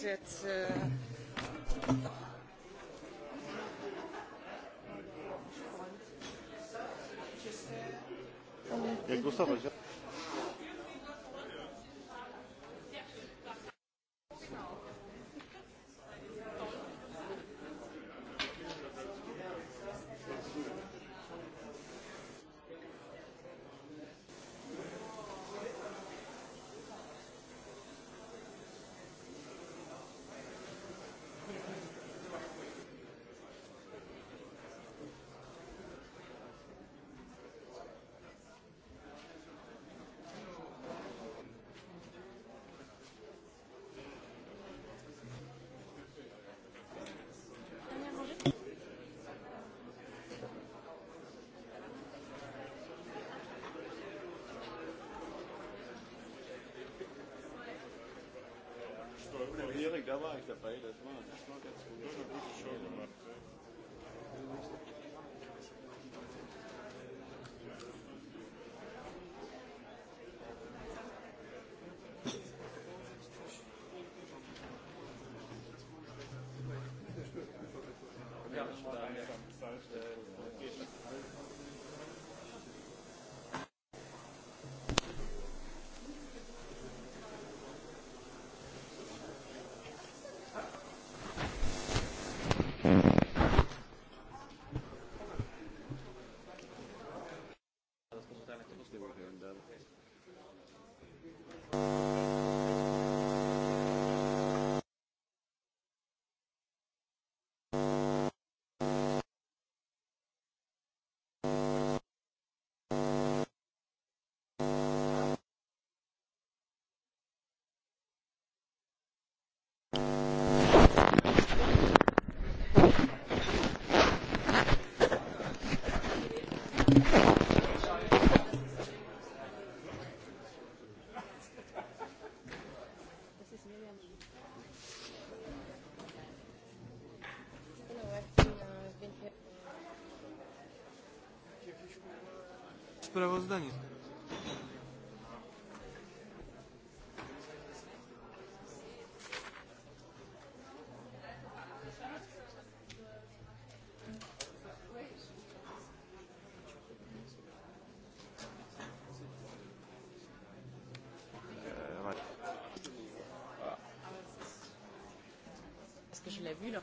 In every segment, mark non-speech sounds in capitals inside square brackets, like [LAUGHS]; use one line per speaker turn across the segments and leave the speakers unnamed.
vous êtes. Euh...
Il y a Gustavo déjà
cool. Erik, da war ich dabei, das war, das war ganz gut. Das hat eine gute Show gemacht.
Ja, ich war
sprawozdanie.
Parce que je l'ai vu leur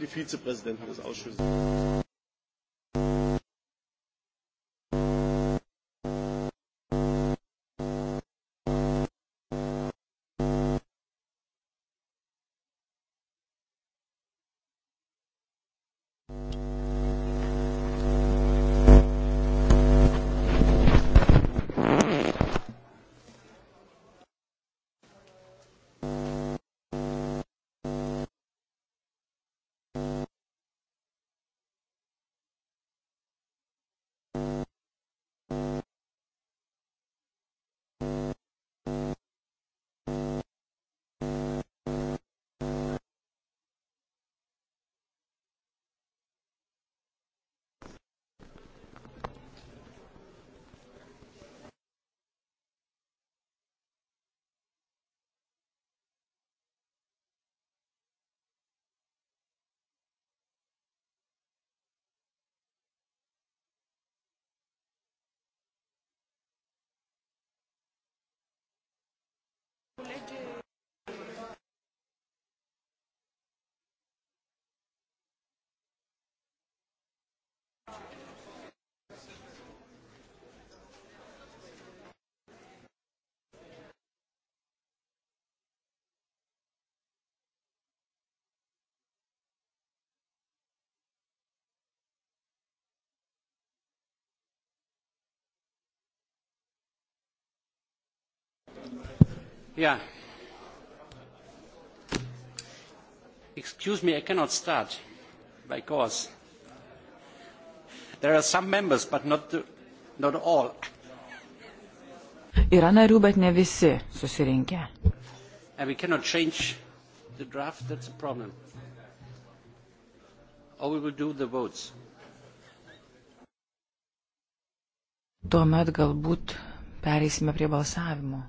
die Vizepräsidentin des Ausschusses.
Yeah. Excuse me, I cannot start because there are some members, but not, the, not all.
Yra narių, bet ne visi susirinkę.
And we cannot change the draft, that's a problem. Or we will do the votes.
Tuomet galbūt pereisime prie balsavimo.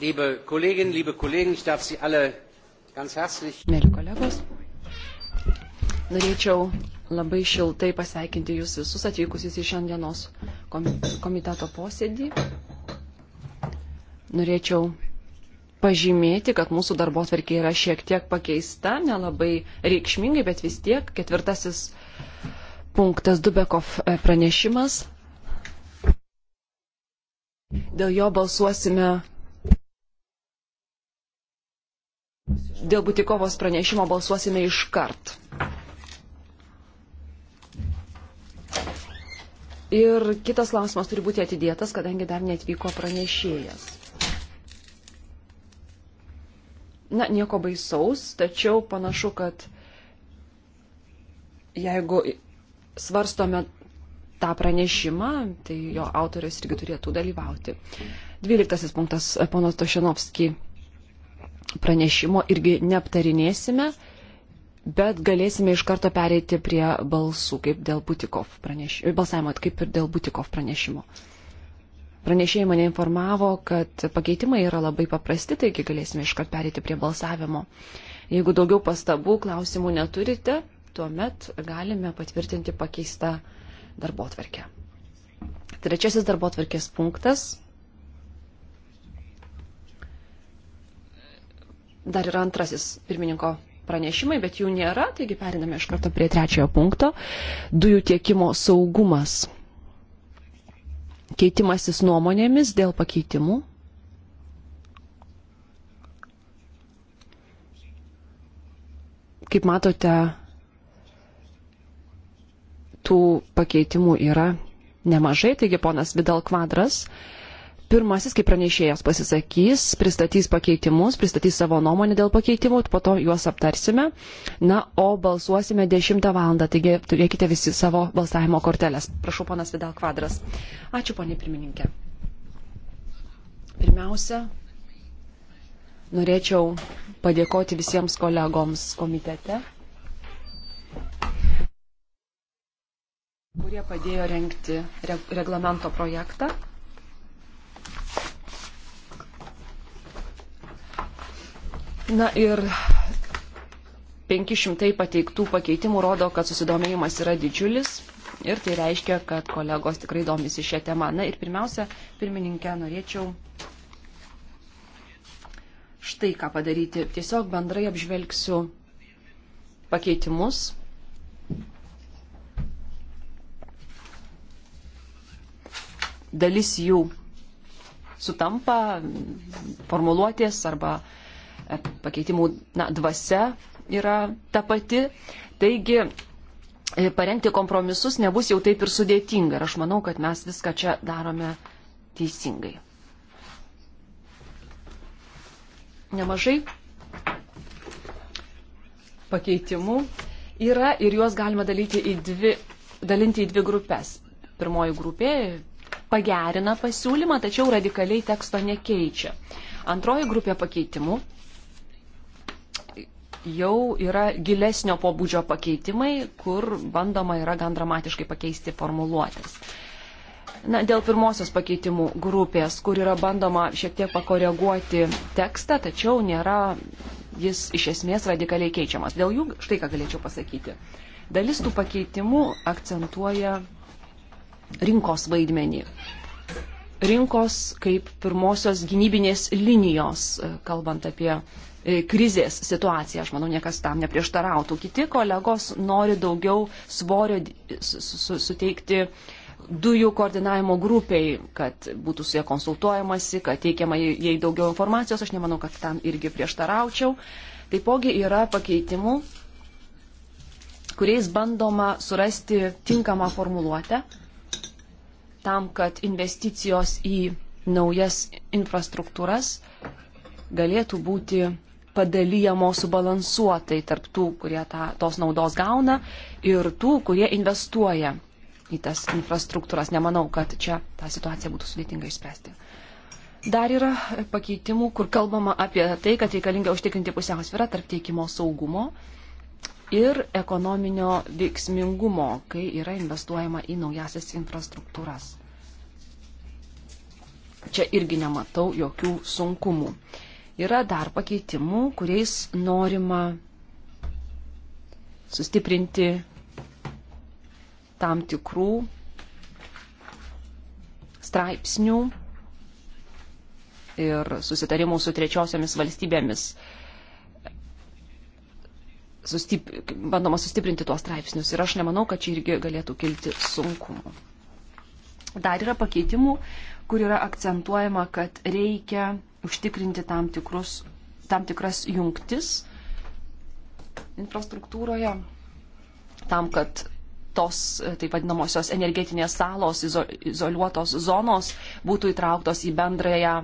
liebe Kolleginnen, liebe Kollegen, ich darf Sie alle ganz herzlich. Mėly
kolegos, norėčiau labai šiltai pasveikinti Jūs visus atvykusius į šiandienos komiteto posėdį. Norėčiau pažymėti, kad mūsų darbo tvarkė yra šiek tiek pakeista, nelabai reikšmingai, bet vis tiek ketvirtasis punktas Dubekov e, pranešimas. Dėl jo balsuosime Dėl Butikovos pranešimo balsuosime iškart. Ir kitas klausimas turi būti atidėtas, kadangi dar netvyko pranešėjas. Na, nieko baisaus, tačiau panašu, kad jeigu svarstome tą pranešimą, tai jo autorius irgi turėtų dalyvauti. Dvyliktasis punktas, ponas Tošinovski pranešimo irgi neaptarinėsime, bet galėsime iš karto pereiti prie balsų, kaip dėl Butikov pranešimo, balsavimo, kaip ir dėl Butikov pranešimo. Pranešėjai mane informavo, kad pakeitimai yra labai paprasti, taigi galėsime iš karto pereiti prie balsavimo. Jeigu daugiau pastabų, klausimų neturite, tuomet galime patvirtinti pakeistą darbo tvarkę. Trečiasis darbo tvarkės punktas dar yra antrasis pirmininko pranešimai, bet jų nėra, taigi periname iš karto prie trečiojo punkto. Dujų tiekimo saugumas. Keitimasis nuomonėmis dėl pakeitimų. Kaip matote, tų pakeitimų yra nemažai, taigi ponas Vidal Kvadras uh, pirmasis, kaip pranešėjas, pasisakys, pristatys pakeitimus, pristatys savo nuomonę dėl pakeitimų, po to juos aptarsime. Na, o balsuosime 10 val. Taigi turėkite visi savo balsavimo korteles. Prašau, ponas Vidal Kvadras. Ačiū, ponė pirmininkė. Pirmiausia, norėčiau padėkoti visiems kolegoms komitete, kurie padėjo renkti reglamento projektą. Na ir 500 pateiktų pakeitimų rodo, kad susidomėjimas yra didžiulis ir tai reiškia, kad kolegos tikrai domisi šią temą. Na ir pirmiausia, pirmininkę norėčiau štai ką padaryti. Tiesiog bendrai apžvelgsiu pakeitimus. Dalis jų sutampa, formuluotės arba uh, pakeitimų na, dvasia yra ta pati. Taigi e, parengti kompromisus nebus jau taip ir sudėtinga. Ir aš manau, kad mes viską čia darome teisingai. Nemažai pakeitimų yra ir juos galima dalyti į dvi, dalinti į dvi grupės. Pirmoji grupė pagerina pasiūlymą, tačiau radikaliai teksto nekeičia. Antroji grupė pakeitimų jau yra gilesnio pobūdžio pakeitimai, kur bandoma yra gan dramatiškai pakeisti formuluotės. Na, dėl pirmosios pakeitimų grupės, kur yra bandoma šiek tiek pakoreguoti tekstą, tačiau nėra jis iš esmės radikaliai keičiamas. Dėl jų štai ką galėčiau pasakyti. Dalis tų pakeitimų akcentuoja rinkos vaidmenį rinkos kaip pirmosios gynybinės linijos, kalbant apie E, krizės situaciją. Aš manau, niekas tam neprieštarautų. Kiti kolegos nori daugiau svorio suteikti dujų koordinavimo grupiai, kad būtų su jie konsultuojamasi, kad teikiama jai daugiau informacijos. Aš nemanau, kad tam irgi prieštaraučiau. Taipogi yra pakeitimų, kuriais bandoma surasti tinkamą formuluotę tam, kad investicijos į naujas infrastruktūras galėtų būti padalyjamos subalansuotai tarp tų, kurie ta, tos naudos gauna ir tų, kurie investuoja į tas infrastruktūras. Nemanau, kad čia tą situaciją būtų sudėtinga išspręsti. Dar yra pakeitimų, kur kalbama apie tai, kad reikalinga užtikrinti pusiausvyrą tarp tiekimo saugumo ir ekonominio veiksmingumo, kai yra investuojama į naujasias infrastruktūras. Čia irgi nematau jokių sunkumų. Yra dar pakeitimų, kuriais norima sustiprinti tam tikrų straipsnių ir susitarimų su trečiosiomis valstybėmis. Sustip, bandoma sustiprinti tuos straipsnius ir aš nemanau, kad čia irgi galėtų kilti sunkumų. Dar yra pakeitimų, kur yra akcentuojama, kad reikia užtikrinti tam, tikrus, tam tikras jungtis infrastruktūroje, tam, kad tos taip vadinamosios energetinės salos, izoliuotos zonos būtų įtrauktos į bendrąją,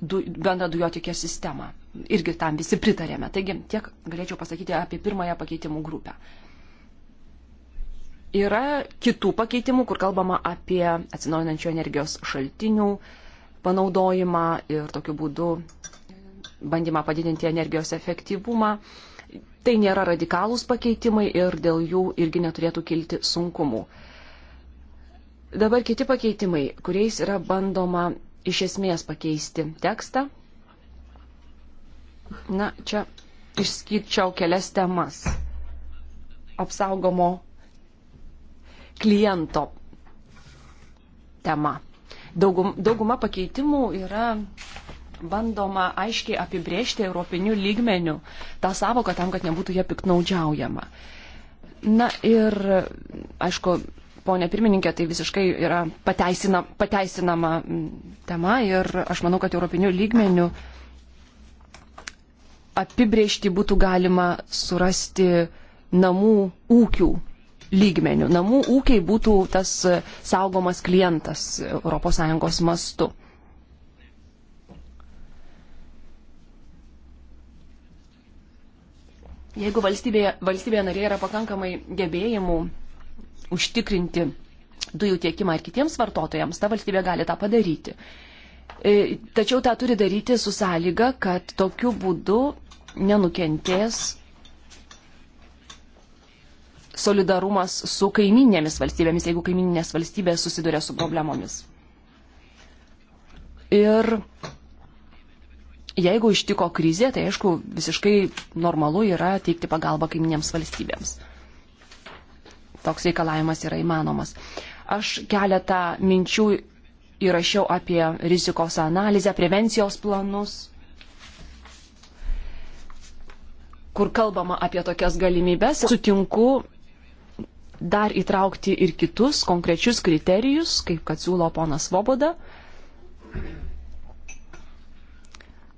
du, bendrą dujotikio sistemą. Irgi tam visi pritarėme. Taigi tiek galėčiau pasakyti apie pirmąją pakeitimų grupę. Yra kitų pakeitimų, kur kalbama apie atsinaujinančių energijos šaltinių uh, panaudojimą ir tokiu būdu bandymą padidinti energijos efektyvumą. Tai nėra radikalūs pakeitimai ir dėl jų irgi neturėtų kilti sunkumų. Dabar kiti pakeitimai, kuriais yra bandoma iš esmės pakeisti tekstą. Na, čia išskirčiau kelias temas. Apsaugomo kliento tema daugum, dauguma pakeitimų yra bandoma aiškiai apibriežti europinių lygmenių tą savoką tam, kad nebūtų ją piknaudžiaujama. Na ir, aišku, ponė pirmininkė, tai visiškai yra pateisina, pateisinama mm, tema ir aš manau, kad europinių lygmenių apibriežti būtų galima surasti namų ūkių lygmenių. Namų ūkiai būtų tas e, saugomas klientas ES mastu. Jeigu valstybėje, valstybėje narėje yra pakankamai gebėjimų užtikrinti dujų tiekimą ir kitiems vartotojams, ta valstybė gali tą padaryti. E, tačiau tą turi daryti su sąlyga, kad tokiu būdu nenukentės solidarumas su kaiminėmis valstybėmis, jeigu kaiminės valstybės susiduria su problemomis. Ir jeigu ištiko krizė, tai aišku, visiškai normalu yra teikti pagalbą kaiminėms valstybėms. Toks reikalavimas yra įmanomas. Aš keletą minčių įrašiau apie rizikos analizę, prevencijos planus, kur kalbama apie tokias galimybės. Sutinku dar įtraukti ir kitus konkrečius kriterijus, kaip kad siūlo ponas Voboda,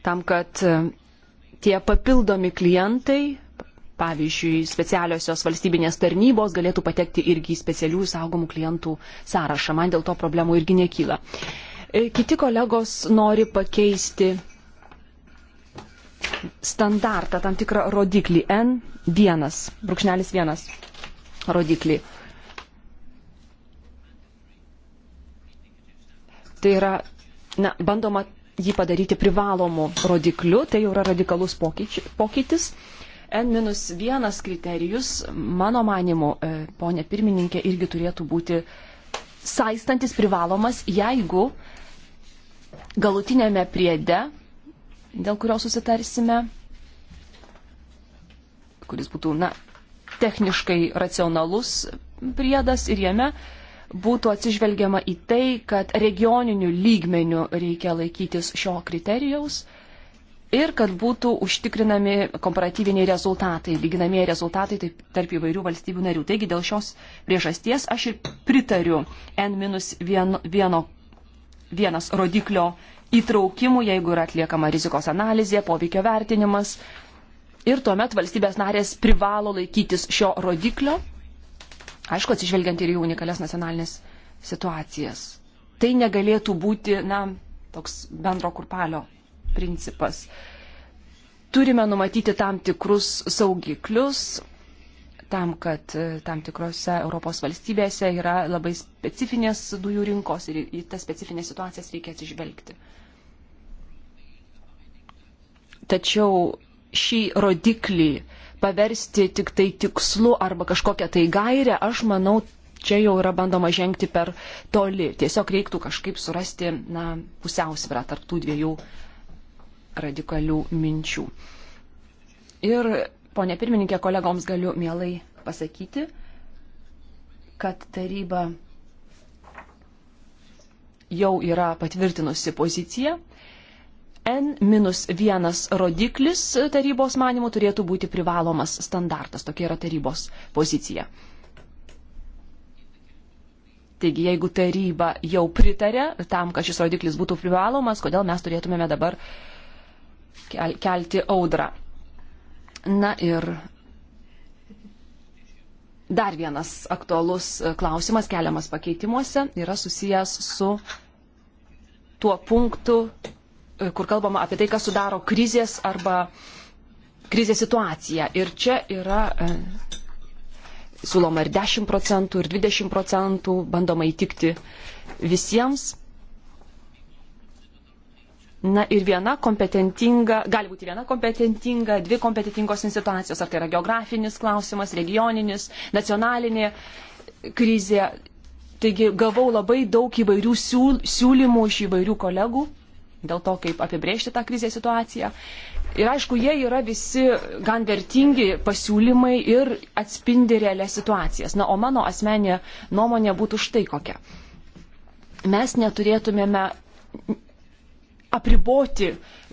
tam, kad e, tie papildomi klientai, pavyzdžiui, specialiosios valstybinės tarnybos galėtų patekti irgi į specialių saugomų klientų sąrašą. Man dėl to problemų irgi nekyla. E, kiti kolegos nori pakeisti standartą, tam tikrą rodiklį N1, brūkšnelis 1 rodiklį. Tai yra, na, bandoma jį padaryti privalomu rodikliu, tai jau yra radikalus pokytis. N-1 kriterijus, mano manimu, e, ponė pirmininkė, irgi turėtų būti saistantis privalomas, jeigu galutinėme priede, dėl kurio susitarsime, kuris būtų, na, techniškai racionalus priedas ir jame būtų atsižvelgiama į tai, kad regioninių lygmenių reikia laikytis šio kriterijaus ir kad būtų užtikrinami komparatyviniai rezultatai, lyginamieji rezultatai taip, tarp įvairių valstybių narių. Taigi dėl šios priežasties aš ir pritariu N-1 rodiklio įtraukimų, jeigu yra atliekama rizikos analizė, poveikio vertinimas, ir tuomet valstybės narės privalo laikytis šio rodiklio, aišku, atsižvelgiant ir jų unikalias nacionalinės situacijas. Tai negalėtų būti, na, toks bendro kurpalio principas. Turime numatyti tam tikrus saugiklius, tam, kad e, tam tikrose Europos valstybėse yra labai specifinės dujų rinkos ir į tas specifinės situacijas reikia atsižvelgti. Tačiau šį rodiklį paversti tik tai tikslu arba kažkokią tai gairę, aš manau, čia jau yra bandoma žengti per toli. Tiesiog reiktų kažkaip surasti na, pusiausvyrą tarptų dviejų radikalių minčių. Ir, ponė pirmininkė, kolegoms galiu mielai pasakyti, kad taryba jau yra patvirtinusi poziciją N-1 rodiklis tarybos manimų turėtų būti privalomas standartas. Tokia yra tarybos pozicija. Taigi, jeigu taryba jau pritarė tam, kad šis rodiklis būtų privalomas, kodėl mes turėtumėme dabar kelti audrą. Na ir dar vienas aktualus klausimas keliamas pakeitimuose yra susijęs su tuo punktu, E, kur kalbama apie tai, kas sudaro krizės arba krizės situaciją. Ir čia yra e, siūloma ir 10 procentų, ir 20 procentų, bandoma įtikti visiems. Na ir viena kompetentinga, gali būti viena kompetentinga, dvi kompetentingos institucijos, ar tai yra geografinis klausimas, regioninis, nacionalinė krizė. Taigi gavau labai daug įvairių siūlymų iš įvairių kolegų dėl to, kaip apibrėžti tą krizės situaciją. Ir aišku, jie yra visi gan vertingi pasiūlymai ir atspindi realias situacijas. Na, o mano asmenė nuomonė būtų štai kokia. Mes neturėtumėme apriboti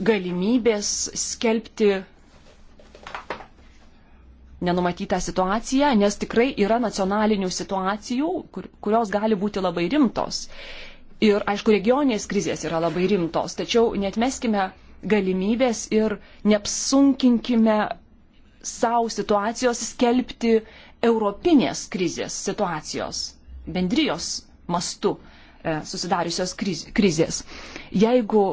galimybės skelbti nenumatytą situaciją, nes tikrai yra nacionalinių situacijų, kur, kurios gali būti labai rimtos. Ir aišku, regioninės krizės yra labai rimtos, tačiau netmeskime galimybės ir neapsunkinkime savo situacijos skelbti europinės krizės situacijos, bendrijos mastu e, susidariusios krizės. Jeigu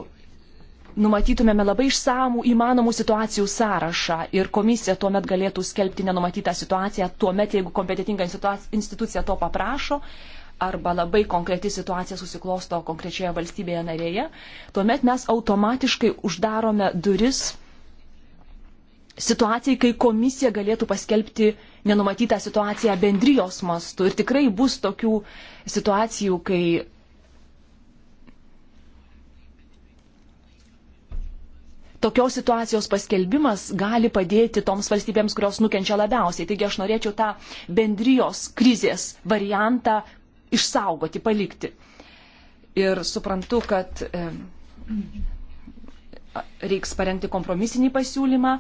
numatytumėme labai išsamų įmanomų situacijų sąrašą ir komisija tuomet galėtų skelbti nenumatytą situaciją, tuomet, jeigu kompetitinga institucija to paprašo, arba labai konkreti situacija susiklosto konkrečioje valstybėje narėje, tuomet mes automatiškai uždarome duris situacijai, kai komisija galėtų paskelbti nenumatytą situaciją bendrijos mastu. Ir tikrai bus tokių situacijų, kai tokios situacijos paskelbimas gali padėti toms valstybėms, kurios nukenčia labiausiai. Taigi aš norėčiau tą bendrijos krizės variantą išsaugoti, palikti. Ir suprantu, kad e, reiks parengti kompromisinį pasiūlymą,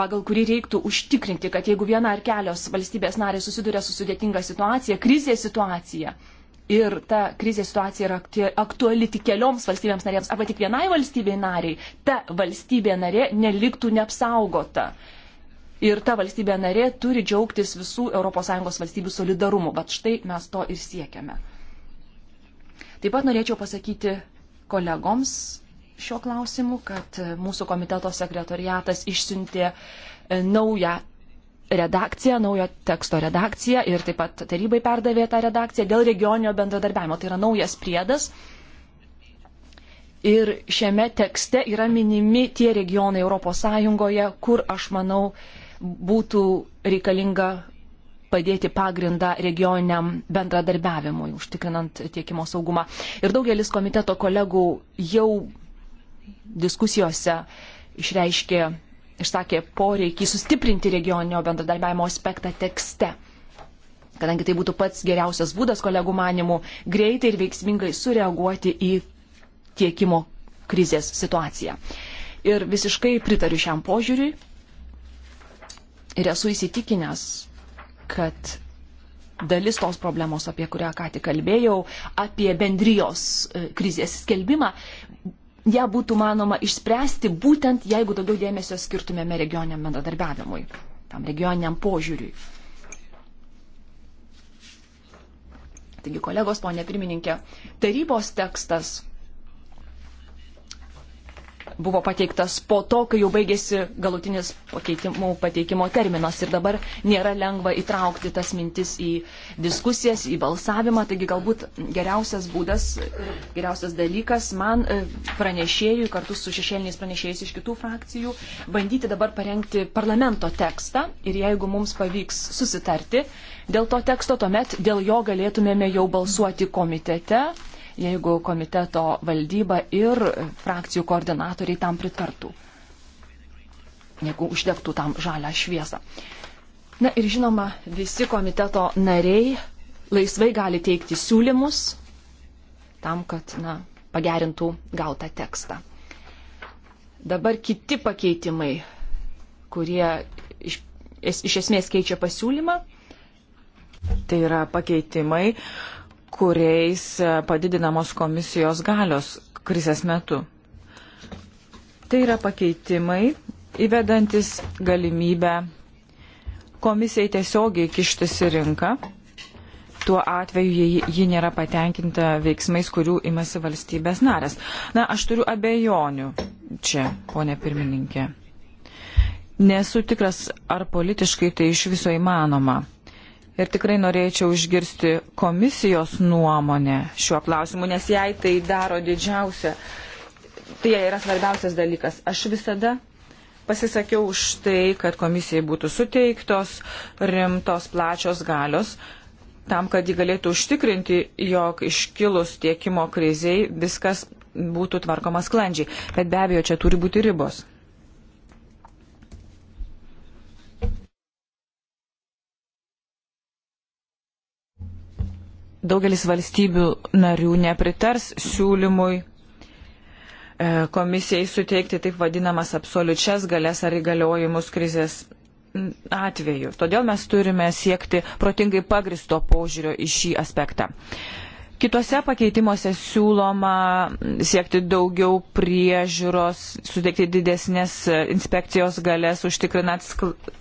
pagal kurį reiktų užtikrinti, kad jeigu viena ar kelios valstybės narės susiduria su sudėtinga situacija, krizė situacija, ir ta krizės situacija yra aktuali tik kelioms valstybėms narėms arba tik vienai valstybei nariai, ta valstybė narė neliktų neapsaugota ir ta valstybė narė turi džiaugtis visų ES valstybių solidarumu, bet štai mes to ir siekiame. Taip pat norėčiau pasakyti kolegoms šio klausimu, kad mūsų komiteto sekretoriatas išsiuntė e, naują redakciją, naujo teksto redakciją ir taip pat tarybai perdavė tą redakciją dėl regioninio bendradarbiavimo. Tai yra naujas priedas. Ir šiame tekste yra minimi tie regionai ES, kur aš manau, būtų reikalinga padėti pagrindą regioniniam bendradarbiavimui, užtikrinant tiekimo saugumą. Ir daugelis komiteto kolegų jau diskusijose išreiškė, išsakė poreikį sustiprinti regioninio bendradarbiavimo aspektą tekste. Kadangi tai būtų pats geriausias būdas kolegų manimų greitai ir veiksmingai sureaguoti į tiekimo krizės situaciją. Ir visiškai pritariu šiam požiūriui Ir esu įsitikinęs, kad dalis tos problemos, apie kurią ką tik kalbėjau, apie bendrijos e, krizės skelbimą, ją būtų manoma išspręsti būtent, jeigu daugiau dėmesio skirtumėme regioniam bendradarbiavimui, tam regioniniam požiūriui. Taigi, kolegos, ponė pirmininkė, tarybos tekstas buvo pateiktas po to, kai jau baigėsi galutinis pakeitimų pateikimo terminas ir dabar nėra lengva įtraukti tas mintis į diskusijas, į balsavimą. Taigi galbūt geriausias būdas, geriausias dalykas man e, pranešėjui kartu su šešėliniais pranešėjais iš kitų frakcijų bandyti dabar parengti parlamento tekstą ir jeigu mums pavyks susitarti dėl to teksto, tuomet dėl jo galėtumėme jau balsuoti komitete jeigu komiteto valdyba ir frakcijų koordinatoriai tam pritartų, jeigu uždegtų tam žalę šviesą. Na ir žinoma, visi komiteto nariai laisvai gali teikti siūlymus tam, kad na, pagerintų gautą tekstą. Dabar kiti pakeitimai,
kurie iš, iš esmės keičia pasiūlymą. Tai yra pakeitimai, uh, kuriais e, padidinamos komisijos galios krizės metu. Tai yra pakeitimai, įvedantis galimybę komisijai tiesiogiai kištis į rinką, tuo atveju, jei ji nėra patenkinta veiksmais, kurių imasi valstybės narės. Na, aš turiu abejonių čia, ponė pirmininkė. Nesu tikras, ar politiškai tai iš viso įmanoma. Ir tikrai norėčiau išgirsti komisijos nuomonę šiuo klausimu, nes jai tai daro didžiausia, tai jai yra svarbiausias dalykas. Aš visada pasisakiau už tai, kad komisijai būtų suteiktos rimtos plačios galios, tam, kad ji galėtų užtikrinti, jog iškilus tiekimo kriziai viskas būtų tvarkoma sklandžiai. Bet be abejo, čia turi būti ribos. daugelis valstybių narių nepritars siūlymui e, komisijai suteikti taip vadinamas absoliučias galės ar įgaliojimus krizės atveju. Todėl mes turime siekti protingai pagristo požiūrio į šį aspektą. Uh, Kitose pakeitimuose siūloma siekti daugiau priežiūros, suteikti didesnės inspekcijos galės, užtikrinant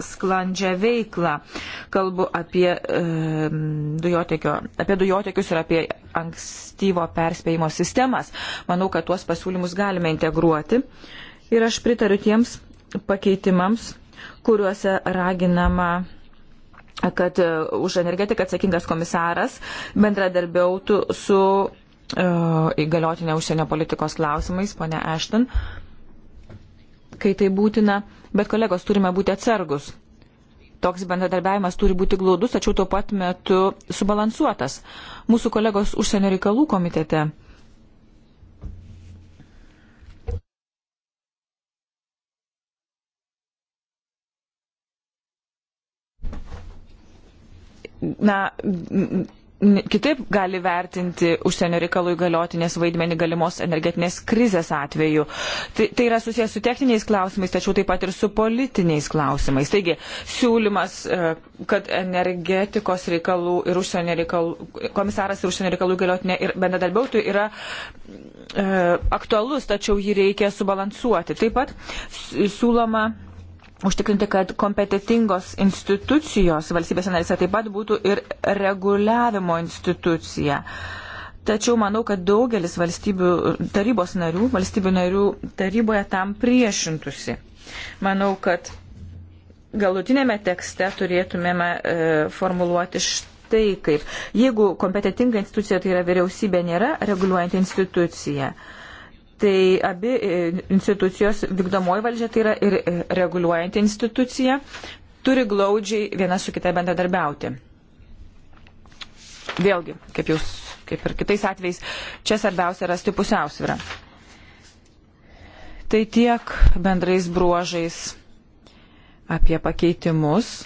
sklandžią veiklą. Kalbu apie, e, dujotekio, apie dujotekius ir apie ankstyvo perspėjimo sistemas. Manau, kad tuos pasiūlymus galime integruoti. Ir aš pritariu tiems pakeitimams, kuriuose raginama kad e, už energetiką atsakingas komisaras bendradarbiautų su uh, įgaliotinė užsienio politikos klausimais, ponia Ashton, kai tai būtina. Bet kolegos, turime būti atsargus. Toks bendradarbiavimas turi būti glaudus, tačiau tuo pat metu subalansuotas. Mūsų kolegos užsienio reikalų komitete na, kitaip gali vertinti užsienio reikalų įgaliotinės vaidmenį galimos energetinės krizės atveju. Tai, tai yra susijęs su techniniais klausimais, tačiau taip pat ir su politiniais klausimais. Taigi, siūlymas, e, kad energetikos reikalų ir užsienio reikalų, komisaras ir užsienio reikalų įgaliotinė ir bendradarbiautų yra e, aktualus, tačiau jį reikia subalansuoti. Taip pat siūloma užtikrinti, kad kompetitingos institucijos valstybės narėse taip pat būtų ir reguliavimo institucija. Tačiau manau, kad daugelis valstybių tarybos narių, valstybių narių taryboje tam priešintusi. Manau, kad galutinėme tekste turėtumėme e, formuluoti štai kaip. Jeigu kompetitinga institucija, tai yra vyriausybė, nėra reguliuojanti institucija. E, tai abi e, institucijos vykdomoji valdžia, tai yra ir e, reguliuojanti institucija, turi glaudžiai viena su kita bendradarbiauti. Vėlgi, kaip, jūs, kaip ir kitais atvejais, čia svarbiausia rasti pusiausvyrą. Tai tiek bendrais bruožais apie pakeitimus,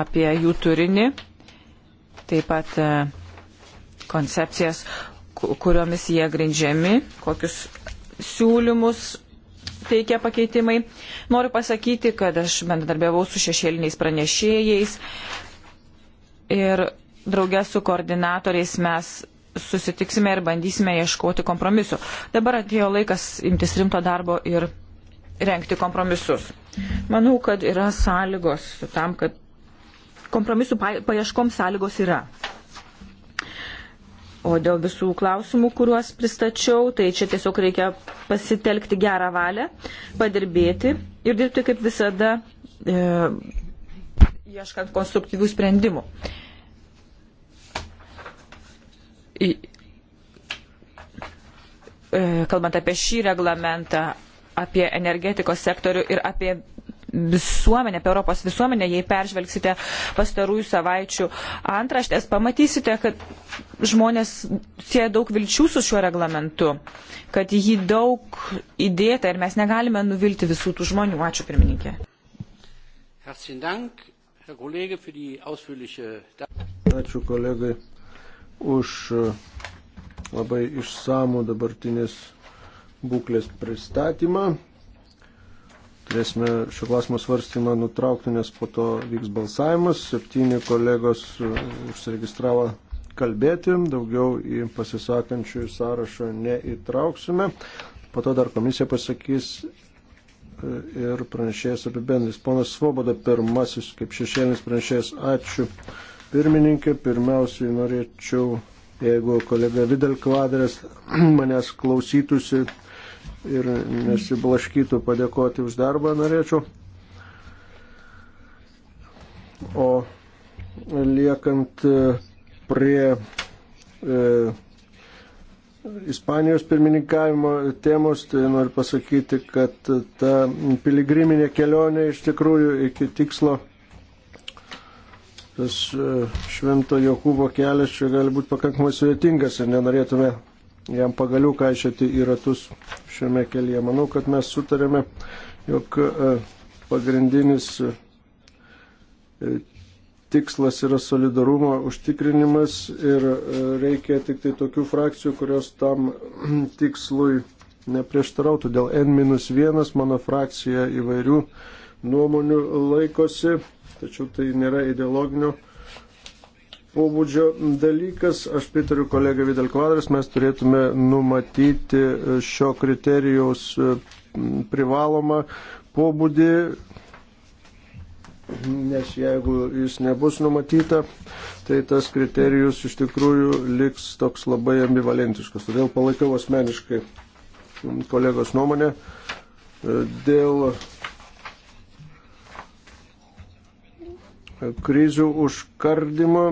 apie jų turinį, taip pat e, koncepcijas, kuriomis jie grindžiami, kokius siūlymus teikia pakeitimai. Noriu pasakyti, kad aš bendradarbiavau su šešėliniais pranešėjais ir draugė su koordinatoriais mes susitiksime ir bandysime ieškoti kompromisu. Dabar atėjo laikas imtis rimto darbo ir renkti kompromisus. Manau, kad yra sąlygos tam, kad kompromisų paieškom sąlygos yra. O dėl visų klausimų, kuriuos pristačiau, tai čia tiesiog reikia pasitelkti gerą valią, padirbėti ir dirbti kaip visada, e, ieškant konstruktyvių sprendimų. I, e, kalbant apie šį reglamentą, apie energetikos sektorių ir apie visuomenę, apie Europos visuomenę, jei peržvelgsite pastarųjų savaičių antraštės, pamatysite, kad žmonės sieja daug vilčių su šiuo reglamentu, kad jį daug įdėta ir mes negalime nuvilti visų tų žmonių. Ačiū pirmininkė.
Ačiū kolegai už e, labai išsamų dabartinės būklės pristatymą turėsime šio klausimo svarstymą nutraukti, nes po to vyks balsavimas. Septyni kolegos e, užsiregistravo kalbėti, daugiau į pasisakančiųjų sąrašą neįtrauksime. Po to dar komisija pasakys e, ir pranešėjas apibendrins. Ponas Svoboda pirmasis, kaip šešėlinis pranešėjas, ačiū. Pirmininkė, pirmiausiai norėčiau, jeigu kolega Vidal Kvadras [CLEARS THROAT] manęs klausytųsi, ir nesiblaškytų padėkoti už darbą norėčiau. O liekant e, prie e, Ispanijos pirmininkavimo temos, tai noriu pasakyti, kad ta piligriminė kelionė iš tikrųjų iki tikslo tas e, švento Jokūbo kelias čia gali būti pakankamai sudėtingas ir nenorėtume jam pagaliau kaišėti į ratus šiame kelyje. Manau, kad mes sutarėme, jog e, pagrindinis e, tikslas yra solidarumo užtikrinimas ir e, reikia tik tai tokių frakcijų, kurios tam [CLEARS THROAT] tikslui neprieštarautų. Dėl N-1 mano frakcija įvairių nuomonių laikosi, tačiau tai nėra ideologinio pobūdžio dalykas. Aš pritariu kolegai Vidal Kvadras, mes turėtume numatyti e, šio kriterijaus e, privalomą pobūdį, nes jeigu jis nebus numatyta, tai tas kriterijus iš tikrųjų liks toks labai ambivalentiškas. Todėl palaikiau asmeniškai kolegos nuomonę e, dėl krizių užkardimą.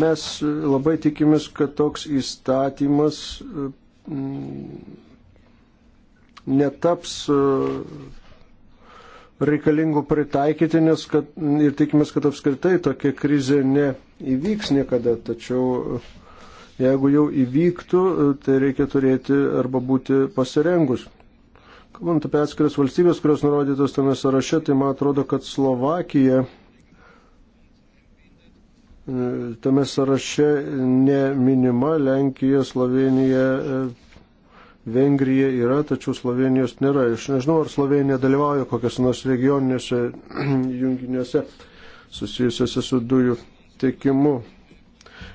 Mes labai tikimės, kad toks įstatymas mm, netaps e, reikalingų pritaikyti, nes kad, ir tikimės, kad apskritai tokia krizė neįvyks niekada, tačiau e, jeigu jau įvyktų, e, tai reikia turėti arba būti pasirengus. Kalbant apie atskiras valstybės, kurios nurodytos tame sąraše, tai man atrodo, kad Slovakija e, tame sąraše neminima, Lenkija, Slovenija, e, Vengrija yra, tačiau Slovenijos nėra. Aš nežinau, ar Slovenija dalyvauja kokias nors regioninėse [CLEARS THROAT] junginiuose susijusiuose su dujų tiekimu.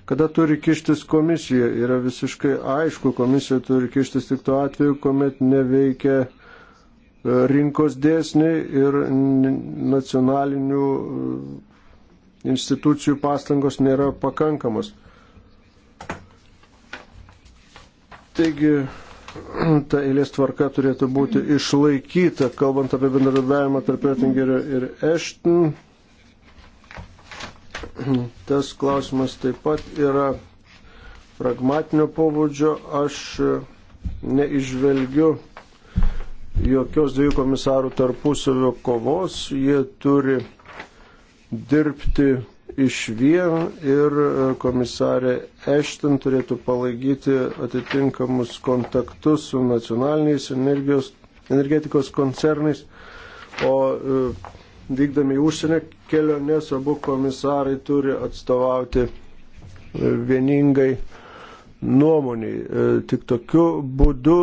Kada turi kištis komisija? Yra visiškai aišku, komisija turi kištis tik tuo atveju, kuomet neveikia rinkos dėsnį ir nacionalinių e, institucijų pastangos nėra pakankamos. Taigi, [CLEARS THROAT] ta eilės tvarka turėtų būti išlaikyta, kalbant apie bendradarbiavimą tarp Ettingerio ir Ešten. [CLEARS THROAT] Tas klausimas taip pat yra pragmatinio pobūdžio. Aš e, neižvelgiu jokios dviejų komisarų tarpusavio kovos, jie turi dirbti iš vien ir e, komisarė Ešten turėtų palaikyti atitinkamus kontaktus su nacionaliniais energijos, energetikos koncernais, o e, vykdami užsienio keliones abu komisarai turi atstovauti e, vieningai nuomoniai. Tik tokiu būdu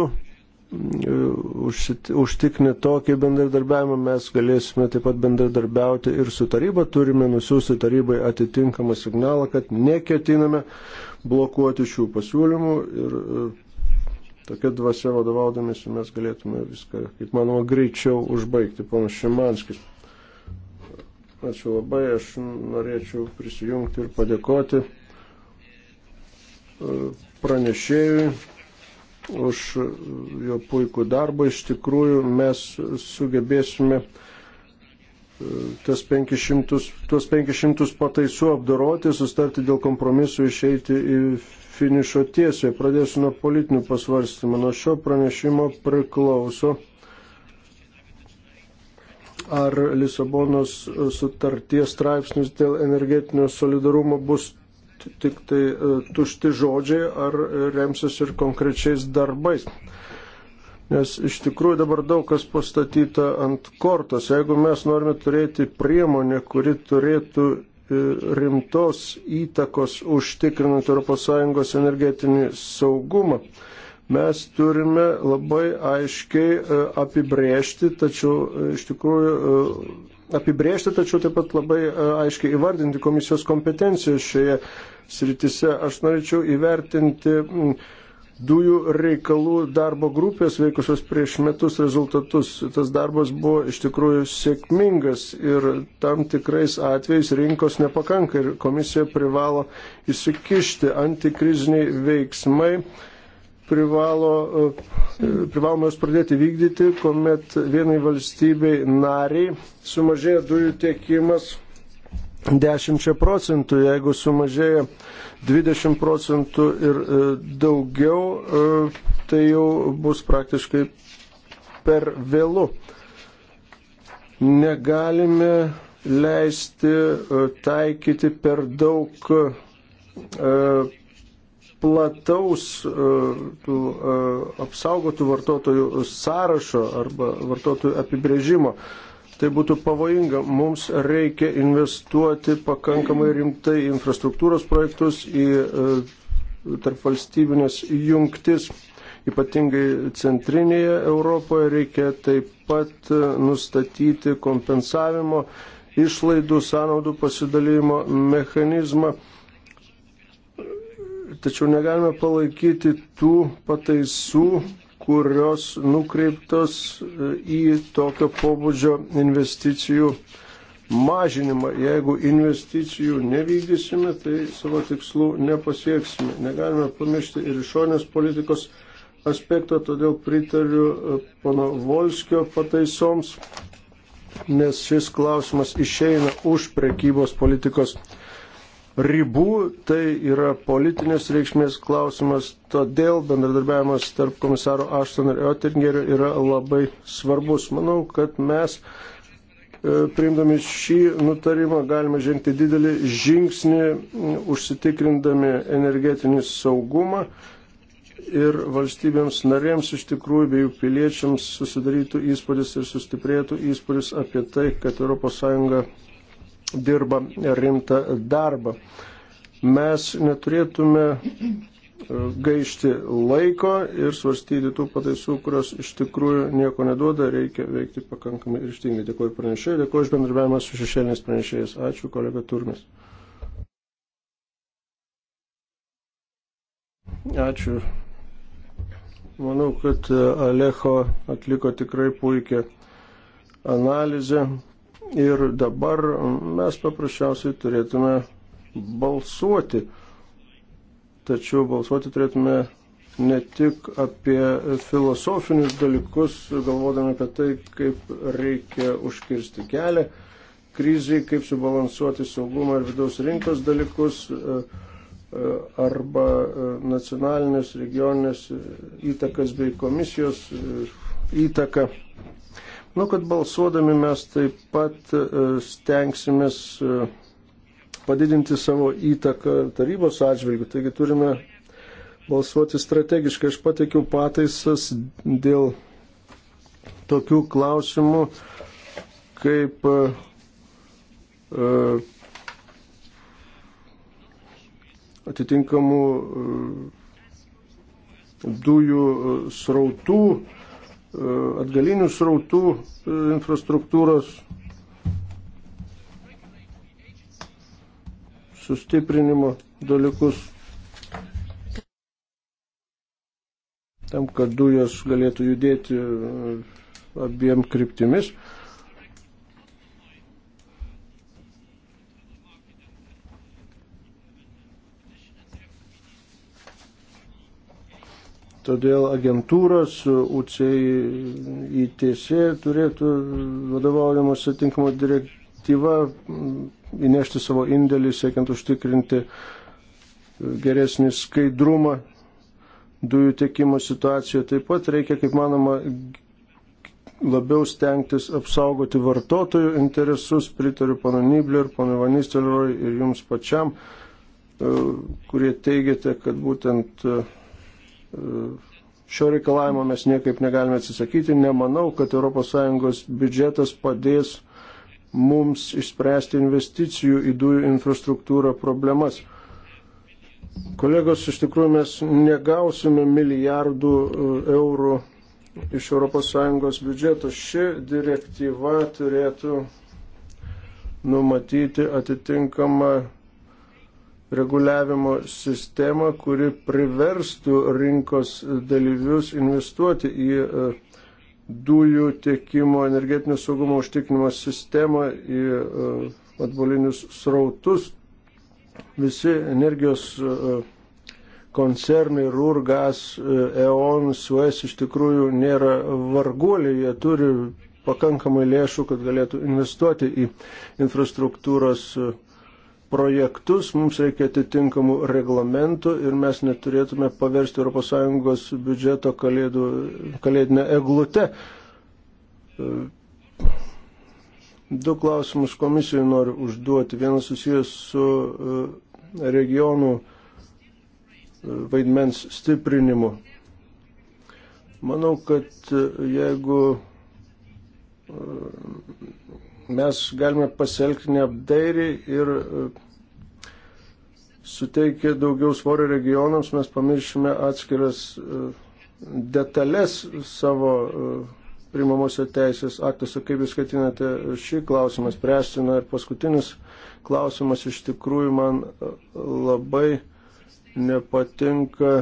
užtikrinę tokį bendradarbiavimą, mes galėsime taip pat bendradarbiauti ir su taryba. Turime nusiųsti tarybai atitinkamą signalą, kad neketiname blokuoti šių pasiūlymų ir e, tokia dvasia vadovaudamėsi mes galėtume viską, kaip manoma, greičiau užbaigti. Ponas Šimanskis. Ačiū labai, aš norėčiau prisijungti ir padėkoti e, pranešėjui už jo puikų darbą. Iš tikrųjų, mes sugebėsime e, tas 500, tuos 500 pataisų apdoroti, sustarti dėl kompromisų, išeiti į finišo tiesiai. Pradėsiu nuo politinių pasvarstymų. Nuo šio pranešimo priklauso, ar Lisabonos sutarties straipsnis dėl energetinio solidarumo bus tik tai e, tušti žodžiai, ar remsis ir konkrečiais darbais. Nes iš tikrųjų dabar daug kas pastatyta ant kortos. Jeigu mes norime turėti priemonę, kuri turėtų e, rimtos įtakos užtikrinant ES energetinį saugumą, mes turime labai aiškiai e, apibrėžti, tačiau iš tikrųjų apibrėžti, tačiau taip pat labai e, aiškiai įvardinti komisijos kompetencijas šioje sritise. Aš norėčiau įvertinti dujų reikalų darbo grupės veikusios prieš metus rezultatus. Tas darbas buvo iš tikrųjų sėkmingas ir tam tikrais atvejais rinkos nepakanka ir komisija privalo įsikišti antikriziniai veiksmai privalo, e, privaloma jos pradėti vykdyti, kuomet vienai valstybei nariai sumažėja dujų tiekimas 10 procentų, jeigu sumažėja 20 procentų ir e, daugiau, e, tai jau bus praktiškai per vėlu. Negalime leisti taikyti per daug plataus e, tų e, apsaugotų vartotojų sąrašo arba vartotojų apibrėžimo. Tai būtų pavojinga. Mums reikia investuoti pakankamai rimtai į infrastruktūros projektus, į e, tarp valstybinės jungtis, ypatingai centrinėje Europoje. Reikia taip pat nustatyti kompensavimo išlaidų sąnaudų pasidalymo mechanizmą Tačiau negalime palaikyti tų pataisų, kurios nukreiptos e, į tokio pobūdžio investicijų mažinimą. Jeigu investicijų nevykdysime, tai savo tikslų nepasieksime. Negalime pamiršti ir išonės politikos aspekto, todėl pritariu e, pono Volskio pataisoms, nes šis klausimas išeina už prekybos politikos ribų, tai yra politinės reikšmės klausimas, todėl bendradarbiavimas tarp komisaro Ašton ir Oettingerio yra labai svarbus. Manau, kad mes e, priimdami šį nutarimą galime žengti didelį žingsnį užsitikrindami energetinį saugumą ir valstybėms narėms iš tikrųjų bei jų piliečiams susidarytų įspūdis ir sustiprėtų įspūdis apie tai, kad ES dirba rimtą darbą. Mes neturėtume e, gaišti laiko ir svarstyti tų pataisų, kurios iš tikrųjų nieko neduoda, reikia veikti pakankamai ryštingai. Dėkuoju pranešėjai, dėkuoju iš bendradarbiavimą su šešėliniais pranešėjais. Ačiū, kolega Turmis. Ačiū. Manau, kad Alecho atliko tikrai puikią analizę, Ir dabar mes paprasčiausiai turėtume balsuoti. Tačiau balsuoti turėtume ne tik apie filosofinius dalykus, galvodami apie tai, kaip reikia užkirsti kelią krizai, kaip subalansuoti saugumo ir vidaus rinkos dalykus e, e, arba e, nacionalinės, regioninės įtakas bei komisijos įtaką Nu, kad balsuodami mes taip pat e, stengsimės e, padidinti savo įtaką tarybos atžvilgių. Taigi turime balsuoti strategiškai. Aš pateikiau pataisas dėl tokių klausimų, kaip e, atitinkamų dujų srautų E, atgalinių srautų e, infrastruktūros sustiprinimo dalykus, tam, kad dujos galėtų judėti e, abiem kryptimis. Todėl agentūros UCITC turėtų vadovaujamas atinkamo direktyva mm, įnešti savo indėlį, siekiant užtikrinti geresnį skaidrumą dujų tiekimo situacijoje. Taip pat reikia, kaip manoma, labiau stengtis apsaugoti vartotojų interesus, pritariu pana Niblė ir pana Vanistelroj ir jums pačiam, e, kurie teigiate, kad būtent e, Šio reikalavimo mes niekaip negalime atsisakyti. Nemanau, kad ES biudžetas padės mums išspręsti investicijų į dujų infrastruktūrą problemas. Kolegos, iš tikrųjų mes negausime milijardų e, eurų iš ES biudžeto. Ši direktyva turėtų numatyti atitinkamą reguliavimo sistemą, kuri priverstų rinkos dalyvius investuoti į e, dujų tiekimo, energetinio saugumo užtikrinimo sistemą, į e, atbolinius srautus. Visi energijos e, koncernai, Rurgas, EON, Suez iš tikrųjų nėra varguoliai, jie turi pakankamai lėšų, kad galėtų investuoti į infrastruktūros uh, projektus, mums reikia atitinkamų reglamentų ir mes neturėtume paversti ES biudžeto kalėdų, kalėdinę eglutę. Du klausimus komisijai noriu užduoti. Vienas susijęs su e, regionų e, vaidmens stiprinimu. Manau, kad e, jeigu mes galime pasielgti neapdairiai ir e, suteikia daugiau svorio regionams, mes pamiršime atskiras e, detalės savo e, primamuose teisės aktuose. Kaip Jūs ketinate šį klausimą spręsti? Na ir paskutinis klausimas iš tikrųjų man labai nepatinka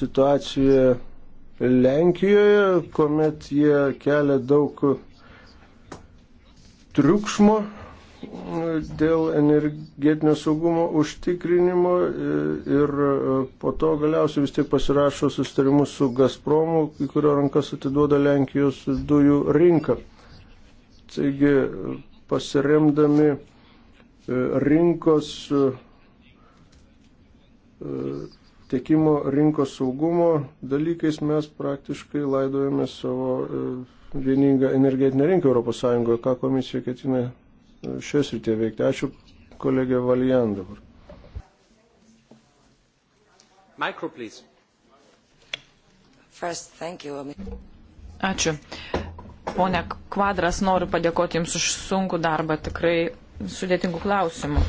situaciją Lenkijoje, kuomet jie kelia daug triukšmo dėl energetinio saugumo užtikrinimo ir po to galiausiai vis tiek pasirašo sustarimus su Gazpromu, į kurio rankas atiduoda Lenkijos dujų rinką. Taigi pasiremdami e, rinkos e, tiekimo rinkos saugumo dalykais mes praktiškai laidojame savo e, vieningą energetinę rinką ES, ką komisija ketina e, šios rytė veikti. Ačiū kolegė Valijan dabar.
Micro, please.
First, thank you. Ačiū. Pone Kvadras, noriu padėkoti Jums už sunkų darbą, tikrai sudėtingų klausimų.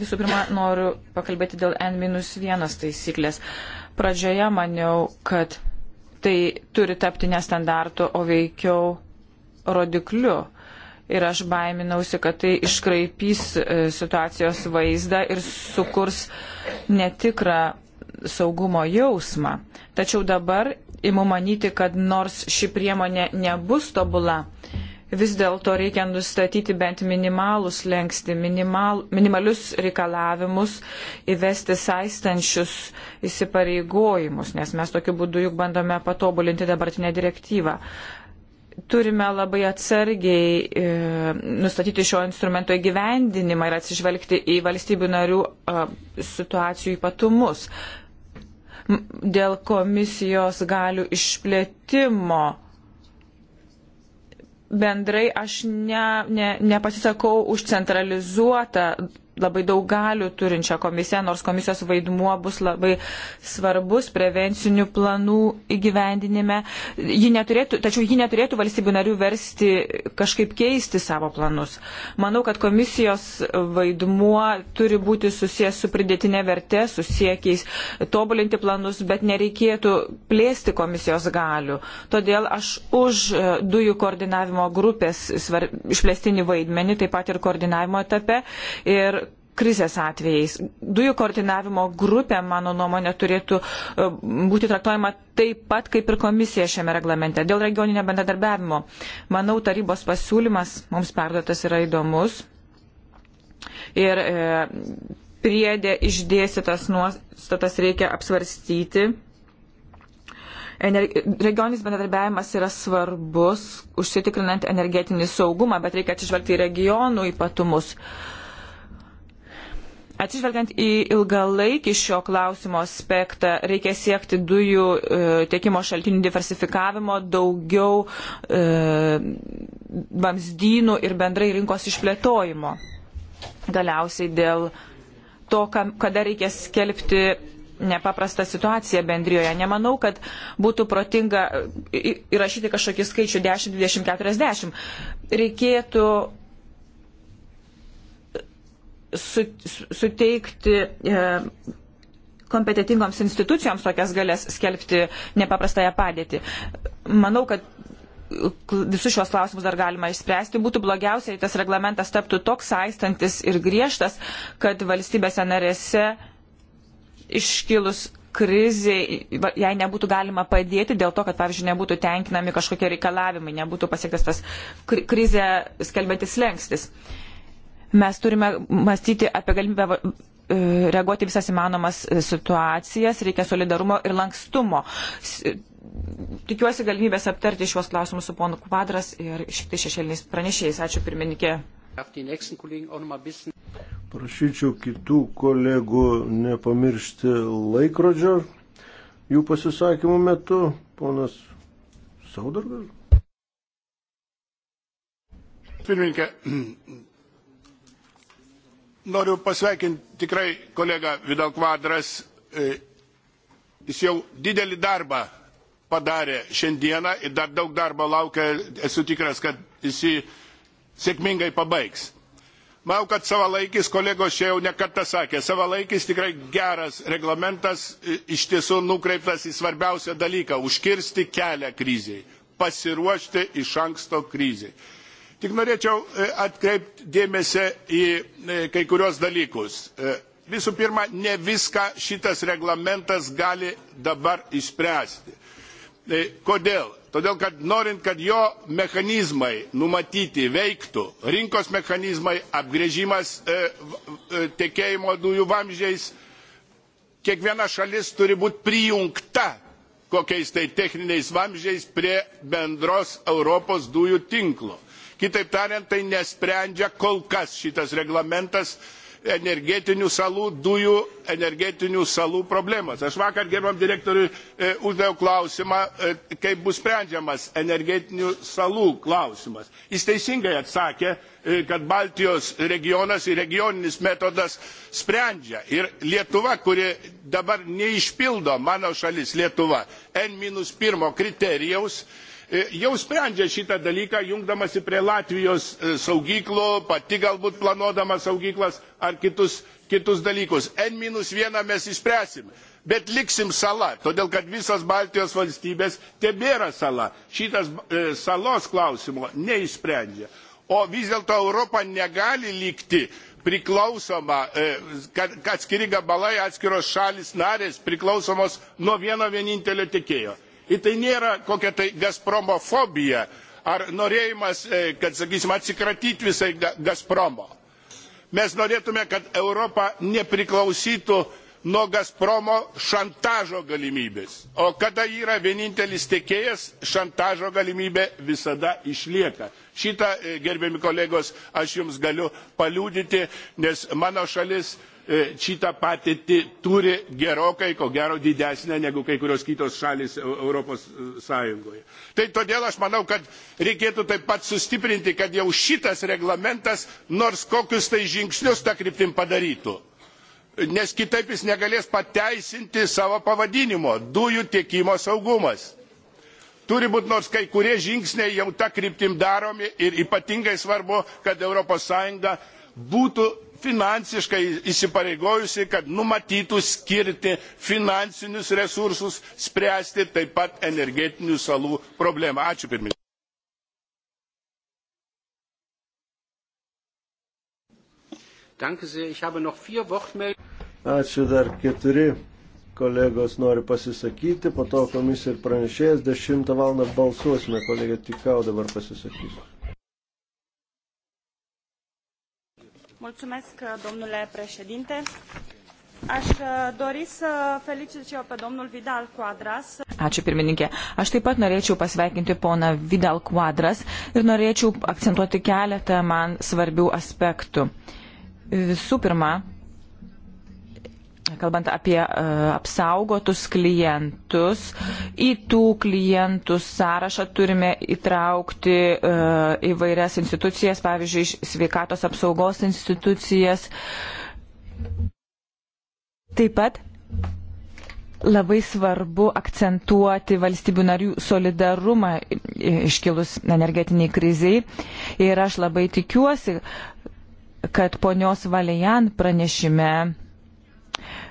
Visų pirma, noriu pakalbėti dėl N-1 taisyklės. Pradžioje maniau, kad tai turi tapti nestandartu, o veikiau rodikliu. Ir aš baiminausi, kad tai iškraipys e, situacijos vaizdą ir sukurs netikrą saugumo jausmą. Tačiau dabar imu manyti, kad nors ši priemonė nebus tobula, vis dėlto reikia nustatyti bent minimalus lengsti, minimal, minimalius reikalavimus, įvesti saistančius įsipareigojimus, nes mes tokiu būdu juk bandome patobulinti dabartinę direktyvą. Turime labai atsargiai e, nustatyti šio instrumento įgyvendinimą ir atsižvelgti į valstybių narių e, situacijų ypatumus. Dėl komisijos galių išplėtimo bendrai aš ne, ne, nepasisakau už centralizuotą labai daug galių turinčią komisiją, nors komisijos vaidmuo bus labai svarbus prevencinių planų įgyvendinime. Ji neturėtų, tačiau ji neturėtų valstybių narių versti kažkaip keisti savo planus. Manau, kad komisijos vaidmuo turi būti susijęs su pridėtinė vertė, su siekiais tobulinti planus, bet nereikėtų plėsti komisijos galių. Todėl aš už dujų koordinavimo grupės išplėstinį vaidmenį, taip pat ir koordinavimo etape. Ir krizės atvejais. Dujų koordinavimo grupė, mano nuomonė, turėtų e, būti traktuojama taip pat kaip ir komisija šiame reglamente. Dėl regioninio bendradarbiavimo, manau, tarybos pasiūlymas mums perduotas yra įdomus. Ir e, priedė išdėstytas nuostatas reikia apsvarstyti. Regioninis bendradarbiavimas yra svarbus, užsitikrinant energetinį saugumą, bet reikia atsižvelgti į regionų ypatumus. E, Atsižvelgiant į ilgalaikį šio klausimo aspektą, reikia siekti dujų e, tiekimo šaltinių diversifikavimo, daugiau e, vamzdynų ir bendrai rinkos išplėtojimo. Galiausiai dėl to, kada reikia skelbti nepaprastą situaciją bendrijoje. Nemanau, kad būtų protinga e, įrašyti kažkokį skaičių 10, 20, 40. Reikėtų su, suteikti e, kompetitingoms institucijoms tokias galės skelbti nepaprastąją padėtį. Manau, kad visus šios klausimus dar galima išspręsti. Būtų blogiausia, jei tas reglamentas taptų toks saistantis ir griežtas, kad valstybėse narėse iškilus kriziai, jei nebūtų galima padėti dėl to, kad, pavyzdžiui, nebūtų tenkinami kažkokie reikalavimai, nebūtų pasiektas tas krizė skelbėtis lengstis. Uh, Mes turime mąstyti apie galimybę e, reaguoti visas įmanomas e, situacijas, reikia solidarumo ir lankstumo. E, tikiuosi galimybės aptarti šiuos klausimus su ponu Kvadras ir šitai šešėliniais pranešėjais. Ačiū pirmininkė.
Prašyčiau kitų kolegų nepamiršti laikrodžio jų pasisakymų metu. Ponas
Saudargas. Pirmininkė, noriu pasveikinti tikrai kolegą Vidal Kvadras. E, jis jau didelį darbą padarė šiandieną ir dar daug darbo laukia, esu tikras, kad jis jį sėkmingai pabaigs. Manau, kad savalaikis, kolegos čia jau nekartą sakė, savalaikis tikrai geras reglamentas e, iš tiesų nukreiptas į svarbiausią dalyką - užkirsti kelią kriziai, pasiruošti iš anksto kriziai. Tik norėčiau e, atkreipti dėmesį į e, kai kurios dalykus. E, visų pirma, ne viską šitas reglamentas gali dabar išspręsti. Kodėl? Todėl, kad norint, kad jo mechanizmai numatyti veiktų, rinkos mechanizmai, apgrėžimas e, e, tekėjimo dujų vamžiais, kiekviena šalis turi būti prijungta kokiais tai techniniais vamžiais prie bendros Europos dujų tinklo. Kitaip tariant, tai nesprendžia kol kas šitas reglamentas energetinių salų, dujų energetinių salų problemas. Aš vakar gerbam direktoriui e, uždaviau klausimą, e, kaip bus sprendžiamas energetinių salų klausimas. Jis teisingai atsakė, e, kad Baltijos regionas ir regioninis metodas sprendžia. Ir Lietuva, kuri dabar neišpildo mano šalis Lietuva N-1 kriterijaus, e, E, jau sprendžia šitą dalyką jungdamasi prie Latvijos e, saugyklų, pati galbūt planuodama saugyklas ar kitus, kitus dalykus. N-1 mes išspręsim, bet liksim sala, todėl kad visas Baltijos valstybės tebėra sala. Šitas e, salos klausimo neišsprendžia. O vis dėlto Europa negali likti priklausoma, e, kad, kad skiri gabalai atskiros šalis narės priklausomos nuo vieno vienintelio tikėjo. Ir tai nėra kokia tai Gazpromofobija ar norėjimas, e, kad, sakysim, atsikratyti visai Gazpromo. Mes norėtume, kad Europa nepriklausytų nuo Gazpromo šantažo galimybės. O kada yra vienintelis tiekėjas, šantažo galimybė visada išlieka. Šitą, e, gerbiami kolegos, aš jums galiu paliūdyti, nes mano šalis E, šitą patirtį turi gerokai, ko gero, didesnę negu kai kurios kitos šalis e, Europos e, Sąjungoje. Tai todėl aš manau, kad reikėtų taip pat sustiprinti, kad jau šitas reglamentas nors kokius tai žingsnius tą kryptim padarytų. Nes kitaip jis negalės pateisinti savo pavadinimo - dujų tiekimo saugumas turi būti nors kai kurie žingsniai jau tą kryptim daromi ir ypatingai svarbu, kad ES būtų finansiškai įsipareigojusi kad numatytų skirti finansinius resursus spręsti taip pat energetinių salų problemą. Ačiū pirmininkai. Ačiū dar
keturi kolegos nori pasisakyti, po to komisija ir pranešėjas 10 val. balsuosime, kolegė Tikau dabar pasisakys.
Mulțumesc, domnule președinte. Aš uh,
dori să felicit și eu pe domnul Vidal Quadras. Ačiū pirmininkė. Aš taip pat norėčiau pasveikinti poną Vidal Quadras ir norėčiau akcentuoti keletą man svarbių aspektų. Visų pirma, kalbant apie uh, apsaugotus klientus, į tų klientų sąrašą turime įtraukti uh, įvairias institucijas, pavyzdžiui, sveikatos apsaugos institucijas. Taip pat labai svarbu akcentuoti valstybių narių solidarumą iškilus energetiniai kriziai. Ir aš labai tikiuosi, kad ponios Valijan pranešime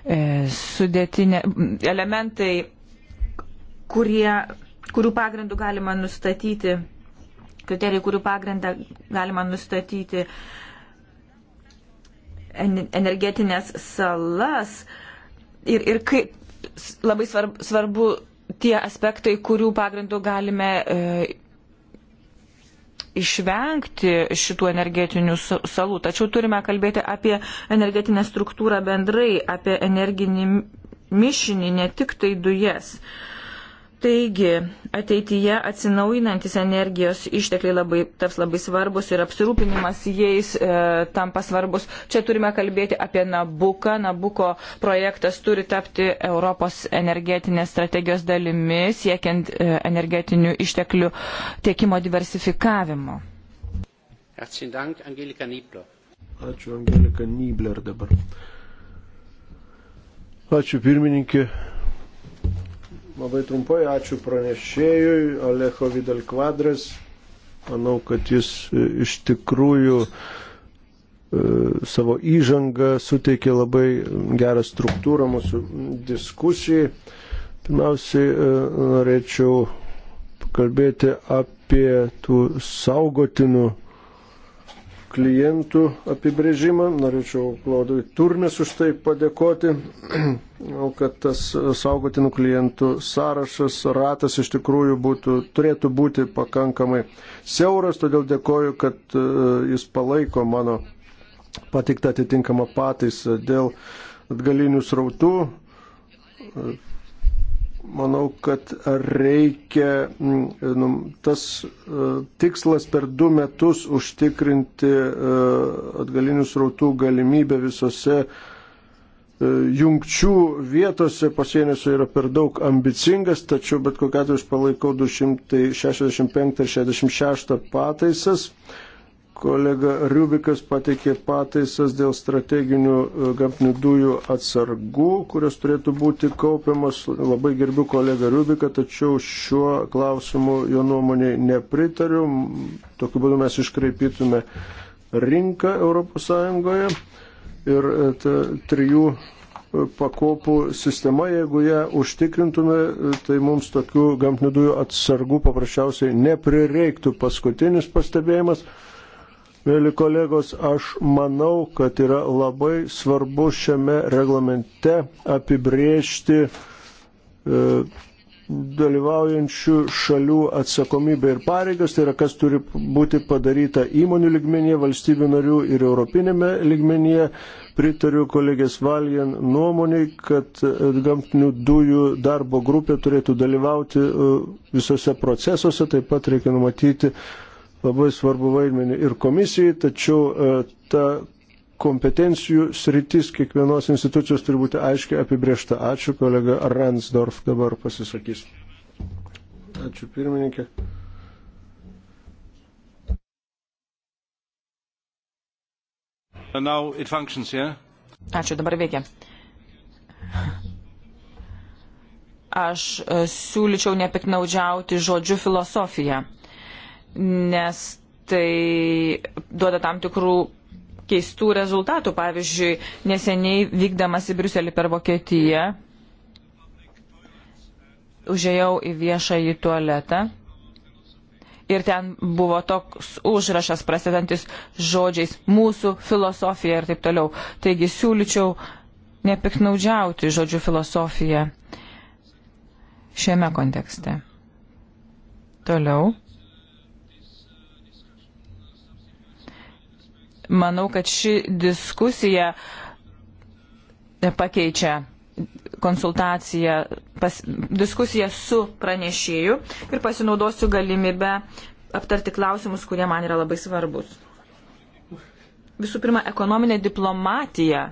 E, sudėtinė, elementai, kurie, kurių pagrindų galima nustatyti, kriterijai, kurių pagrindą galima nustatyti energetinės salas ir, ir kaip labai svarbu, svarbu tie aspektai, kurių pagrindų galime e, išvengti šitų energetinių salų, tačiau turime kalbėti apie energetinę struktūrą bendrai, apie energinį mišinį, ne tik tai dujas. Uh, Taigi, ateityje atsinaujinantis energijos ištekliai labai, taps labai svarbus ir apsirūpinimas jais e, tampa svarbus. Čia turime kalbėti apie Nabuką. Nabuko projektas turi tapti Europos energetinės strategijos dalimi, siekiant e, energetinių išteklių tiekimo diversifikavimo.
Ačiū, Angelika
Nibler dabar. Ačiū pirmininkė. Labai trumpai ačiū pranešėjui Alejo Vidal Kvadras. Manau, kad jis e, iš tikrųjų e, savo įžangą suteikė labai gerą struktūrą mūsų diskusijai. Pirmiausiai e, norėčiau kalbėti apie tų saugotinų klientų apibrėžimą. Norėčiau Klaudui Turmes už tai padėkoti, [CLEARS THROAT] kad tas saugotinų klientų sąrašas, ratas iš tikrųjų būtų, turėtų būti pakankamai siauras, todėl dėkoju, kad e, jis palaiko mano patiktą atitinkamą pataisą dėl atgalinių srautų e, manau, kad reikia mm, nu, tas e, tikslas per du metus užtikrinti e, atgalinių srautų galimybę visose e, jungčių vietose pasieniuose yra per daug ambicingas, tačiau bet kokiu atveju aš palaikau 265 ir 66 pataisas. Kolega Riubikas pateikė pataisas dėl strateginių e, gamtinių dujų atsargų, kurios turėtų būti kaupiamas. Labai gerbiu kolegą Riubiką, tačiau šiuo klausimu jo nuomonė nepritariu. Tokiu būdu mes iškreipytume rinką ES ir e, ta trijų e, pakopų sistema, jeigu ją užtikrintume, tai mums tokių gamtinių dujų atsargų paprasčiausiai neprireiktų. Paskutinis pastebėjimas. Mėly kolegos, aš manau, kad yra labai svarbu šiame reglamente apibriežti e, dalyvaujančių šalių atsakomybė ir pareigas, tai yra kas turi būti padaryta įmonių ligmenyje, valstybių narių ir europinėme ligmenyje. Pritariu kolegės Valjan nuomoniai, kad e, gamtinių dujų darbo grupė turėtų dalyvauti e, visose procesuose, taip pat reikia numatyti labai svarbu vaidmenį ir komisijai, tačiau e, ta kompetencijų sritis kiekvienos institucijos turi būti aiškiai apibriešta. Ačiū, kolega Ransdorf dabar pasisakys. Ačiū, pirmininkė. Yeah?
Ačiū, dabar veikia. Aš e, siūlyčiau nepiknaudžiauti žodžiu filosofiją nes tai duoda tam tikrų keistų rezultatų. Pavyzdžiui, neseniai vykdamas į Briuselį per Vokietiją, užėjau į viešąjį tualetą ir ten buvo toks užrašas prasidantis žodžiais mūsų filosofija ir taip toliau. Taigi siūlyčiau nepiknaudžiauti žodžių filosofiją šiame kontekste. Toliau. manau, kad ši diskusija pakeičia konsultaciją, pas, diskusiją su pranešėju ir pasinaudosiu galimybę aptarti klausimus, kurie man yra labai svarbus. Visų pirma, ekonominė diplomatija.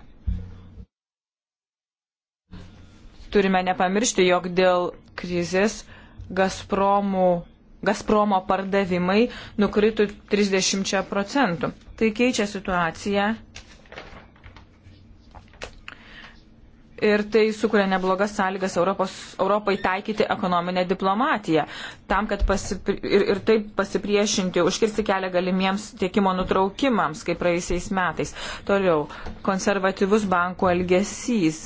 Turime nepamiršti, jog dėl krizės Gazpromų Gazpromo pardavimai nukritų 30 procentų. Tai keičia situaciją ir tai sukuria neblogas sąlygas Europos, Europai taikyti ekonominę diplomatiją. Tam, kad pasipri, ir, ir taip pasipriešinti, užkirsti kelią galimiems tiekimo nutraukimams, kaip praeisiais metais. Toliau, konservatyvus bankų elgesys.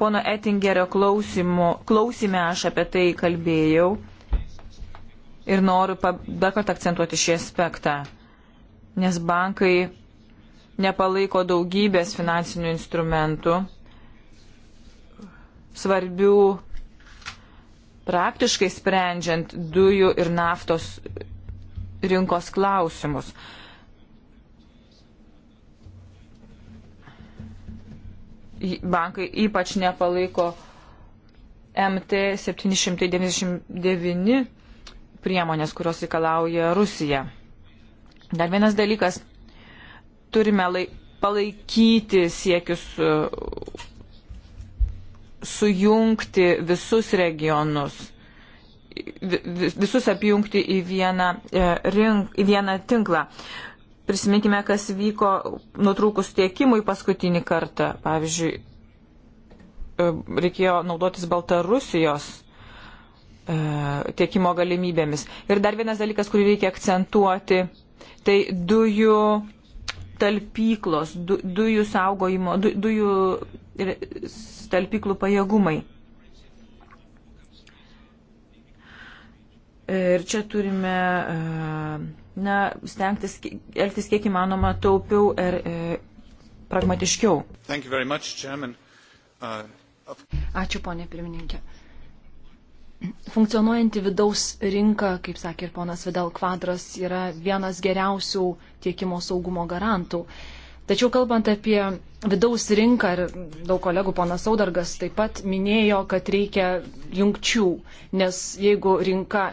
Pono Ettingerio klausimų, klausime aš apie tai kalbėjau ir noriu dar kartą akcentuoti šį aspektą, nes bankai nepalaiko daugybės finansinių instrumentų, svarbių praktiškai sprendžiant dujų ir naftos rinkos klausimus. Bankai ypač nepalaiko MT 799 priemonės, kurios reikalauja Rusija. Dar vienas dalykas, turime lai, palaikyti siekius su, e, sujungti visus regionus, visus apjungti į vieną, e, rink, į vieną tinklą. Prisiminkime, kas vyko nutrūkus tiekimui paskutinį kartą. Pavyzdžiui, e, reikėjo naudotis Baltarusijos E, tiekimo galimybėmis. Ir dar vienas dalykas, kurį reikia akcentuoti, tai dujų talpyklos, du, dujų saugojimo, du, dujų talpyklų pajėgumai. Ir čia turime e, na, stengtis elgtis kiek įmanoma taupiau ir e, pragmatiškiau.
Much, uh,
of... Ačiū, ponė pirmininkė. Uh, funkcionuojanti
vidaus rinka, kaip sakė ir ponas Vidal Kvadras, yra vienas geriausių tiekimo saugumo garantų. Tačiau kalbant apie vidaus rinką, ir daug kolegų ponas Saudargas taip pat minėjo, kad reikia jungčių, nes jeigu rinka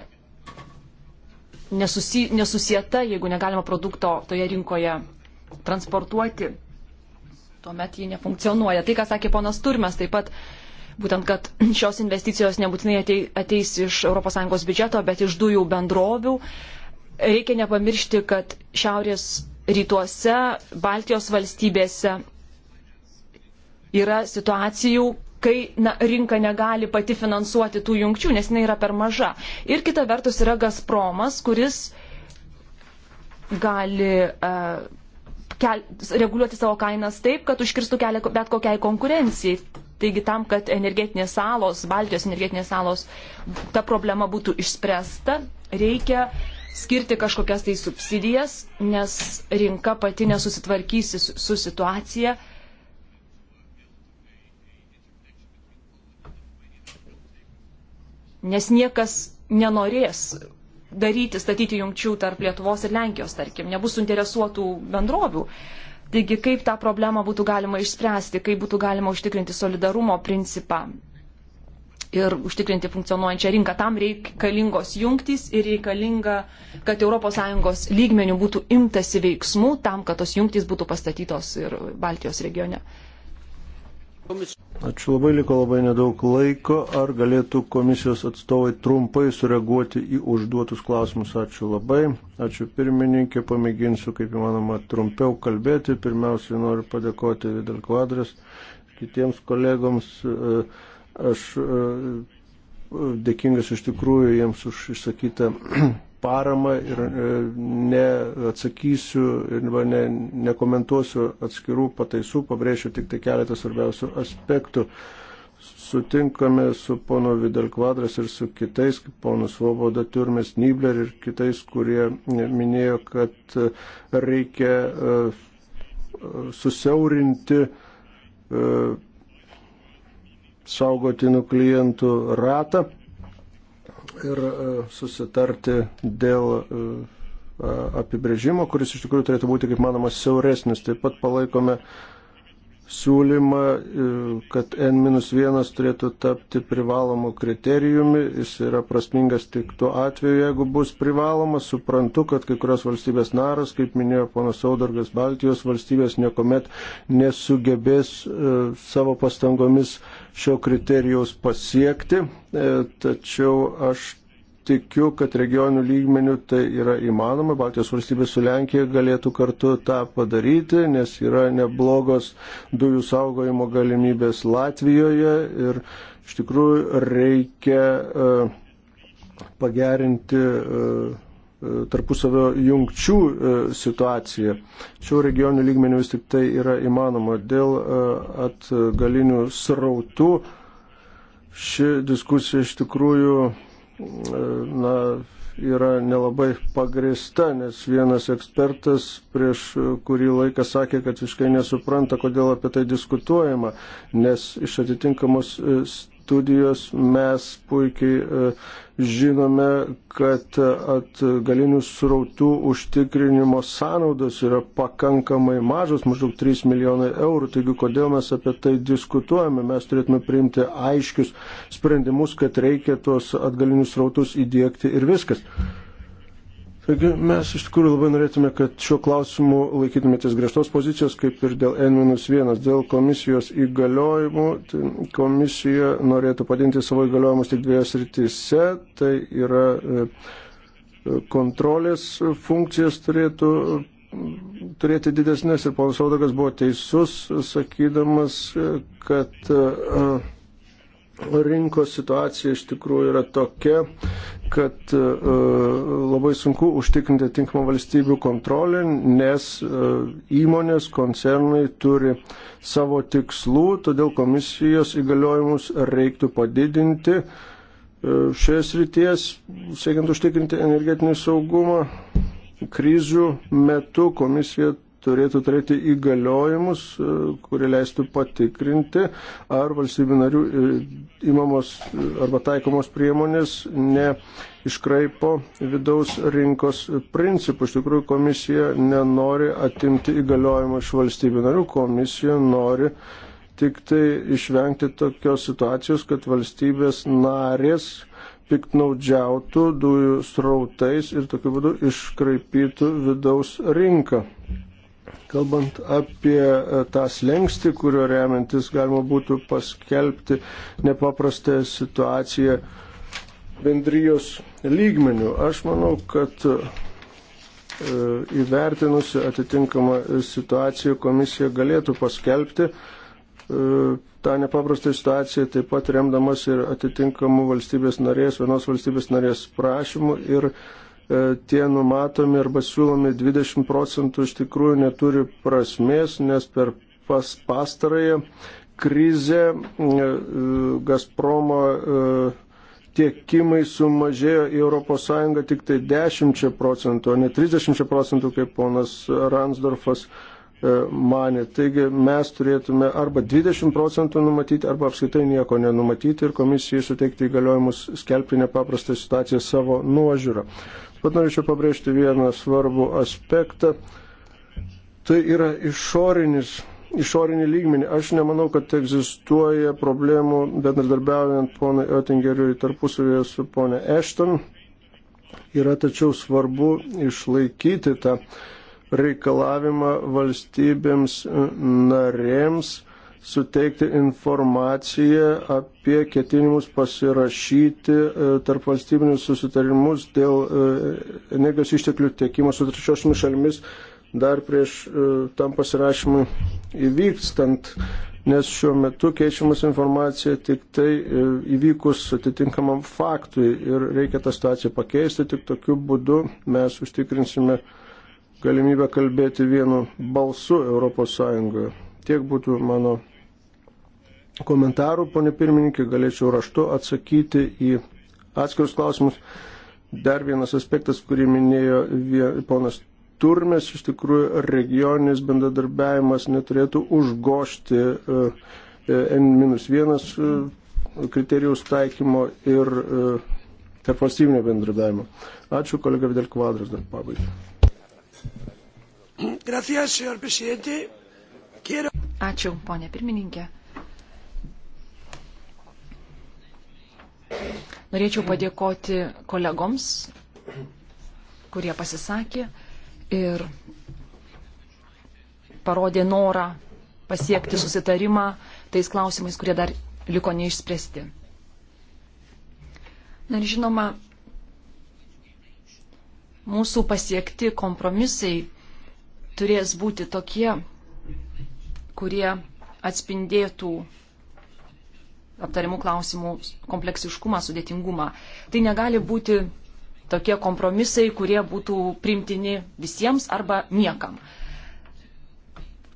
nesusi, nesusieta, jeigu negalima produkto toje rinkoje transportuoti, tuomet ji nefunkcionuoja. Tai, ką sakė ponas Turmes, taip pat būtent, kad šios investicijos nebūtinai ateis iš ES biudžeto, bet iš dujų bendrovių. Reikia nepamiršti, kad šiaurės rytuose, Baltijos valstybėse yra situacijų, kai na, rinka negali pati finansuoti tų jungčių, nes jinai yra per maža. Ir kita vertus yra Gazpromas, kuris gali uh, kel, reguliuoti savo kainas taip, kad užkirstų kelią bet kokiai konkurencijai. Taigi tam, kad energetinės salos, Baltijos energetinės salos, ta problema būtų išspręsta, reikia skirti kažkokias tai subsidijas, nes rinka pati nesusitvarkysi su situacija. Nes niekas nenorės daryti, statyti jungčių tarp Lietuvos ir Lenkijos, tarkim, nebus suinteresuotų bendrovių. Uh, Taigi, kaip tą problemą būtų galima išspręsti, kaip būtų galima užtikrinti solidarumo principą ir užtikrinti funkcionuojančią rinką. Tam reikalingos jungtys ir reikalinga, kad ES lygmenių būtų imtasi veiksmų tam, kad tos jungtys būtų pastatytos ir Baltijos regione.
Ačiū labai, liko labai nedaug laiko. Ar galėtų komisijos atstovai trumpai sureaguoti į užduotus klausimus? Ačiū labai. Ačiū pirmininkė, pamėginsiu kaip įmanoma trumpiau kalbėti. Pirmiausiai noriu padėkoti Vidal Kvadras, kitiems kolegoms. Aš e, e, dėkingas iš tikrųjų jiems už išsakytą paramą ir e, neatsakysiu ir ne, nekomentuosiu atskirų pataisų, pabrėšiu tik tai keletą svarbiausių aspektų. Sutinkame su pono Vidal Kvadras ir su kitais, kaip ponas Voboda Turmes Nibler ir kitais, kurie minėjo, kad e, reikia e, susiaurinti saugotinų klientų ratą ir e, susitarti dėl e, apibrėžimo, kuris iš tikrųjų turėtų būti, kaip manoma, siauresnis. Taip pat palaikome siūlymą, e, kad N-1 turėtų tapti privalomu kriterijumi. Jis yra prasmingas tik tuo atveju, jeigu bus privalomas. Suprantu, kad kai kurios valstybės naras, kaip minėjo ponas Saudargas, Baltijos valstybės niekuomet nesugebės e, savo pastangomis šio kriterijaus pasiekti. E, tačiau aš tikiu, kad regioninių lygmenių tai yra įmanoma. Baltijos valstybės su Lenkija galėtų kartu tą padaryti, nes yra neblogos dujų saugojimo galimybės Latvijoje ir iš tikrųjų reikia e, pagerinti e, e, tarpusavio jungčių situaciją. Šių regionių lygmenių vis tik tai yra įmanoma dėl atgalinių srautų. Ši diskusija iš tikrųjų na, yra nelabai pagrista, nes vienas ekspertas prieš kurį laiką sakė, kad visiškai nesupranta, kodėl apie tai diskutuojama, nes iš atitinkamos studijos mes puikiai e, žinome, kad e, atgalinių srautų užtikrinimo sąnaudos yra pakankamai mažos, maždaug 3 milijonai eurų. Taigi, kodėl mes apie tai diskutuojame? Mes turėtume priimti aiškius sprendimus, kad reikia tuos atgalinius srautus įdėkti ir viskas. Taigi mes iš tikrųjų labai norėtume, kad šiuo klausimu laikytumėtės griežtos pozicijos, kaip ir dėl N-1, dėl komisijos įgaliojimų. Tai komisija norėtų padinti savo įgaliojimus tik dviejose rytise, tai yra e, kontrolės funkcijas turėtų turėti didesnės ir ponas Audagas buvo teisus, sakydamas, e, kad e, rinkos situacija iš tikrųjų yra tokia, kad e, e, labai sunku užtikrinti tinkamą valstybių kontrolę, nes e, įmonės, koncernai turi savo tikslų, todėl komisijos įgaliojimus reiktų padidinti šioje srities, siekiant užtikrinti energetinį saugumą. Krizių metu komisija turėtų turėti įgaliojimus, e, kurie leistų patikrinti, ar valstybių narių įmamos e, e, arba taikomos priemonės ne iškraipo vidaus rinkos principų. Iš tikrųjų, komisija nenori atimti įgaliojimą iš valstybių narių, komisija nori tik tai išvengti tokios situacijos, kad valstybės narės piktnaudžiautų dujų srautais ir tokiu būdu iškraipytų vidaus rinką. Kalbant apie e, tą slengsti, kurio remiantis galima būtų paskelbti nepaprastą situaciją bendrijos lygmenių, aš manau, kad e, įvertinusi atitinkamą situaciją komisija galėtų paskelbti e, tą nepaprastą situaciją, taip pat remdamas ir atitinkamų valstybės narės, vienos valstybės narės prašymų ir uh, E, tie numatomi arba siūlomi 20 procentų iš tikrųjų neturi prasmės, nes per pas pastarąją krizę e, e, Gazpromo tiekimai sumažėjo į ES tik tai 10 procentų, o ne 30 procentų, kaip ponas Ransdorfas E, mane. Taigi mes turėtume arba 20 procentų numatyti, arba apskaitai nieko nenumatyti ir komisijai suteikti įgaliojimus skelbti nepaprastą situaciją savo nuožiūrą. Pat norėčiau pabrėžti vieną svarbų aspektą. Tai yra išorinis. Išorinį lygmenį. Aš nemanau, kad egzistuoja problemų bendradarbiaujant ponui Oettingeriui tarpusavėje su ponė Ešton. Yra tačiau svarbu išlaikyti tą uh, reikalavimą valstybėms e, narėms suteikti informaciją apie ketinimus pasirašyti e, tarp valstybinius susitarimus dėl e, energijos išteklių tiekimo su trečiosiomis šalimis dar prieš tam pasirašymui įvykstant, nes šiuo metu keičiamas informacija tik tai įvykus atitinkamam faktui ir reikia tą situaciją pakeisti, tik tokiu būdu mes užtikrinsime galimybę kalbėti vienu balsu ES. Tiek būtų mano komentarų, ponė pirmininkė, galėčiau raštu atsakyti į atskirus klausimus. Dar vienas aspektas, kurį minėjo ponas Turmes, iš tikrųjų regioninis bendradarbiavimas neturėtų užgošti e, e, N-1 e, kriterijus taikymo ir tarp valstybinio bendradarbiavimo. Ačiū, kolega Videl Kvadras, dar pabaigai.
Ačiū, ponė pirmininkė. Norėčiau padėkoti kolegoms, kurie pasisakė ir parodė norą pasiekti susitarimą tais klausimais, kurie dar liko neišspręsti. Na ir žinoma, mūsų pasiekti kompromisai turės būti tokie, kurie atspindėtų aptariamų klausimų kompleksiškumą, sudėtingumą. Tai negali būti tokie kompromisai, kurie būtų primtini visiems arba niekam.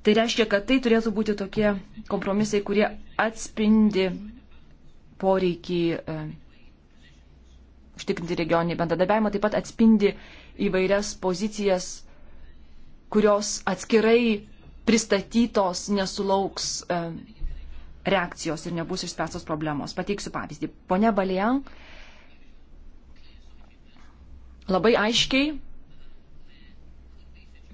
Tai reiškia, kad tai turėtų būti tokie kompromisai, kurie atspindi poreikį e, užtikrinti regioninį bendradarbiavimą, taip pat atspindi uh, įvairias pozicijas, kurios atskirai pristatytos nesulauks e, reakcijos ir nebus išspręstos problemos. Pateiksiu pavyzdį. Pone Balian labai aiškiai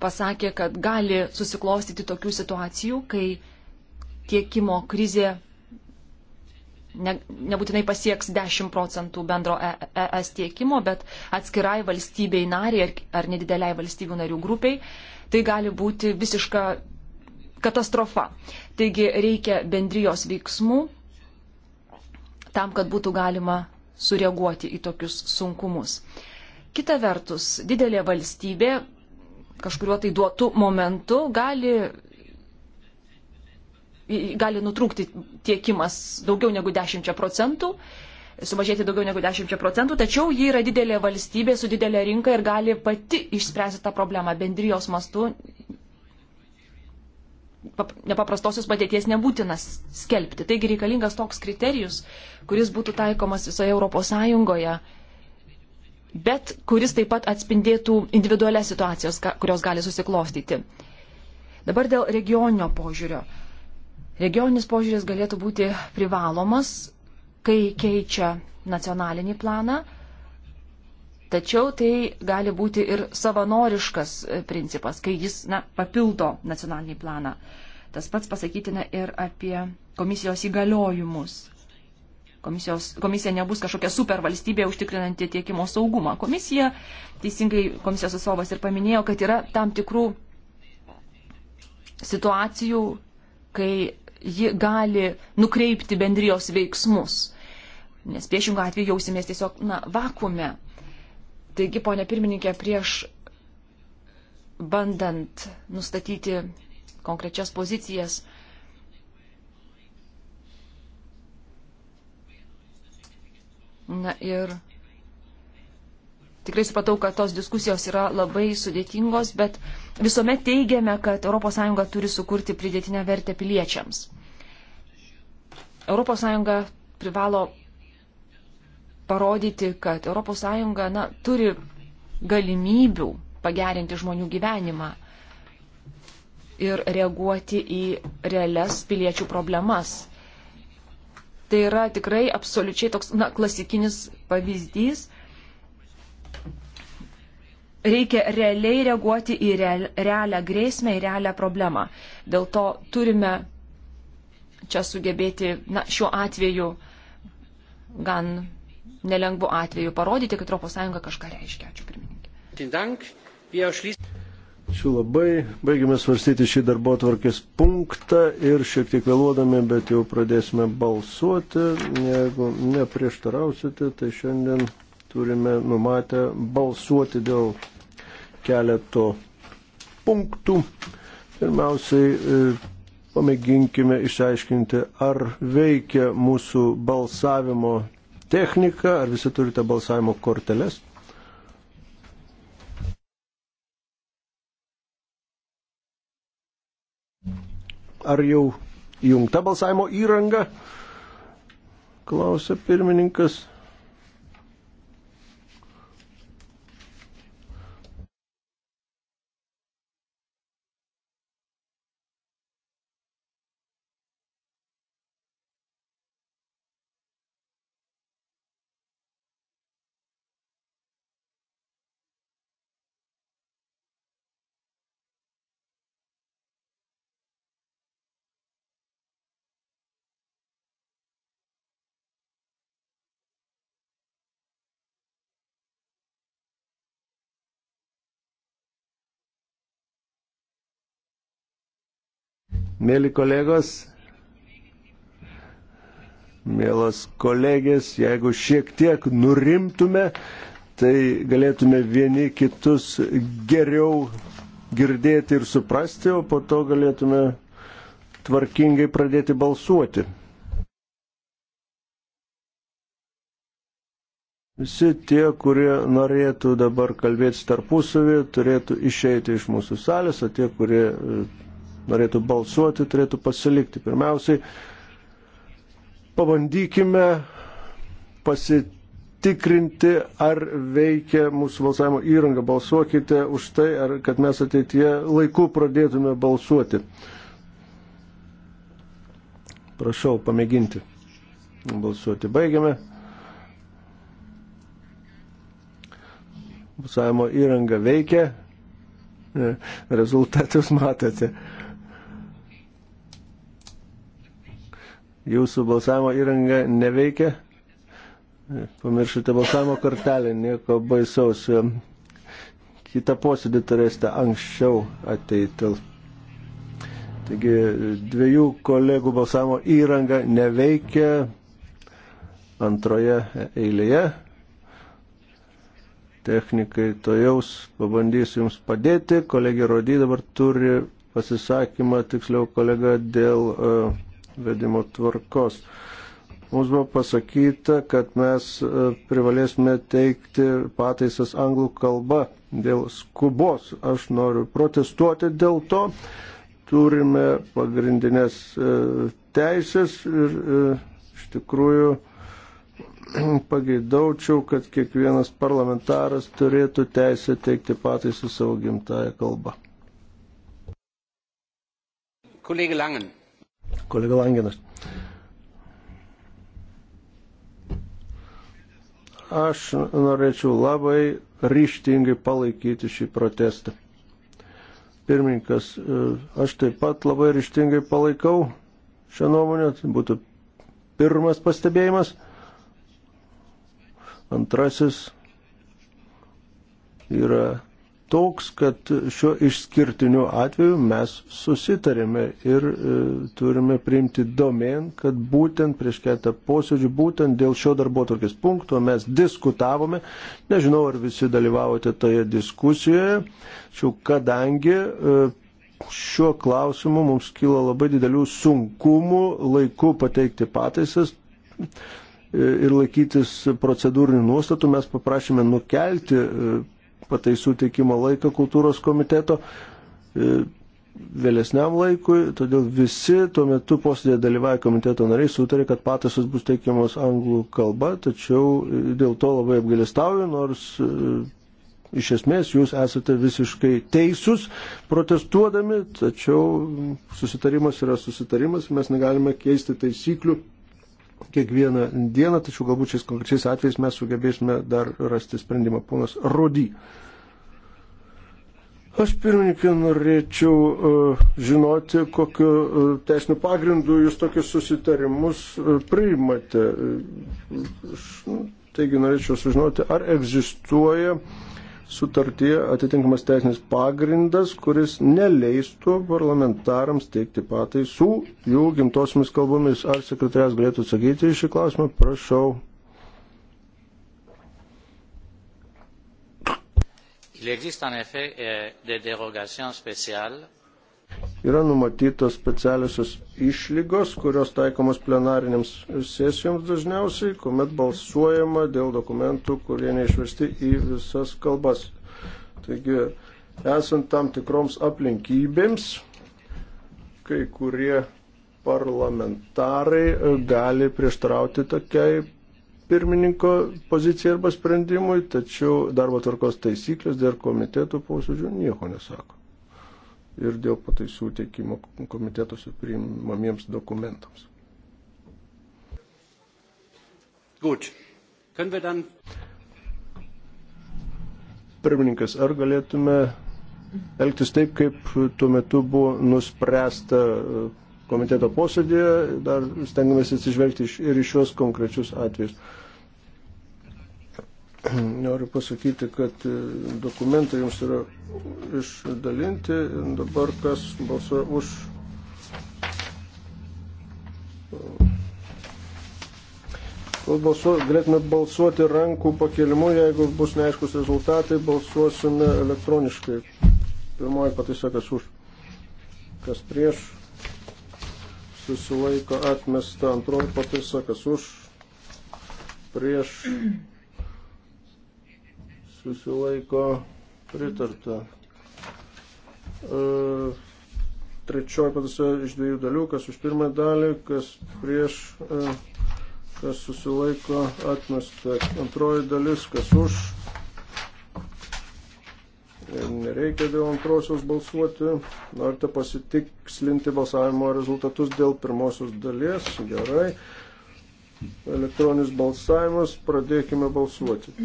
pasakė, kad gali susiklostyti tokių situacijų, kai tiekimo krizė ne, nebūtinai pasieks 10 procentų bendro ES e tiekimo, bet atskirai valstybei nariai ar, ar nedideliai valstybių narių grupiai, tai gali būti visiška katastrofa. Taigi reikia bendrijos veiksmų tam, kad būtų galima sureaguoti į tokius sunkumus. Kita vertus, didelė valstybė kažkuriuo tai duotų momentu gali gali nutrūkti tiekimas daugiau negu 10 procentų, sumažėti daugiau negu 10 procentų, tačiau ji yra didelė valstybė su didelė rinka ir gali pati išspręsti tą problemą bendrijos mastu. Nepaprastosios padėties nebūtinas skelbti. Taigi reikalingas toks kriterijus, kuris būtų taikomas visoje Europos Sąjungoje, bet kuris taip pat atspindėtų individualias situacijas, kurios gali susiklostyti. Dabar dėl regioninio požiūrio. Regioninis požiūris galėtų būti privalomas, kai keičia nacionalinį planą, tačiau tai gali būti ir savanoriškas e, principas, kai jis na, papildo nacionalinį planą. Tas pats pasakytina ir apie komisijos įgaliojimus. Komisijos, komisija nebus kažkokia supervalstybė užtikrinanti tiekimo saugumą. Komisija, teisingai komisijos atstovas ir paminėjo, kad yra tam tikrų situacijų, kai ji gali nukreipti bendrijos veiksmus. Nes priešingų atveju jausimės tiesiog, na, vakume. Taigi, ponė pirmininkė, prieš bandant nustatyti konkrečias pozicijas, na ir tikrai supratau, kad tos diskusijos yra labai sudėtingos, bet visuomet teigiame, kad ES turi sukurti pridėtinę vertę piliečiams. ES privalo parodyti, kad ES na, turi galimybių pagerinti žmonių gyvenimą ir reaguoti į realias piliečių problemas. Tai yra tikrai absoliučiai toks na, klasikinis pavyzdys Reikia realiai reaguoti į realią grėsmę, į realią problemą. Dėl to turime čia sugebėti, na, šiuo atveju, gan nelengvu atveju, parodyti, kad ES kažką reiškia. Ačiū
pirmininkė.
Ačiū labai. Baigime svarstyti šį darbo tvarkės punktą ir šiek tiek vėluodami, bet jau pradėsime balsuoti. Jeigu neprieštarausite, tai šiandien turime numatę balsuoti dėl keleto punktų. Pirmiausiai e, pamėginkime išaiškinti, ar veikia mūsų balsavimo technika, ar visi turite balsavimo korteles. Ar jau įjungta balsavimo įranga? Klausia pirmininkas. Mėly kolegos, mielos kolegės, jeigu šiek tiek nurimtume, tai galėtume vieni kitus geriau girdėti ir suprasti, o po to galėtume tvarkingai pradėti balsuoti. Visi tie, kurie norėtų dabar kalbėti tarpusavį, turėtų išeiti iš mūsų salės, o tie, kurie norėtų balsuoti, turėtų pasilikti. Pirmiausiai, pabandykime pasitikrinti, ar veikia mūsų balsavimo įranga. Balsuokite už tai, ar, kad mes ateityje laiku pradėtume balsuoti. Prašau, pamėginti. Balsuoti baigiame. Balsavimo įranga veikia. [LAUGHS] Rezultatus matote. Jūsų balsavimo įranga neveikia. Pamiršote balsavimo kortelę, nieko baisaus. Kita posėdį turėsite anksčiau ateitil. Taigi dviejų kolegų balsavimo įranga neveikia antroje eilėje. Technikai to jaus pabandys jums padėti. Kolegė Rody dabar turi pasisakymą, tiksliau kolega, dėl uh, vedimo tvarkos. Mums buvo pasakyta, kad mes e, privalėsime teikti pataisas anglų kalba dėl skubos. Aš noriu protestuoti dėl to. Turime pagrindinės e, teisės ir e, iš tikrųjų [CLEARS THROAT] pageidaučiau, kad kiekvienas parlamentaras turėtų teisę teikti pataisų savo gimtają kalbą.
Kollege Langen.
Kolega Langenas. Aš norėčiau labai ryštingai palaikyti šį protestą. Pirmininkas, e, aš taip pat labai ryštingai palaikau šią nuomonę, tai būtų pirmas pastebėjimas. Antrasis yra toks, kad šiuo išskirtiniu atveju mes susitarėme ir e, turime priimti domen, kad būtent prieš keletą posėdžių, būtent dėl šio darbo tokios punkto mes diskutavome. Nežinau, ar visi dalyvavote toje diskusijoje, tačiau kadangi e, šiuo klausimu mums kilo labai didelių sunkumų laiku pateikti pataisas. E, ir laikytis procedūrinių nuostatų mes paprašėme nukelti e, pataisų teikimo laiką kultūros komiteto e, vėlesniam laikui, todėl visi tuo metu posėdėje dalyvavę komiteto nariai sutarė, kad pataisos bus teikiamos anglų kalba, tačiau e, dėl to labai apgalėstauju, nors e, iš esmės jūs esate visiškai teisūs protestuodami, tačiau susitarimas yra susitarimas, mes negalime keisti taisyklių kiekvieną dieną, tačiau galbūt šiais konkrečiais atvejais mes sugebėsime dar rasti sprendimą. Ponas Rudy. Aš pirmininkė norėčiau uh, žinoti, kokiu uh, teisiniu pagrindu jūs tokius susitarimus uh, priimate. Uh, nu, taigi norėčiau sužinoti, ar egzistuoja uh, sutartyje atitinkamas teisinis pagrindas, kuris neleistų parlamentarams teikti pataisų jų gimtosiamis kalbomis. Ar sekretarės galėtų atsakyti į šį klausimą? Prašau.
Il existe en effet euh, des dérogations spéciales
yra numatytos specialiosios išlygos, kurios taikomos plenariniams sesijoms dažniausiai, kuomet balsuojama dėl dokumentų, kurie neišversti į visas kalbas. Taigi, esant tam tikroms aplinkybėms, kai kurie parlamentarai gali prieštrauti tokiai pirmininko pozicijai arba sprendimui, tačiau darbo tvarkos taisyklės dėl komitetų posėdžių nieko nesako ir dėl pataisų teikimo komitetuose priimamiems dokumentams.
Gut. Können wir dann...
Pirmininkas, ar galėtume elgtis taip, kaip tuo metu buvo nuspręsta e, komiteto posėdėje, dar stengiamės atsižvelgti ir iš šios konkrečius atvejus. [CLEARS THROAT] Noriu pasakyti, kad e, dokumentai jums yra išdalinti ir dabar kas balsuoja už Balsu, galėtume balsuoti rankų pakelimu, jeigu bus neaiškus rezultatai, balsuosime elektroniškai. Pirmoji pataisa, kas už, kas prieš, susilaiko atmesta, antroji pataisa, kas už, prieš, susilaiko pritarta. E, trečioji pataisa iš dviejų dalių, kas už pirmą dalį, kas prieš, e, kas susilaiko atmesta. Antroji dalis, kas už. Nereikia dėl antrosios balsuoti. Norite pasitikslinti balsavimo rezultatus dėl pirmosios dalies. Gerai. Elektroninis balsavimas. Pradėkime balsuoti.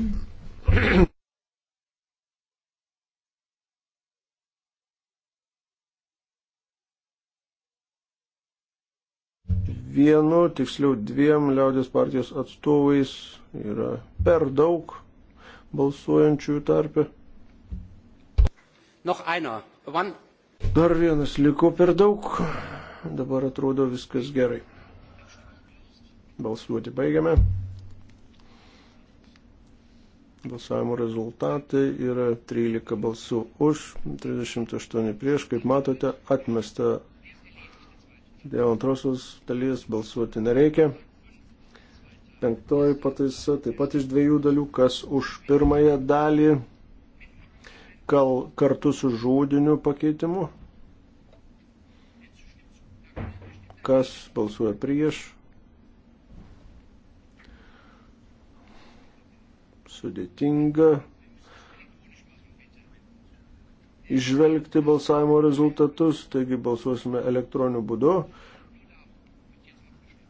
vienu, tiksliau
dviem liaudės partijos atstovais yra per daug balsuojančiųjų tarpe. Dar vienas liko per daug, dabar atrodo viskas gerai. Balsuoti baigiame. Balsavimo rezultatai yra 13 balsų už, 38 prieš, kaip matote, atmesta Dėl antrosios dalies balsuoti nereikia. Penktoji pataisa taip pat iš dviejų dalių, kas už pirmąją dalį kal, kartu su žodiniu pakeitimu. Kas balsuoja prieš. Sudėtinga išvelgti balsavimo rezultatus, taigi balsuosime elektroniniu būdu.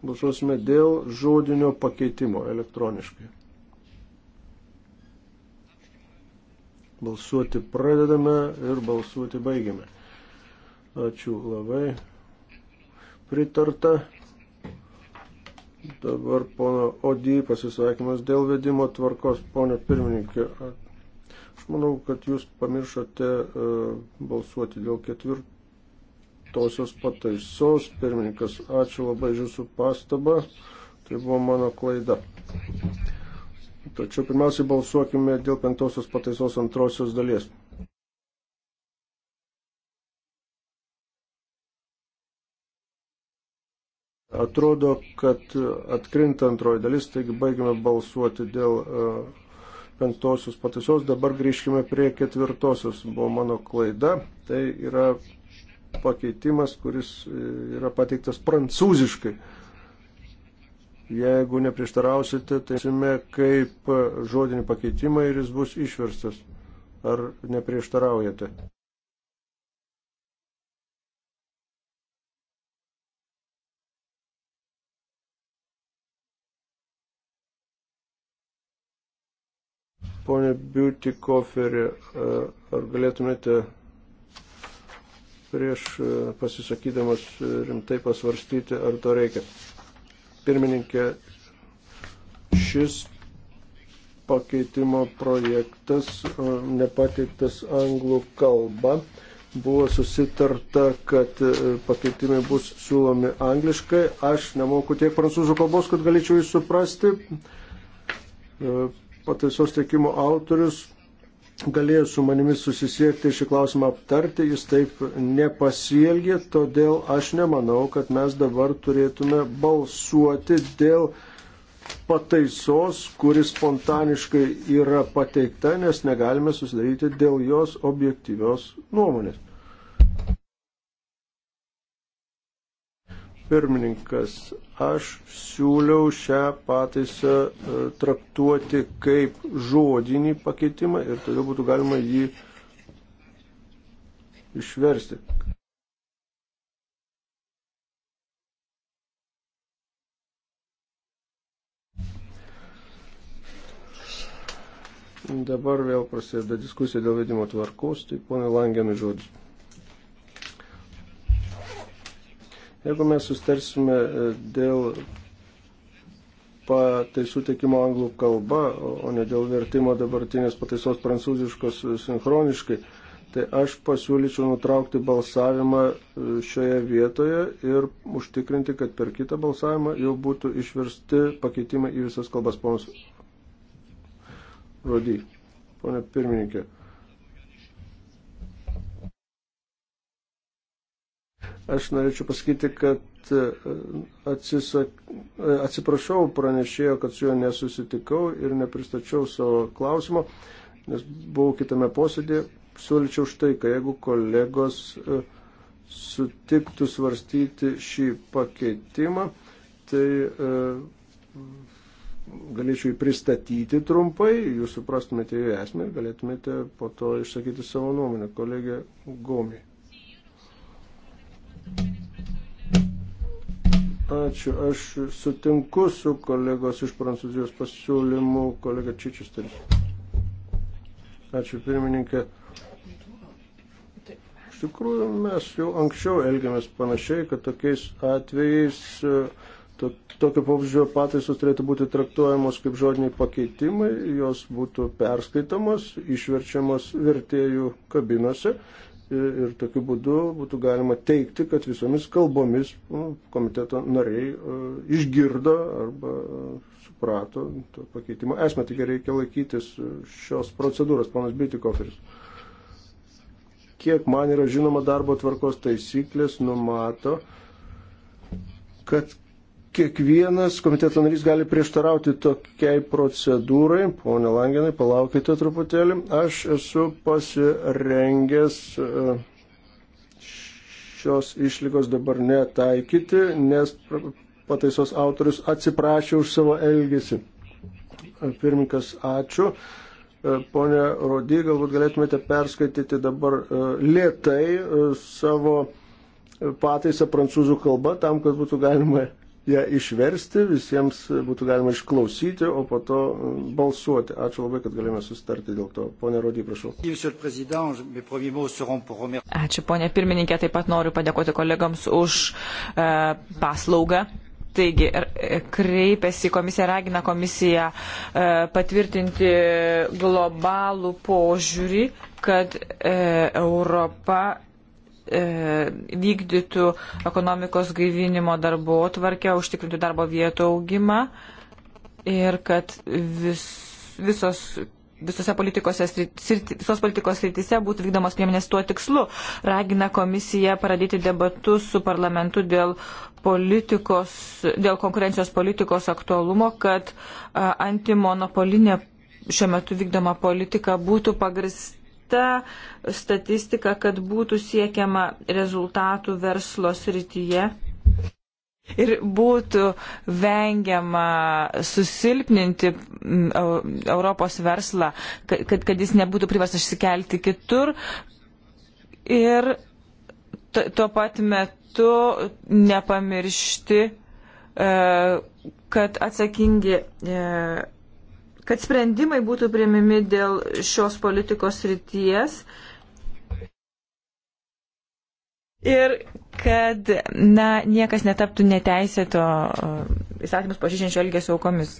Balsuosime dėl žodinio pakeitimo elektroniškai. Balsuoti pradedame ir balsuoti baigiame. Ačiū labai. Pritarta. Dabar pono Odį pasisakymas dėl vedimo tvarkos, ponio pirmininkė manau, kad jūs pamiršote e, balsuoti dėl ketvirtosios pataisos. Pirmininkas, ačiū labai jūsų pastabą. Tai buvo mano klaida. Tačiau pirmiausiai balsuokime dėl penktosios pataisos antrosios dalies. Atrodo, kad atkrinta antroji dalis, taigi baigime balsuoti dėl e, penktosios pataisos, dabar grįžkime prie ketvirtosios, buvo mano klaida. Tai yra pakeitimas, kuris e, yra pateiktas prancūziškai. Jeigu neprieštarausite, tai esame kaip žodinį pakeitimą ir jis bus išverstas. Ar neprieštaraujate? Pone Beauty Koferi, e, ar galėtumėte prieš e, pasisakydamas rimtai pasvarstyti, ar to reikia? Pirmininkė, šis pakeitimo projektas e, nepateiktas anglų kalba. Buvo susitarta, kad pakeitimai bus siūlomi angliškai. Aš nemoku tiek prancūzų kalbos, kad galėčiau jį suprasti pataisos teikimo autorius galėjo su manimi susisiekti šį klausimą aptarti, jis taip nepasielgė, todėl aš nemanau, kad mes dabar turėtume balsuoti dėl pataisos, kuris spontaniškai yra pateikta, nes negalime susidaryti dėl jos objektyvios nuomonės. pirmininkas. Aš siūliau šią pataisą e, traktuoti kaip žodinį pakeitimą ir todėl būtų galima jį išversti. Dabar vėl prasideda diskusija dėl vedimo tvarkos, tai ponai Langenui žodžiu. Jeigu mes sustarsime e, dėl pataisų teikimo anglų kalba, o ne dėl vertimo dabartinės pataisos prancūziškos e, sinchroniškai, tai aš pasiūlyčiau nutraukti balsavimą e, šioje vietoje ir užtikrinti, kad per kitą balsavimą jau būtų išversti pakeitimai į visas kalbas, ponas Rody. Pone pirmininkė. Aš norėčiau pasakyti, kad e, atsisak, e, atsiprašau pranešėjo, kad su juo nesusitikau ir nepristačiau savo klausimo, nes buvau kitame posėdėje. Siūlyčiau štai, kad jeigu kolegos e, sutiktų svarstyti šį pakeitimą, tai galėčiau jį pristatyti trumpai, jūs suprastumėte jų esmę ir galėtumėte po to išsakyti savo nuomonę, kolegė Gomi. Ačiū. Aš sutinku su kolegos iš Prancūzijos pasiūlymu, kolega Čičisteris. Ačiū pirmininkė. Iš tikrųjų, mes jau anksčiau elgiamės panašiai, kad tokiais atvejais to, tokio pavyzdžio pataisos turėtų būti traktuojamos kaip žodiniai pakeitimai, jos būtų perskaitomos, išverčiamos vertėjų kabinose ir tokiu būdu būtų galima teikti, kad visomis kalbomis nu, komiteto nariai e, išgirdo arba e, suprato to pakeitimo esmę, tik reikia laikytis e, šios procedūros, panas Bitikoferis. Kiek man yra žinoma darbo tvarkos taisyklės numato, kad Kiekvienas komiteto narys gali prieštarauti tokiai procedūrai. Pone Langenai, palaukite truputėlį. Aš esu pasirengęs e, šios išlygos dabar netaikyti, nes pataisos autorius atsiprašė už savo elgesį. E, pirmininkas, ačiū. E, pone Rodi, galbūt galėtumėte perskaityti dabar lėtai savo pataisą prancūzų kalba, tam, kad būtų galima ją išversti, visiems būtų galima išklausyti, o po to e, balsuoti. Ačiū labai, kad galėjome sustarti dėl to. Pone Rodį, prašau.
Ačiū, ponė pirmininkė, taip pat noriu padėkoti kolegams už e, paslaugą. Taigi, e, kreipiasi komisija, ragina komisiją e, patvirtinti globalų požiūrį, kad e, Europa E, vykdytų ekonomikos gaivinimo darbo tvarkę, užtikrintų darbo vietų augimą ir kad vis, visos visose politikose, visos politikos srityse būtų vykdomos priemonės tuo tikslu. Ragina komisiją pradėti debatus su parlamentu dėl, politikos, dėl konkurencijos politikos aktualumo, kad antimonopolinė šiuo metu vykdoma politika būtų pagrista kita statistika, kad būtų siekiama rezultatų verslo srityje. Ir būtų vengiama susilpninti mm, Europos verslą, kad, kad jis nebūtų privestas išsikelti kitur. Ir tuo pat metu nepamiršti, e, kad atsakingi e, kad sprendimai būtų priimimi dėl šios politikos ryties ir kad na, niekas netaptų neteisėto uh, įstatymus pažydžiančio elgesio aukomis.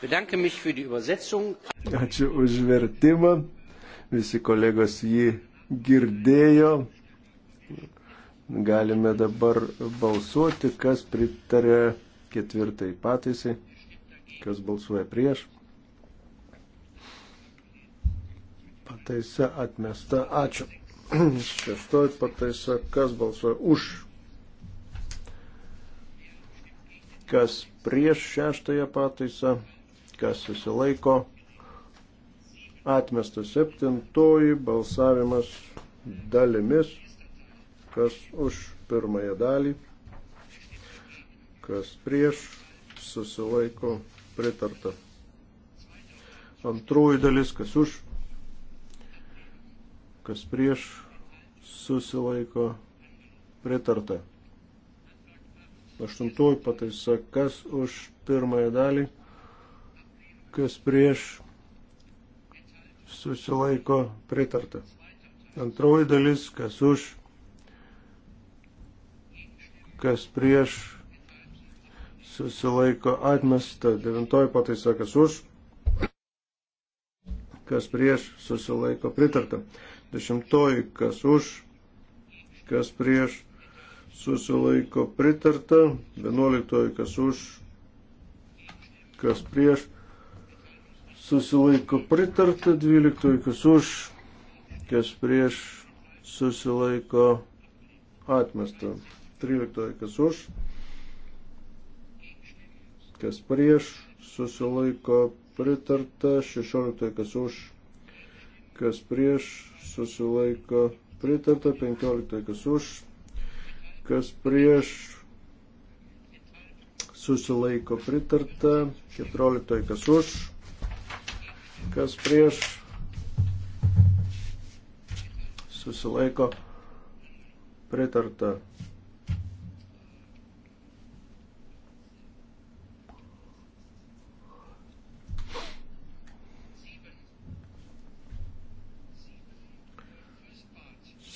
Bedanke mich für die Übersetzung.
Ačiū už vertimą. Visi kolegos jį girdėjo. Galime dabar balsuoti, kas pritarė ketvirtai pataisai, kas balsuoja prieš. Pataisa atmesta. Ačiū. [CLEARS THROAT] Šeštoji pataisa, kas balsuoja už. Kas prieš šeštąją pataisą kas susilaiko. Atmestas septintoji balsavimas dalimis, kas už pirmąją dalį, kas prieš susilaiko pritarta. Antroji dalis, kas už, kas prieš susilaiko pritarta. Aštuntoji pataisa, kas už pirmąją dalį kas prieš susilaiko pritarta. Antroji dalis, kas už, kas prieš susilaiko atmesta. Devintoji pataisa, kas už, kas prieš susilaiko pritarta. Dešimtoji, kas už, kas prieš susilaiko pritarta. Vienuoliktoji, kas už, kas prieš susilaiko pritarta, 12 kas už, kas prieš susilaiko atmesta, 13 kas už, kas prieš susilaiko pritarta, 16 kas už, kas prieš susilaiko pritarta, 15 kas už, kas prieš susilaiko pritarta, 14 kas už kas prieš susilaiko pritarta.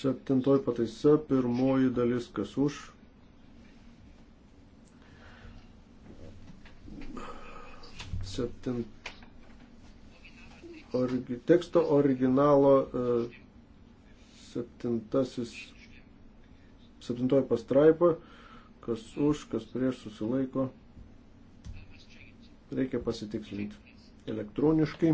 Septintoji pataisa, pirmoji dalis, kas už. Septintoji orgi, teksto originalo e, septintasis, septintoji pastraipa, kas už, kas prieš susilaiko. Reikia pasitikslinti elektroniškai.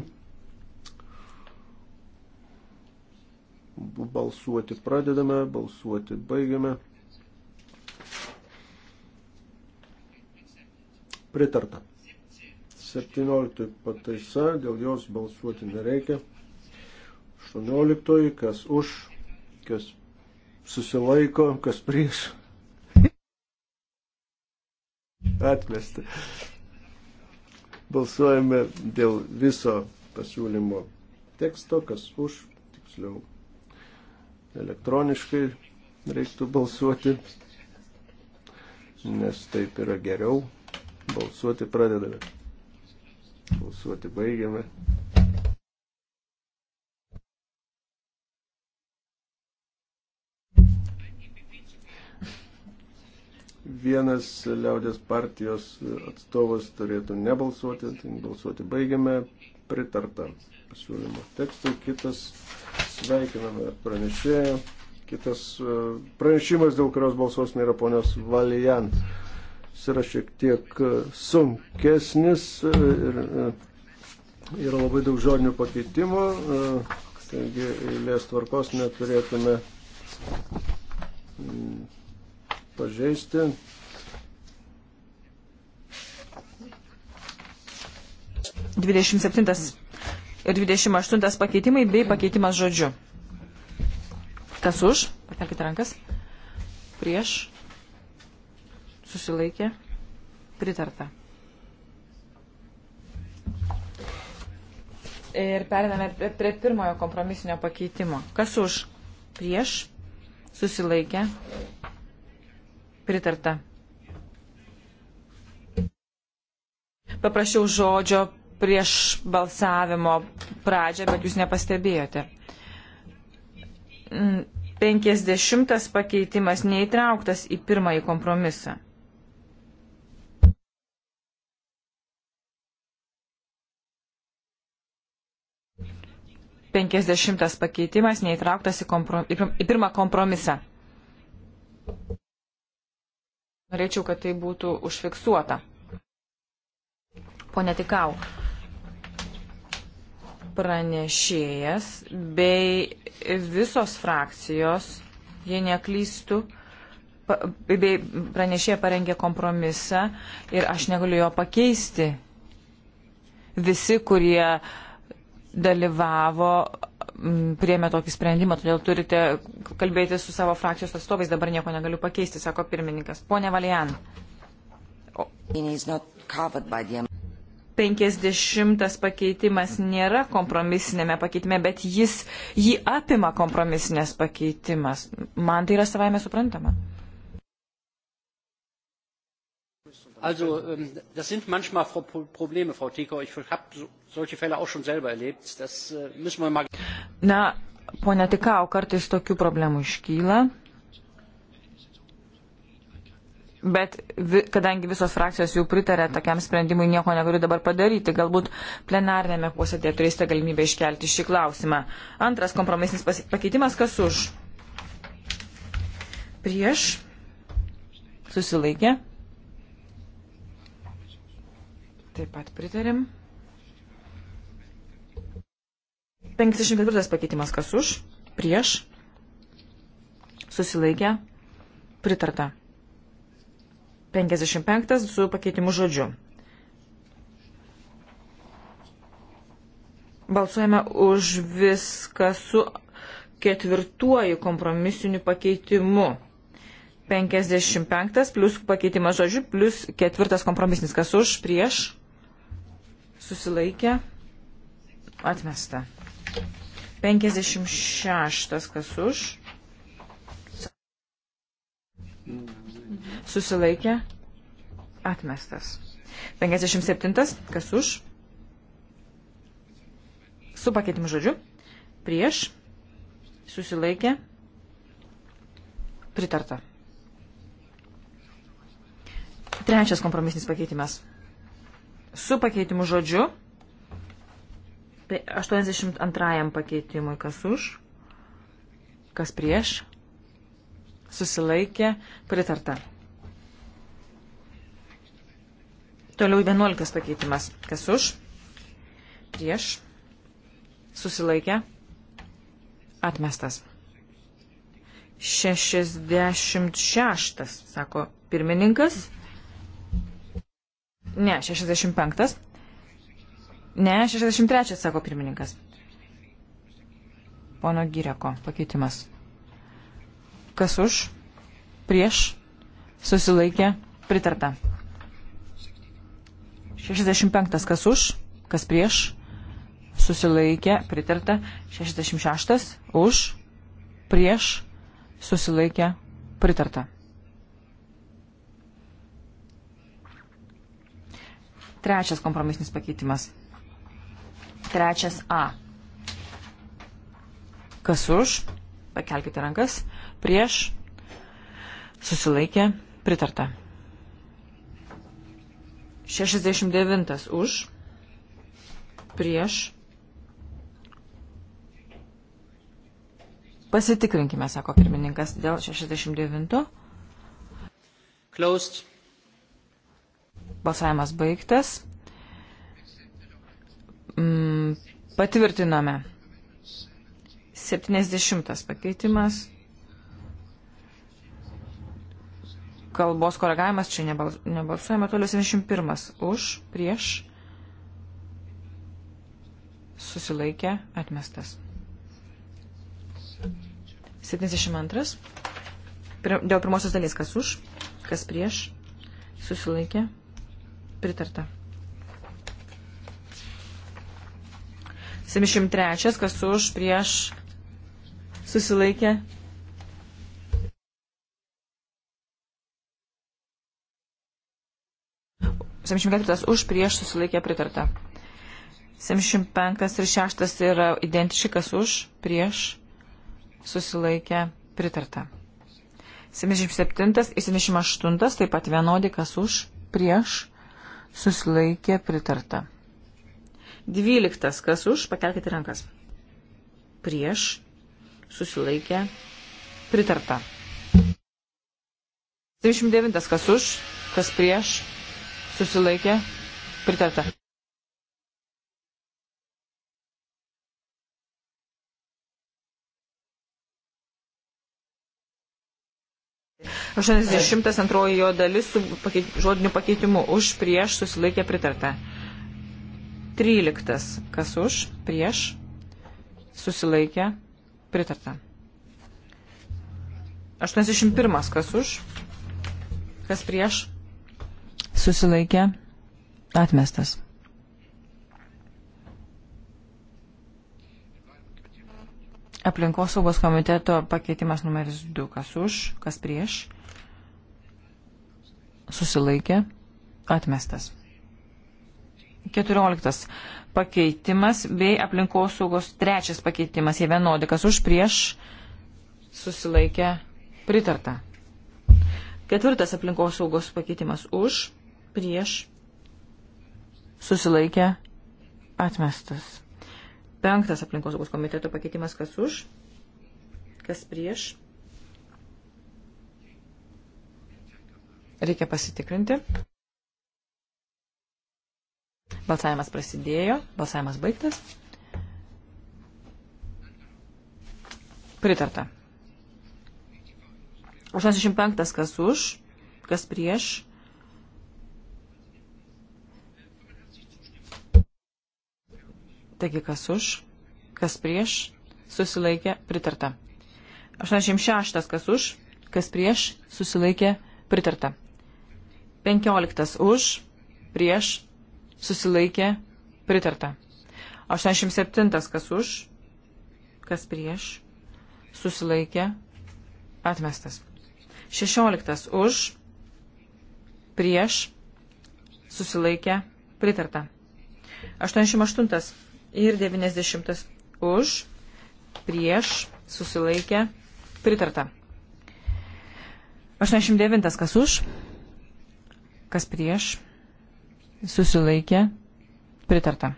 Balsuoti pradedame, balsuoti baigiame. Pritarta. 17 pataisa, dėl jos balsuoti nereikia. 18, kas už, kas susilaiko, kas prieš. Atmesti. Balsuojame dėl viso pasiūlymo teksto, kas už, tiksliau, elektroniškai reiktų balsuoti, nes taip yra geriau. Balsuoti pradedame. Balsuoti baigiame. Vienas liaudės partijos atstovas turėtų nebalsuoti, tai balsuoti baigiame, pritarta pasiūlymo tekstui, kitas sveikiname pranešėją, kitas e, pranešimas, dėl kurios balsuos nėra ponios Valijan. Jis yra šiek tiek e, sunkesnis e, ir e, yra labai daug žodinių pakeitimų, taigi eilės tvarkos neturėtume mm, pažeisti.
Dvidešimt septintas ir 28 pakeitimai bei pakeitimas žodžiu. Kas už? Pakelkite rankas. Prieš susilaikė, pritarta. Ir periname prie pirmojo kompromisinio pakeitimo. Kas už, prieš, susilaikė, pritarta. Paprašiau žodžio prieš balsavimo pradžią, bet jūs nepastebėjote. 50 mm, pakeitimas neįtrauktas į pirmąjį kompromisą. 50 pakeitimas neįtrauktas į, komprom, į pirmą kompromisą. Norėčiau, kad tai būtų užfiksuota. Pone Tikau, pranešėjas bei visos frakcijos, jei neklystų, bei pranešėja parengė kompromisą ir aš negaliu jo pakeisti. Visi, kurie uh, dalyvavo, priemė tokį sprendimą, todėl turite kalbėti su savo frakcijos atstovais, dabar nieko negaliu pakeisti, sako pirmininkas. Pone Valian. O... 50 pakeitimas nėra kompromisinėme pakeitime, bet jis jį apima kompromisinės pakeitimas. Man tai yra savaime suprantama.
Also ähm, das sind manchmal Probleme, Frau Tikau. Ich habe solche Fälle auch schon selber erlebt. Das äh, müssen wir mal.
Na, ponia Tikau, kartais tokių problemų iškyla. Bet vi, kadangi visos frakcijos jau pritarė tokiam sprendimui, nieko negaliu dabar padaryti. Galbūt plenarnėme posėdėje turėsite galimybę iškelti šį klausimą. Antras kompromisinis pakeitimas, kas už? Prieš? Susilaikė? Taip pat pritarėm. 54 pakeitimas kas už, prieš, susilaikė, pritarta. 55 su pakeitimu žodžiu. Balsuojame už viską su ketvirtuoju kompromisiniu pakeitimu. 55 plus pakeitimas žodžiu, plus ketvirtas kompromisinis kas už, prieš, susilaikė, atmesta. 56 kas už, susilaikė, atmestas. 57 kas už, su pakeitimu žodžiu, prieš, susilaikė, pritarta. Trečias kompromisinis pakeitimas su pakeitimu žodžiu. 82 pakeitimui kas už, kas prieš, susilaikė, pritarta. Toliau 11 pakeitimas. Kas už, prieš, susilaikė, atmestas. 66, sako pirmininkas. Ne, 65. Ne, 63, sako pirmininkas. Pono Gireko pakeitimas. Kas už? Prieš? Susilaikė? Pritarta. 65. Kas už? Kas prieš? Susilaikė? Pritarta. 66. Už? Prieš? Susilaikė? Pritarta. Trečias kompromisinis pakeitimas. Trečias A. Kas už? Pakelkite rankas. Prieš. Susilaikė. Pritarta. 69 už. Prieš. Pasitikrinkime, sako pirmininkas, dėl 69. Closed. Balsavimas baigtas. Mm, patvirtinome. 70 pakeitimas. Kalbos koregavimas čia nebalsuojama. Toliau 71. Už, prieš, susilaikė, atmestas. 72. Dėl pirmosios dalies, kas už, kas prieš, susilaikė, Pritarta. 73, kas už, prieš, susilaikė. Semšimketvirtas už, prieš, susilaikė, pritarta. 75 ir 6 yra identiškas už, prieš, susilaikė, pritarta. 77 ir 78 taip pat vienodi, kas už, prieš, susilaikė pritarta. Dvyliktas, kas už, pakelkite rankas. Prieš, susilaikė pritarta. 29, kas už, kas prieš, susilaikė pritarta. 82 jo dalis su pakeit, žodiniu pakeitimu už prieš susilaikė pritarta. 13. Kas už prieš susilaikė pritarta. 81. Kas už kas prieš susilaikė atmestas. Aplinkosaugos komiteto pakeitimas numeris 2. Kas už, kas prieš, susilaikė, atmestas. 14. Pakeitimas bei aplinkosaugos trečias pakeitimas. Jie vienodikas už prieš susilaikė pritarta. Ketvirtas aplinkosaugos pakeitimas už prieš susilaikė atmestas. Penktas aplinkosaugos komiteto pakeitimas kas už, kas prieš Reikia pasitikrinti. Balsavimas prasidėjo, balsavimas baigtas. Pritarta. 85 kas už, kas prieš. Taigi kas už, kas prieš, susilaikė, pritarta. 86 kas už, kas prieš, susilaikė, pritarta. 15 už, prieš, susilaikė, pritarta. 87 kas už, kas prieš, susilaikė, atmestas. 16 už, prieš, susilaikė, pritarta. 88 ir 90 už, prieš, susilaikė, pritarta. 89 kas už, Kas prieš? Susilaikė. Pritarta.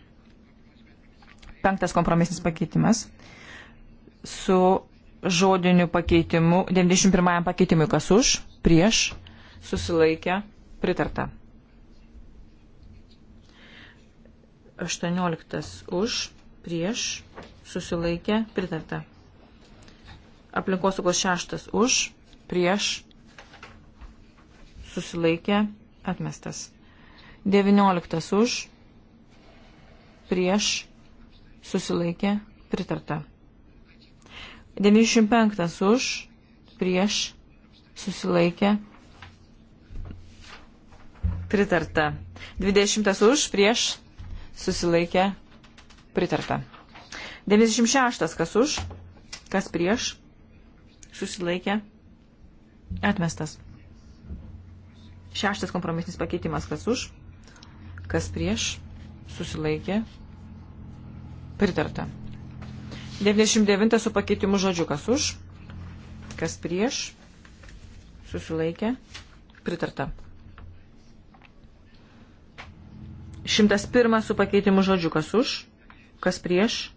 Penktas kompromisinis pakeitimas. Su žodiniu pakeitimu, 91 pakeitimui kas už, prieš, susilaikė, pritarta. 18 už, prieš, susilaikė, pritarta. Aplinkosaugos 6 už, prieš, susilaikė, pritarta Atmestas. 19 už, prieš, susilaikė, pritarta. 95 už, prieš, susilaikė, pritarta. 20 už, prieš, susilaikė, pritarta. 96 kas už, kas prieš, susilaikė, atmestas. Šeštas kompromisinis pakeitimas, kas už, kas prieš, susilaikė, pritarta. 99 su pakeitimu žodžiu, kas už, kas prieš, susilaikė, pritarta. 101 su pakeitimu žodžiu, kas už, kas prieš,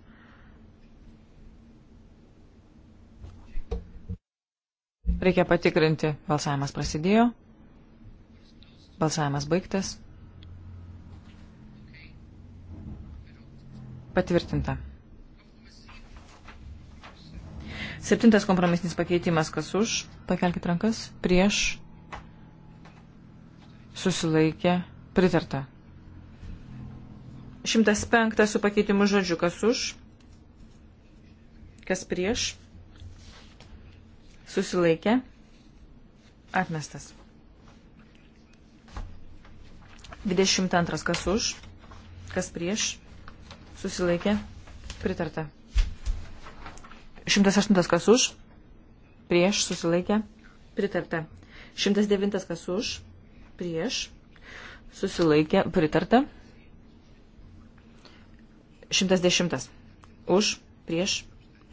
Reikia patikrinti. Balsavimas prasidėjo. Balsavimas baigtas. Patvirtinta. Septintas kompromisinis pakeitimas, kas už, pakelkite rankas, prieš, susilaikė, pritarta. Šimtas penktas su pakeitimu žodžiu, kas už, kas prieš, susilaikė, atmestas. 22. Kas už, kas prieš, susilaikė, pritarta. 108. Kas už, prieš, susilaikė, pritarta. 109. Kas už, prieš, susilaikė, pritarta. 110. Už, prieš,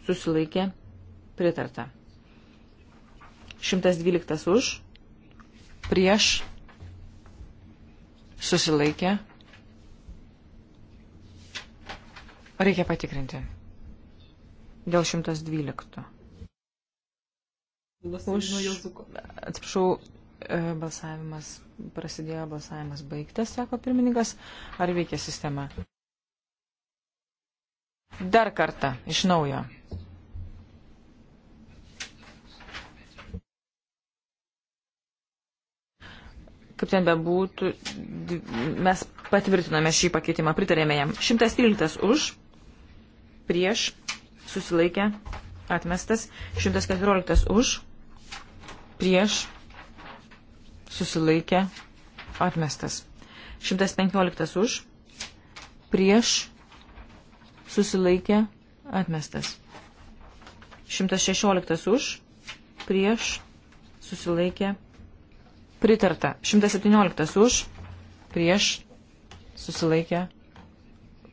susilaikė, pritarta. 112 už, prieš, Susilaikė. Reikia patikrinti. Dėl 112. Už, atsiprašau, e, balsavimas prasidėjo, balsavimas baigtas, sako pirmininkas. Ar veikia sistema? Dar kartą, iš naujo. Kaip ten bebūtų, mes patvirtiname šį pakeitimą, pritarėme jam. 113 už, prieš, susilaikė, atmestas. 114 už, prieš, susilaikė, atmestas. 115 už, prieš, susilaikė, atmestas. 116 už, prieš, susilaikė, atmestas. Pritarta. 117 už, prieš, susilaikė.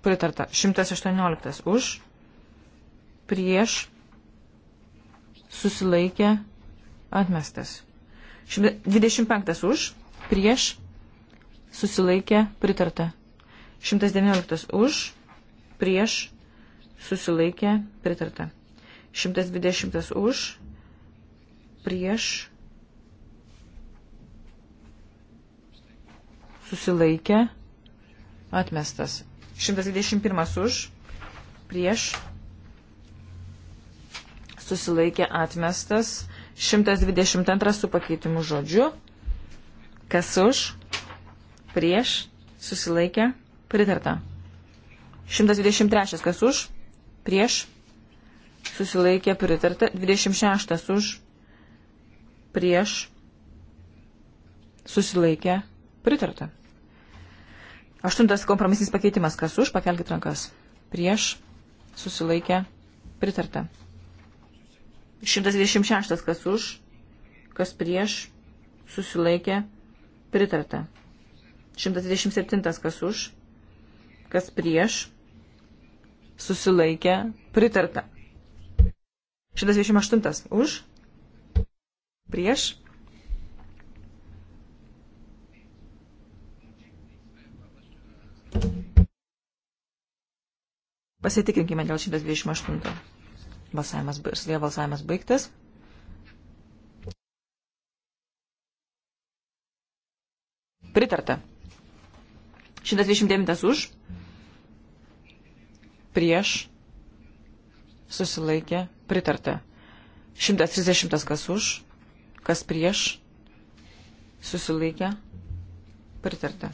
Pritarta. 118 už, prieš, susilaikė, atmestas. 25 už, prieš, susilaikė, pritarta. 119 už, prieš, susilaikė, pritarta. 120 už, prieš, susilaikė, atmestas. 121 už, prieš, susilaikė, atmestas. 122 su pakeitimu žodžiu, kas už, prieš, susilaikė, pritarta. 123 kas už, prieš, susilaikė, pritarta. 26 už, prieš, susilaikė, pritarta Pritarta. Aštuntas kompromisinis pakeitimas. Kas už? Pakelkit rankas. Prieš. Susilaikė. Pritarta. 126. Kas už? Kas prieš? Susilaikė. Pritarta. 127. Kas už? Kas prieš? Susilaikė. Pritarta. 128. Už? Prieš? Pasitikrinkime dėl 128. Balsavimas, slėja balsavimas baigtas. Pritarta. 129 už. Prieš. Susilaikė. Pritarta. 130 kas už. Kas prieš. Susilaikė. Pritarta.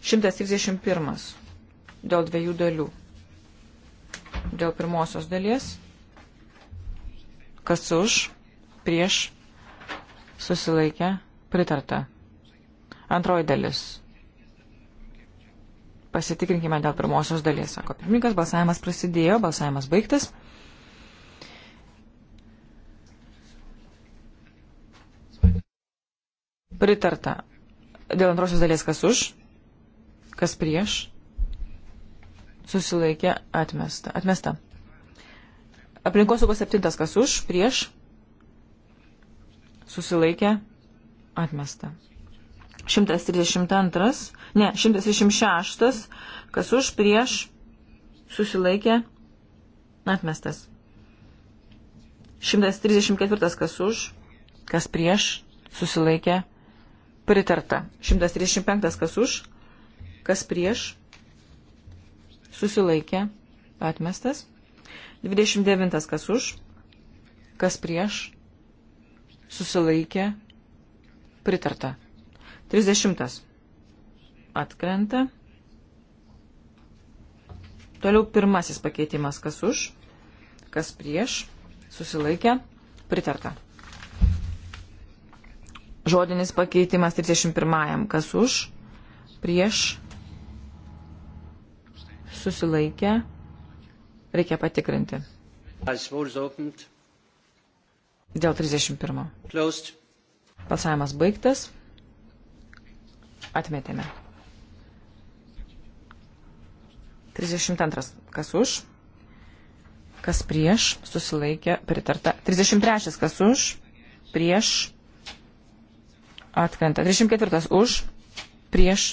131 dėl dviejų dalių. Dėl pirmosios dalies, kas už, prieš, susilaikę, pritarta. Antroji dalis. Pasitikrinkime dėl pirmosios dalies, sako pirmininkas, balsavimas prasidėjo, balsavimas baigtas. Pritarta. Dėl antrosios dalies kas už, kas prieš, susilaikė atmesta. atmesta. Aplinkosaugos septintas kas už, prieš, susilaikė atmesta. 132, ne, 136, kas už, prieš, susilaikė atmestas. 134 kas už, kas prieš, susilaikė pritarta. 135 kas už, kas prieš, susilaikė, atmestas. 29 kas už, kas prieš, susilaikė, pritarta. 30 atkrenta. Toliau pirmasis pakeitimas kas už, kas prieš, susilaikė, pritarta. Žodinis pakeitimas 31 kas už, prieš, susilaikė, reikia patikrinti. Dėl 31. Closed. Balsavimas baigtas. Atmetėme. 32. Kas už? Kas prieš? Susilaikė, pritarta. 33. Kas už? Prieš. Atkrenta. 34. Už. Prieš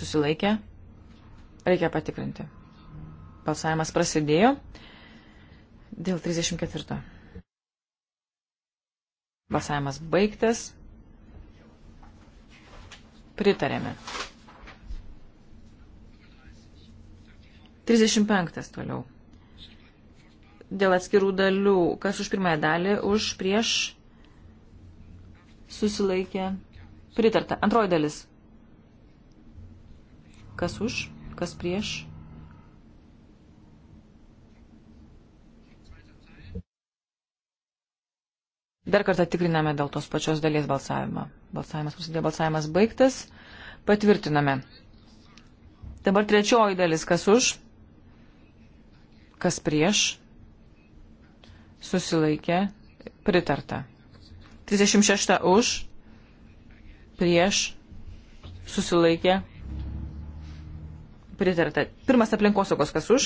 susilaikė. Reikia patikrinti. Balsavimas prasidėjo dėl 34. Balsavimas baigtas. Pritarėme. 35 toliau. Dėl atskirų dalių, kas už pirmąją dalį, už prieš susilaikė. Pritarta. Antroji dalis. Kas už, kas prieš. Dar kartą tikriname dėl tos pačios dalies balsavimą. Balsavimas prasidėjo, balsavimas baigtas. Patvirtiname. Dabar trečioji dalis, kas už, kas prieš, susilaikė, pritarta. 36 už, prieš, susilaikė, pritarta. Pirmas aplinkosaugos, kas už,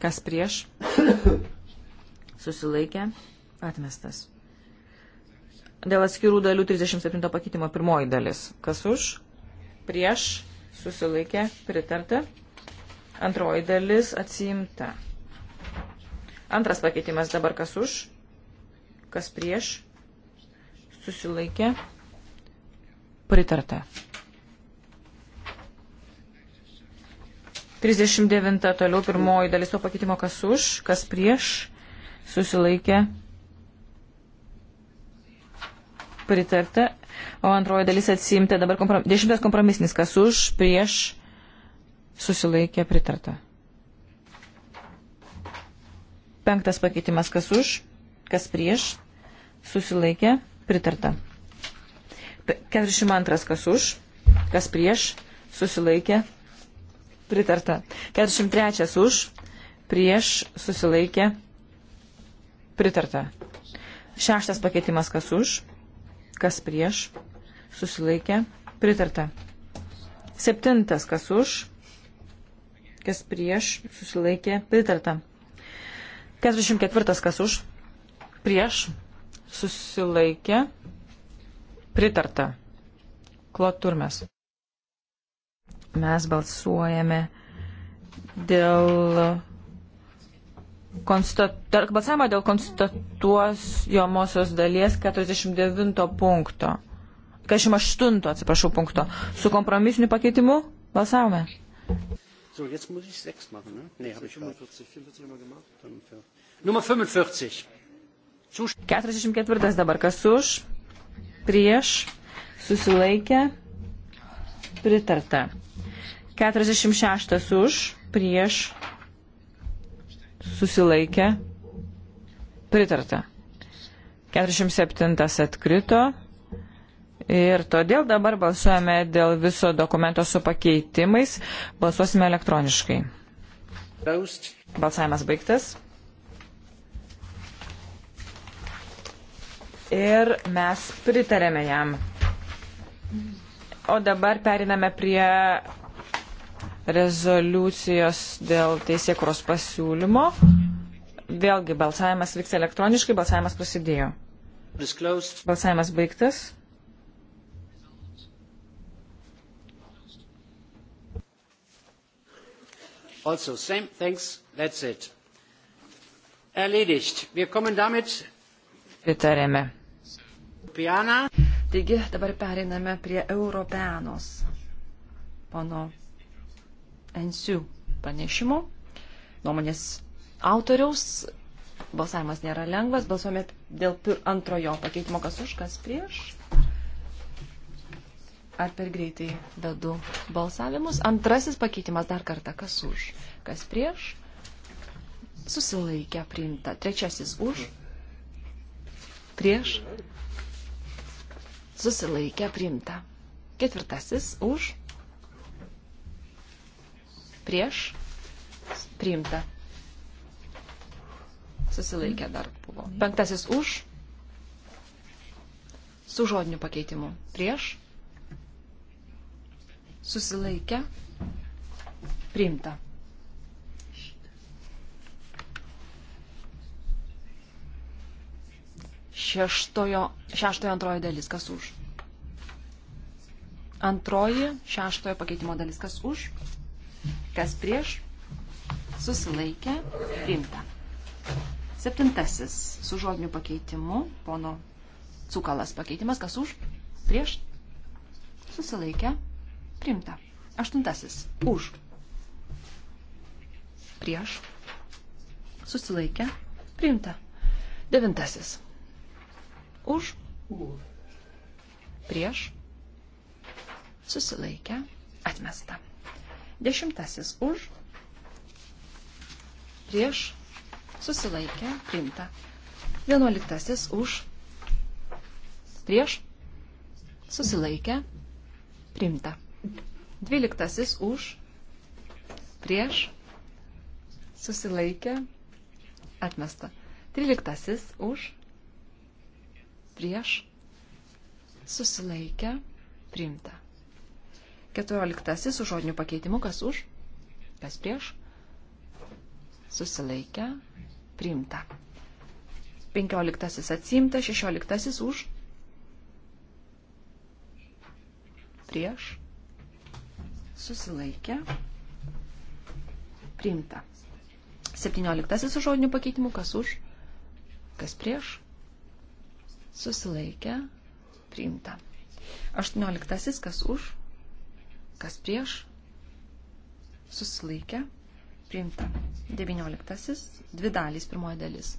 kas prieš, susilaikė, atmestas. Dėl atskirų dalių 37 pakeitimo pirmoji dalis, kas už, prieš, susilaikė, pritarta. Antroji dalis atsiimta. Antras pakeitimas dabar kas už, kas prieš, susilaikė, pritarta. 39 toliau pirmoji dalis to pakeitimo, kas už, kas prieš, susilaikė pritarta, o antroji dalis atsiimta. Dabar komprom... dešimtas kompromisnis, kas už, prieš, susilaikė pritarta. Penktas pakeitimas, kas už, kas prieš, susilaikė pritarta. 42 kas už, kas prieš, susilaikė pritarta Pritarta. 43 už, prieš, susilaikė, pritarta. Šeštas pakeitimas kas už, kas prieš, susilaikė, pritarta. Septintas kas už, kas prieš, susilaikė, pritarta. 44 kas už, prieš, susilaikė, pritarta. Klot turmes mes balsuojame dėl konstat, balsavimo dėl konstatuojamosios dalies 49 punkto. 48, atsiprašau, punkto. Su kompromisiniu pakeitimu balsavome.
So, jetzt muss ich 6 machen, ne? Nee, habe ich 45, 45 haben wir gemacht. Dann für... Nummer 45.
44 dabar kas už, prieš, susilaikę, pritarta. 46 už, prieš, susilaikė, pritarta. 47 atkrito. Ir todėl dabar balsuojame dėl viso dokumento su pakeitimais. Balsuosime elektroniškai. Balsavimas baigtas. Ir mes pritarėme jam. O dabar periname prie rezoliucijos dėl teisėkuros pasiūlymo. Vėlgi balsavimas vyks elektroniškai, balsavimas prasidėjo. Balsavimas baigtas.
Also same thanks, that's it. Erledigt. Wir kommen damit.
Pritarėme.
Piana. Taigi dabar pereiname prie Europeanos. Pono Ensiu pranešimo, nuomonės autoriaus. Balsavimas nėra lengvas, balsuojame dėl antrojo pakeitimo, kas už, kas prieš. Ar per greitai vedu balsavimus? Antrasis pakeitimas dar kartą, kas už, kas prieš. Susilaikę priimta. Trečiasis už, prieš. Susilaikę priimta. Ketvirtasis už prieš, priimta. Susilaikė dar buvo. Penktasis už, su žodiniu pakeitimu, prieš, susilaikė, priimta. Šeštojo, šeštojo antroji dalis, kas už? Antroji šeštojo pakeitimo dalis, kas už? Kas prieš? Susilaikė. Priimta. Septintasis su žodiniu pakeitimu. Pono Cukalas pakeitimas. Kas už? Prieš? Susilaikė. Priimta. Aštuntasis. Už. Prieš. Susilaikė. Priimta. Devintasis. Už. Prieš. Susilaikę. Atmesta. Dešimtasis už, prieš, susilaikę, priimta. Vienuoliktasis už, prieš, susilaikę, priimta. Dvyliktasis už, prieš, susilaikę, atmesta. Tryliktasis už, prieš, susilaikę, priimta. Keturioliktasis su žodiniu pakeitimu, kas už, kas prieš, susilaikę, priimta. Penkioliktasis atsimta, šešioliktasis už, prieš, susilaikę, priimta. Septynioliktasis su žodiniu pakeitimu, kas už, kas prieš, susilaikę, priimta. Aštuonioliktasis, kas už, Kas prieš? Susilaikė. Priimta. 19. Dvi dalys, pirmoji dalis.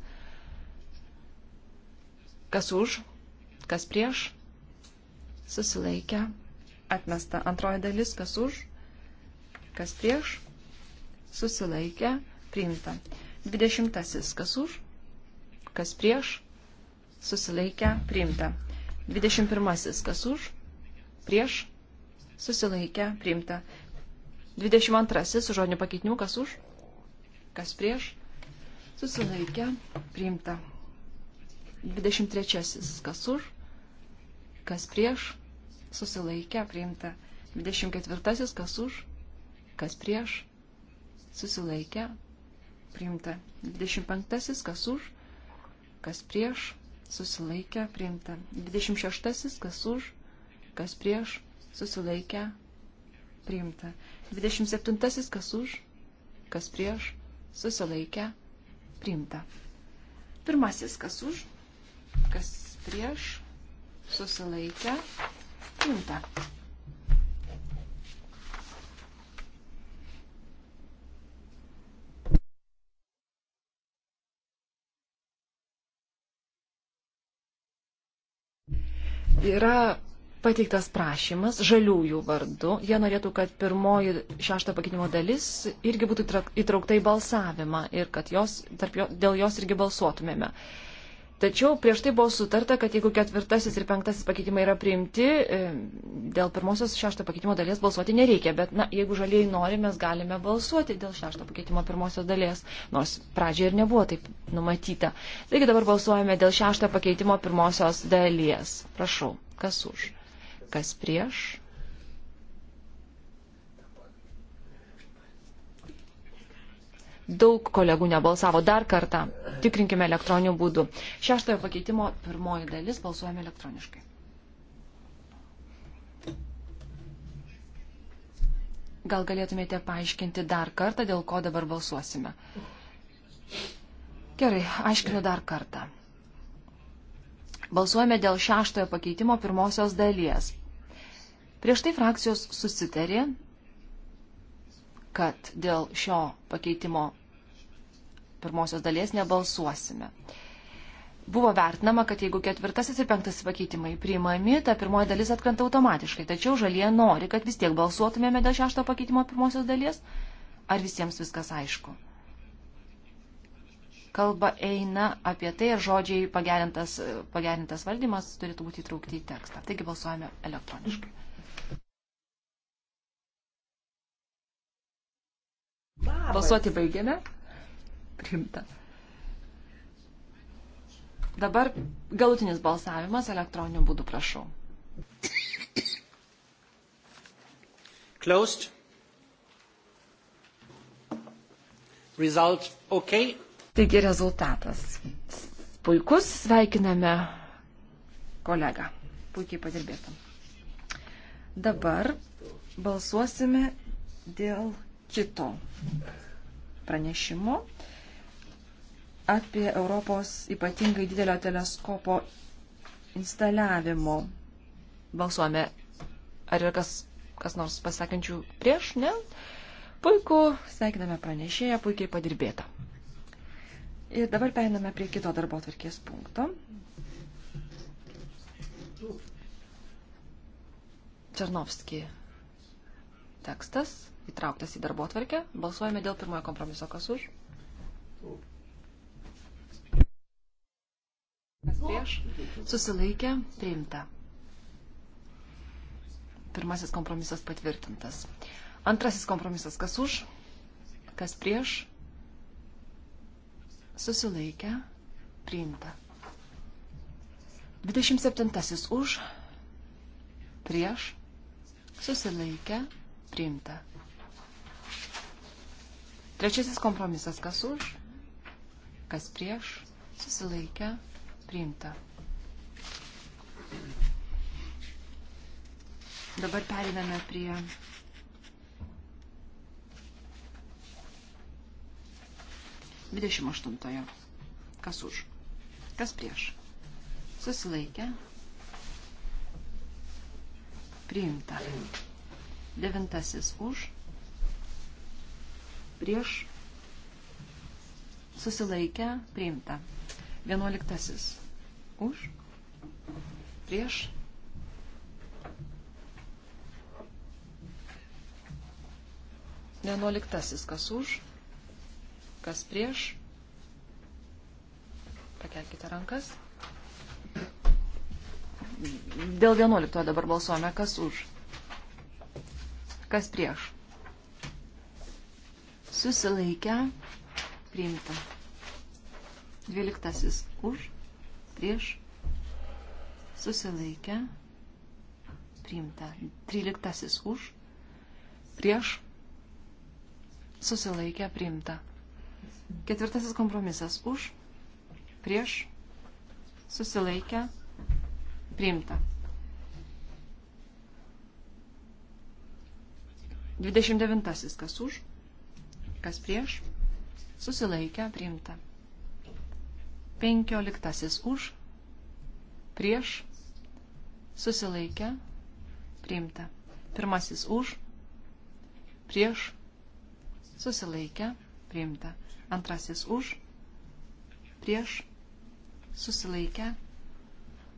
Kas už? Kas prieš? Susilaikė. Atmesta. Antroji dalis. Kas už? Kas prieš? Susilaikė. Priimta. 20. Kas už? Kas prieš? Susilaikė. Priimta. 21. Kas už? Prieš? susilaikę, priimta. 22 su žodiniu pakeitiniu, kas už, kas prieš, susilaikę, priimta. 23 kas už, kas prieš, susilaikę, priimta. 24 kas už, kas prieš, susilaikę, priimta. 25 kas už, kas prieš, susilaikę, priimta. 26 kas už, kas prieš, susilaikę, priimta. 27. Kas už, kas prieš, susilaikę, priimta. Pirmasis, kas už, kas prieš, susilaikę, priimta. Yra pateiktas prašymas žaliųjų vardu. Jie norėtų, kad pirmoji šešto pakeitimo dalis irgi būtų įtraukta į balsavimą ir kad jos, jo, dėl jos irgi balsuotumėme. Tačiau prieš tai buvo sutarta, kad jeigu ketvirtasis ir penktasis pakeitimai yra priimti, e, dėl pirmosios šešto pakeitimo dalies balsuoti nereikia. Bet, na, jeigu žaliai nori, mes galime balsuoti dėl šešto pakeitimo pirmosios dalies, nors pradžioje ir nebuvo taip numatyta. Taigi dabar balsuojame dėl šešto pakeitimo pirmosios dalies. Prašau, kas už? kas prieš. Daug kolegų nebalsavo. Dar kartą tikrinkime elektroniniu būdu. Šeštojo pakeitimo pirmoji dalis balsuojame elektroniškai. Gal galėtumėte paaiškinti dar kartą, dėl ko dabar balsuosime? Gerai, aiškinu dar kartą. Balsuojame dėl šeštojo pakeitimo pirmosios dalies. Prieš tai frakcijos susitarė, kad dėl šio pakeitimo pirmosios dalies nebalsuosime. Buvo vertinama, kad jeigu ketvirtasis ir penktasis pakeitimai priimami, ta pirmoji dalis atkrenta automatiškai. Tačiau žalie nori, kad vis tiek balsuotumėme dėl šešto pakeitimo pirmosios dalies. Ar visiems viskas aišku? kalba eina apie tai ir žodžiai pagerintas, pagerintas valdymas turėtų būti įtraukti į tekstą. Taigi balsuojame elektroniškai. Balsuoti baigėme. Primta. Dabar galutinis balsavimas elektroniniu būdu prašau.
Closed. Result okay.
Taigi rezultatas. Puikus, sveikiname kolegą. Puikiai padirbėtum. Dabar balsuosime dėl kito pranešimo apie Europos ypatingai didelio teleskopo instaliavimo. Balsuojame. Ar yra kas, kas nors pasakančių prieš? Ne? Puiku, sveikiname pranešėją, puikiai padirbėta. Ir dabar peiname prie kito darbo tvarkės punkto. Černovski tekstas įtrauktas į darbo tvarkę. Balsuojame dėl pirmojo kompromiso. Kas už? Kas prieš? Susilaikė. Priimta. Pirmasis kompromisas patvirtintas. Antrasis kompromisas. Kas už? Kas prieš? susilaikę, priimta. 27 už, prieš, susilaikę, priimta. Trečiasis kompromisas, kas už, kas prieš, susilaikę, priimta. Dabar periname prie 28. Kas už? Kas prieš? Susilaikę. Priimta. Devintasis už. Prieš. Susilaikę. Priimta. Vienuoliktasis už. Prieš. Vienuoliktasis kas už. Prieš. Kas prieš? Pakelkite rankas. Dėl 11 dabar balsuojame. Kas už? Kas prieš? Susilaikę. Priimta. 12 už. Prieš. Susilaikę. Priimta. 13 už. Prieš. Susilaikę. Priimta. Ketvirtasis kompromisas už, prieš, susilaikę, priimta. 29. Kas už, kas prieš, susilaikę, priimta. 15. Už, prieš, susilaikę, priimta. Pirmasis už, prieš, susilaikę, priimta. Antrasis už, prieš, susilaikę,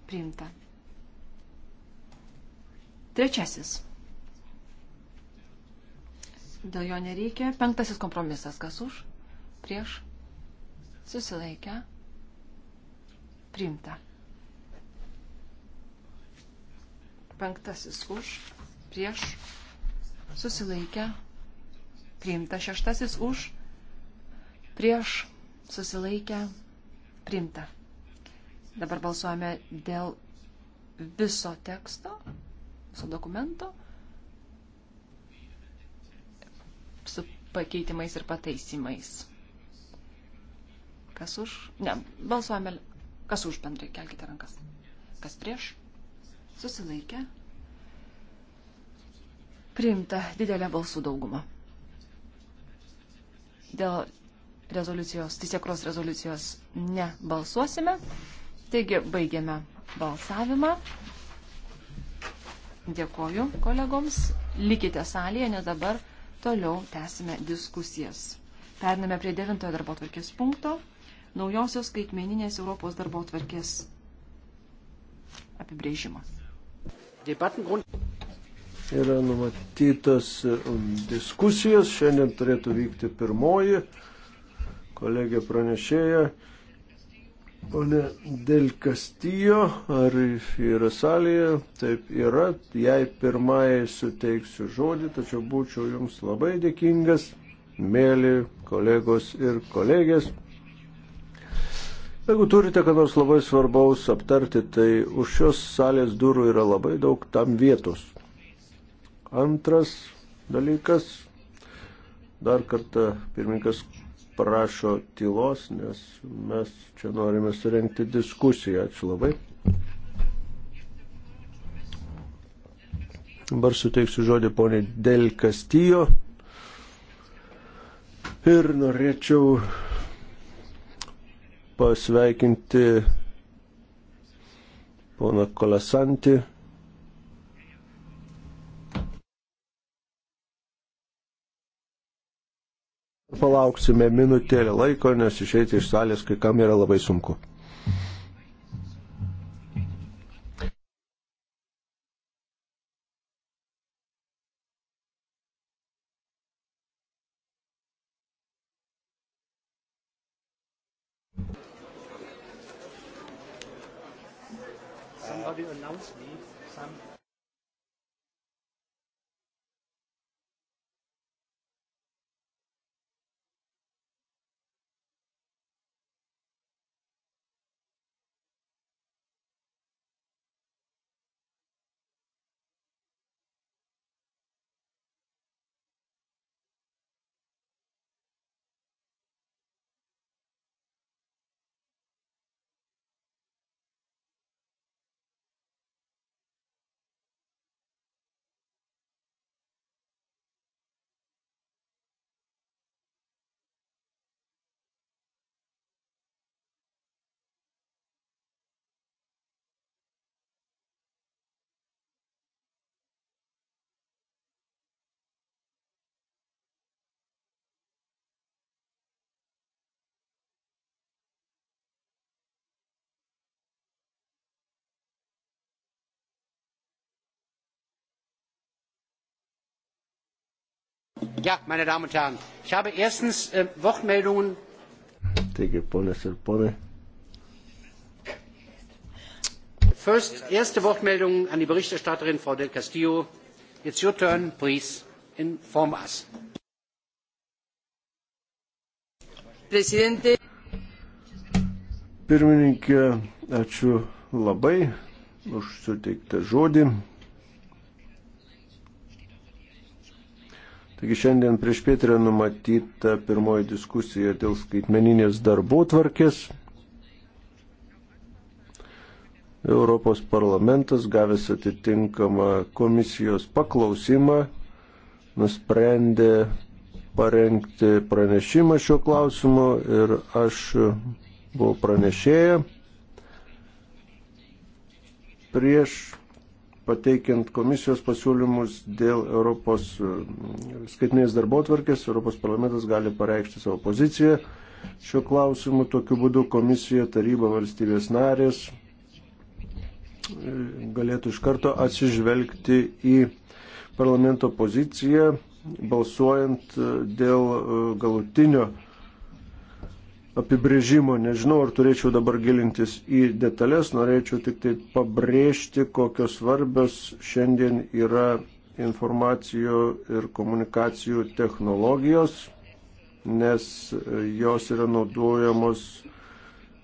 priimta. Trečiasis. Dėl jo nereikia. Penktasis kompromisas. Kas už, prieš, susilaikę, priimta. Penktasis už, prieš, susilaikę, priimta. Šeštasis už, prieš susilaikę priimta. Dabar balsuojame dėl viso teksto, viso dokumento su pakeitimais ir pataisimais. Kas už? Ne, balsuojame. Kas už bendrai? Kelkite rankas. Kas prieš? Susilaikę. Priimta didelė balsų dauguma. Dėl rezoliucijos, teisėkros rezoliucijos nebalsuosime. Taigi baigiame balsavimą. Dėkoju kolegoms. Likite salėje, nes dabar toliau tęsime diskusijas. Pername prie devintojo darbo tvarkės punkto. Naujosios skaitmeninės Europos darbo tvarkės apibrėžimas.
Yra numatytas diskusijos. Šiandien turėtų vykti pirmoji kolegė pranešėja. Pone Del Castillo, ar yra salėje? Taip yra. Jei pirmai suteiksiu žodį, tačiau būčiau jums labai dėkingas, mėly kolegos ir kolegės. Jeigu turite, kad nors labai svarbaus aptarti, tai už šios salės durų yra labai daug tam vietos. Antras dalykas, dar kartą pirmininkas prašo tylos, nes mes čia norime surenkti diskusiją. Ačiū labai. Dabar suteiksiu žodį poniai Del Castillo. Ir norėčiau pasveikinti poną Kolasantį Palauksime minutėlę laiko, nes išeiti iš salės kai kam yra labai sunku.
Ja, meine Damen und Herren, ich habe erstens äh, Wortmeldungen.
Taigi, ponas ir ponai.
First, erste Wortmeldung an die Berichterstatterin, Frau del Castillo. It's your turn, please. Inform us. Presidente.
Pirmininkė, ačiū labai už suteiktą žodį. Taigi šiandien prieš pietrę numatyta pirmoji diskusija dėl skaitmeninės darbų tvarkės. Europos parlamentas gavęs atitinkamą komisijos paklausimą nusprendė parengti pranešimą šiuo klausimu ir aš buvau pranešėję prieš pateikiant komisijos pasiūlymus dėl Europos e, skaitinės darbo tvarkės, Europos parlamentas gali pareikšti savo poziciją. Šiuo klausimu tokiu būdu komisija, taryba, valstybės narės e, galėtų iš karto atsižvelgti į parlamento poziciją, balsuojant e, dėl galutinio apibrėžimo. Nežinau, ar turėčiau dabar gilintis į detalės, norėčiau tik tai pabrėžti, kokios svarbios šiandien yra informacijų ir komunikacijų technologijos, nes jos yra naudojamos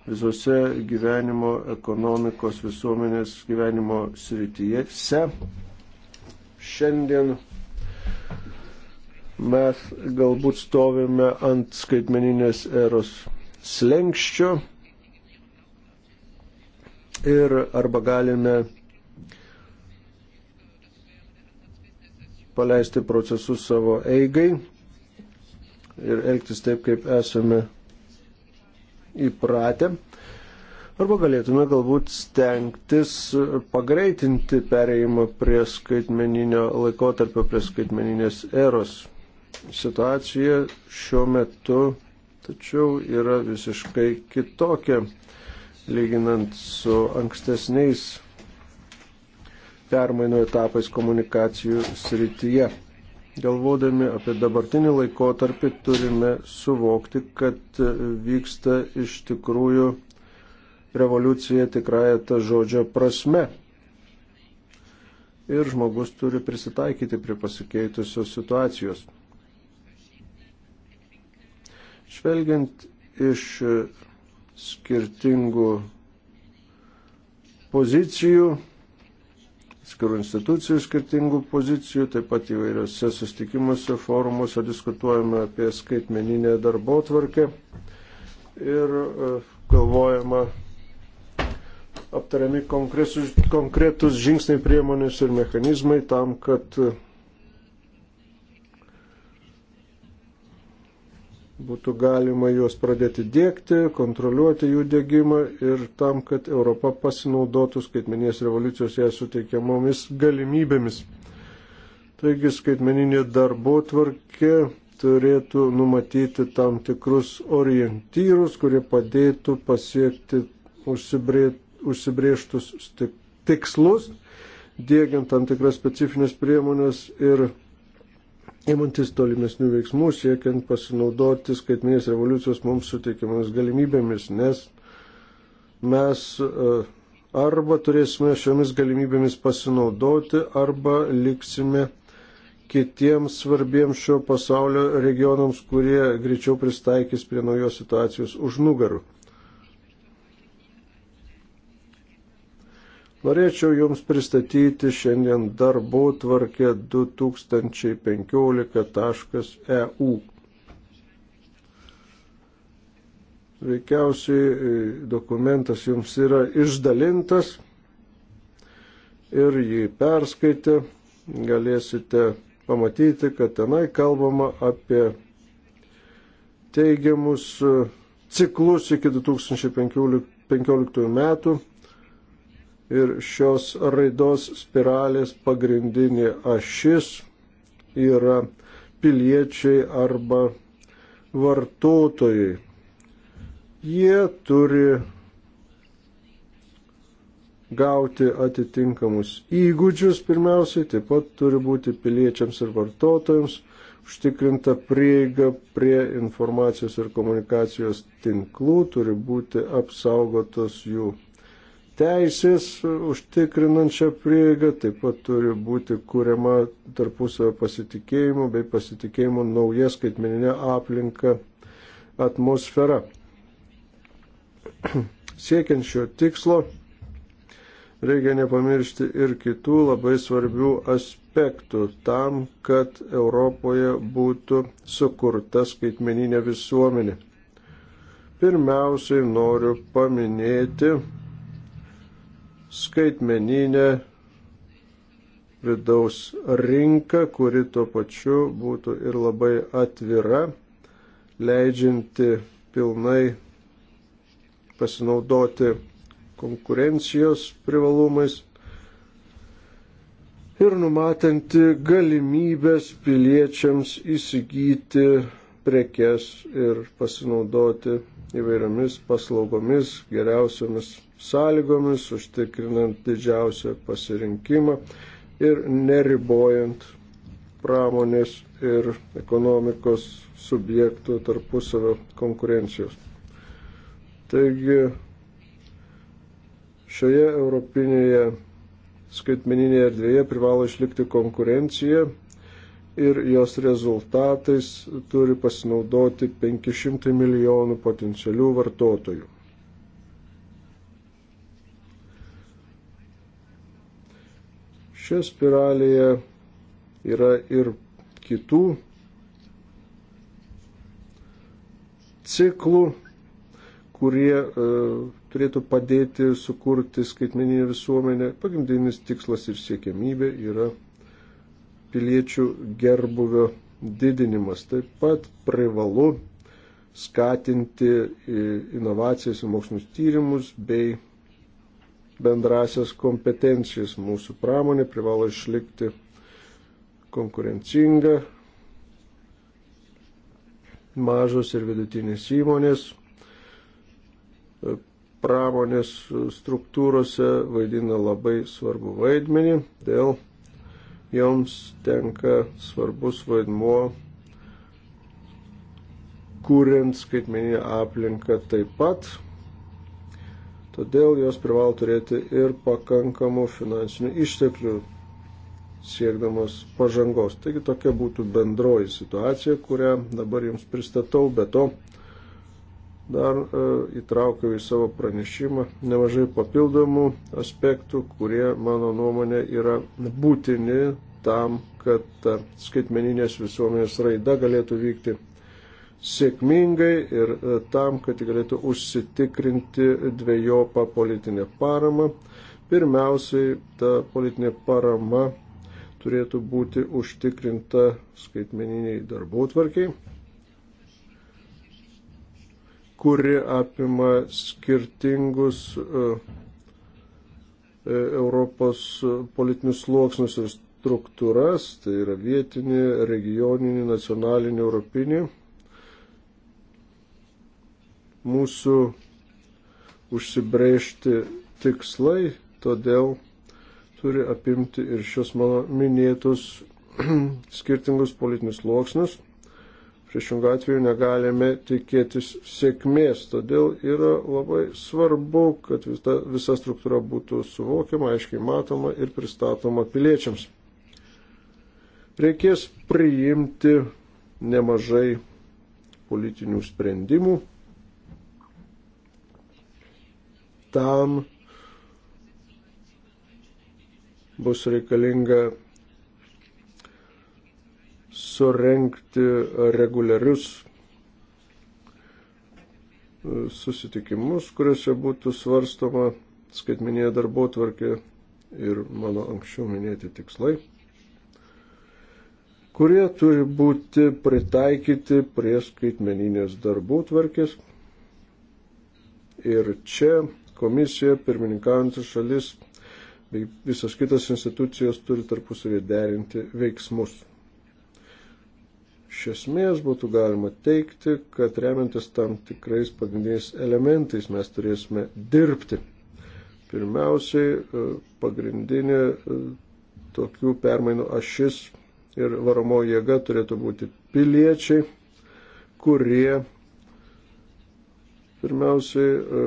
visose gyvenimo, ekonomikos, visuomenės gyvenimo srityse. Šiandien mes galbūt stovime ant skaitmeninės eros slengščio ir arba galime paleisti procesus savo eigai ir elgtis taip, kaip esame įpratę. Arba galėtume galbūt stengtis pagreitinti pereimą prie skaitmeninio laikotarpio, prie skaitmeninės eros. Situacija šiuo metu tačiau yra visiškai kitokia, lyginant su ankstesniais permainų etapais komunikacijų srityje. Galvodami apie dabartinį laikotarpį turime suvokti, kad vyksta iš tikrųjų revoliucija tikrąją tą žodžio prasme. Ir žmogus turi prisitaikyti prie pasikeitusios situacijos. Žvelgiant iš e, skirtingų pozicijų, skirų institucijų skirtingų pozicijų, taip pat įvairiose sustikimuose, forumuose diskutuojama apie skaitmeninę darbo tvarkę ir e, galvojama aptariami konkretus, konkretus žingsniai priemonės ir mechanizmai tam, kad būtų galima juos pradėti dėkti, kontroliuoti jų dėgymą ir tam, kad Europa pasinaudotų skaitmeninės revoliucijos jai suteikiamomis galimybėmis. Taigi skaitmeninė darbo tvarkė turėtų numatyti tam tikrus orientyrus, kurie padėtų pasiekti užsibrė, užsibrieštus tikslus, dėgiant tam tikras specifines priemonės ir Įmantis tolimesnių veiksmų siekiant pasinaudoti skaitminės revoliucijos mums suteikiamomis galimybėmis, nes mes e, arba turėsime šiomis galimybėmis pasinaudoti, arba liksime kitiems svarbiems šio pasaulio regionams, kurie greičiau pristaikys prie naujos situacijos už nugarų. Norėčiau Jums pristatyti šiandien darbų tvarkę 2015.eu. E Veikiausiai e, dokumentas Jums yra išdalintas ir jį perskaitę galėsite pamatyti, kad tenai kalbama apie teigiamus e, ciklus iki 2015 metų Ir šios raidos spiralės pagrindinė ašis yra piliečiai arba vartotojai. Jie turi gauti atitinkamus įgūdžius pirmiausiai, taip pat turi būti piliečiams ir vartotojams užtikrinta prieiga prie informacijos ir komunikacijos tinklų, turi būti apsaugotos jų teisės užtikrinančią prieigą, taip pat turi būti kuriama tarpusavio pasitikėjimo bei pasitikėjimo nauja skaitmeninė aplinka atmosfera. [CLEARS THROAT] Siekiant šio tikslo, reikia nepamiršti ir kitų labai svarbių aspektų tam, kad Europoje būtų sukurta skaitmeninė visuomenė. Pirmiausiai noriu paminėti skaitmeninę vidaus rinką, kuri tuo pačiu būtų ir labai atvira, leidžianti pilnai pasinaudoti konkurencijos privalumais ir numatanti galimybės piliečiams įsigyti prekes ir pasinaudoti įvairiomis paslaugomis, geriausiamis sąlygomis, užtikrinant didžiausią pasirinkimą ir neribojant pramonės ir ekonomikos subjektų tarpusavio konkurencijos. Taigi šioje europinėje skaitmeninėje erdvėje privalo išlikti konkurencija ir jos rezultatais turi pasinaudoti 500 milijonų potencialių vartotojų. Šioje spiralėje yra ir kitų ciklų, kurie e, turėtų padėti sukurti skaitmeninę visuomenę. Pagrindinis tikslas ir siekiamybė yra piliečių gerbuvio didinimas. Taip pat privalu skatinti e, inovacijas ir mokslinius tyrimus bei bendrasias kompetencijas. Mūsų pramonė privalo išlikti konkurencinga, mažos ir vidutinės įmonės pramonės struktūrose vaidina labai svarbu vaidmenį, dėl joms tenka svarbus vaidmuo kuriant skaitmeninę aplinką taip pat Todėl jos privalo turėti ir pakankamų finansinių išteklių siekdamas pažangos. Taigi tokia būtų bendroji situacija, kurią dabar jums pristatau, bet to dar e, įtraukiau į savo pranešimą nemažai papildomų aspektų, kurie, mano nuomonė, yra būtini tam, kad skaitmeninės visuomenės raida galėtų vykti sėkmingai ir e, tam, kad galėtų užsitikrinti dviejopą politinę paramą. Pirmiausiai ta politinė parama turėtų būti užtikrinta skaitmeniniai darbų tvarkiai, kuri apima skirtingus e, e, Europos politinius sluoksnius ir struktūras, tai yra vietinį, regioninį, nacionalinį, europinį mūsų užsibrėžti tikslai, todėl turi apimti ir šios mano minėtus [CLEARS THROAT] skirtingus politinius sluoksnius. Priešingų atveju negalime tikėtis sėkmės, todėl yra labai svarbu, kad visa, visa struktūra būtų suvokiama, aiškiai matoma ir pristatoma piliečiams. Reikės priimti nemažai politinių sprendimų tam bus reikalinga surenkti reguliarius e, susitikimus, kuriuose būtų svarstoma skaitminėje darbo tvarkė ir mano anksčiau minėti tikslai, kurie turi būti pritaikyti prie skaitmeninės darbo tvarkės. Ir čia komisija, pirmininkaujantis šalis bei visos kitos institucijos turi tarpusavį derinti veiksmus. Iš esmės būtų galima teikti, kad remiantis tam tikrais pagrindiniais elementais mes turėsime dirbti. Pirmiausiai, e, pagrindinė e, tokių permainų ašis ir varomo jėga turėtų būti piliečiai, kurie pirmiausiai e,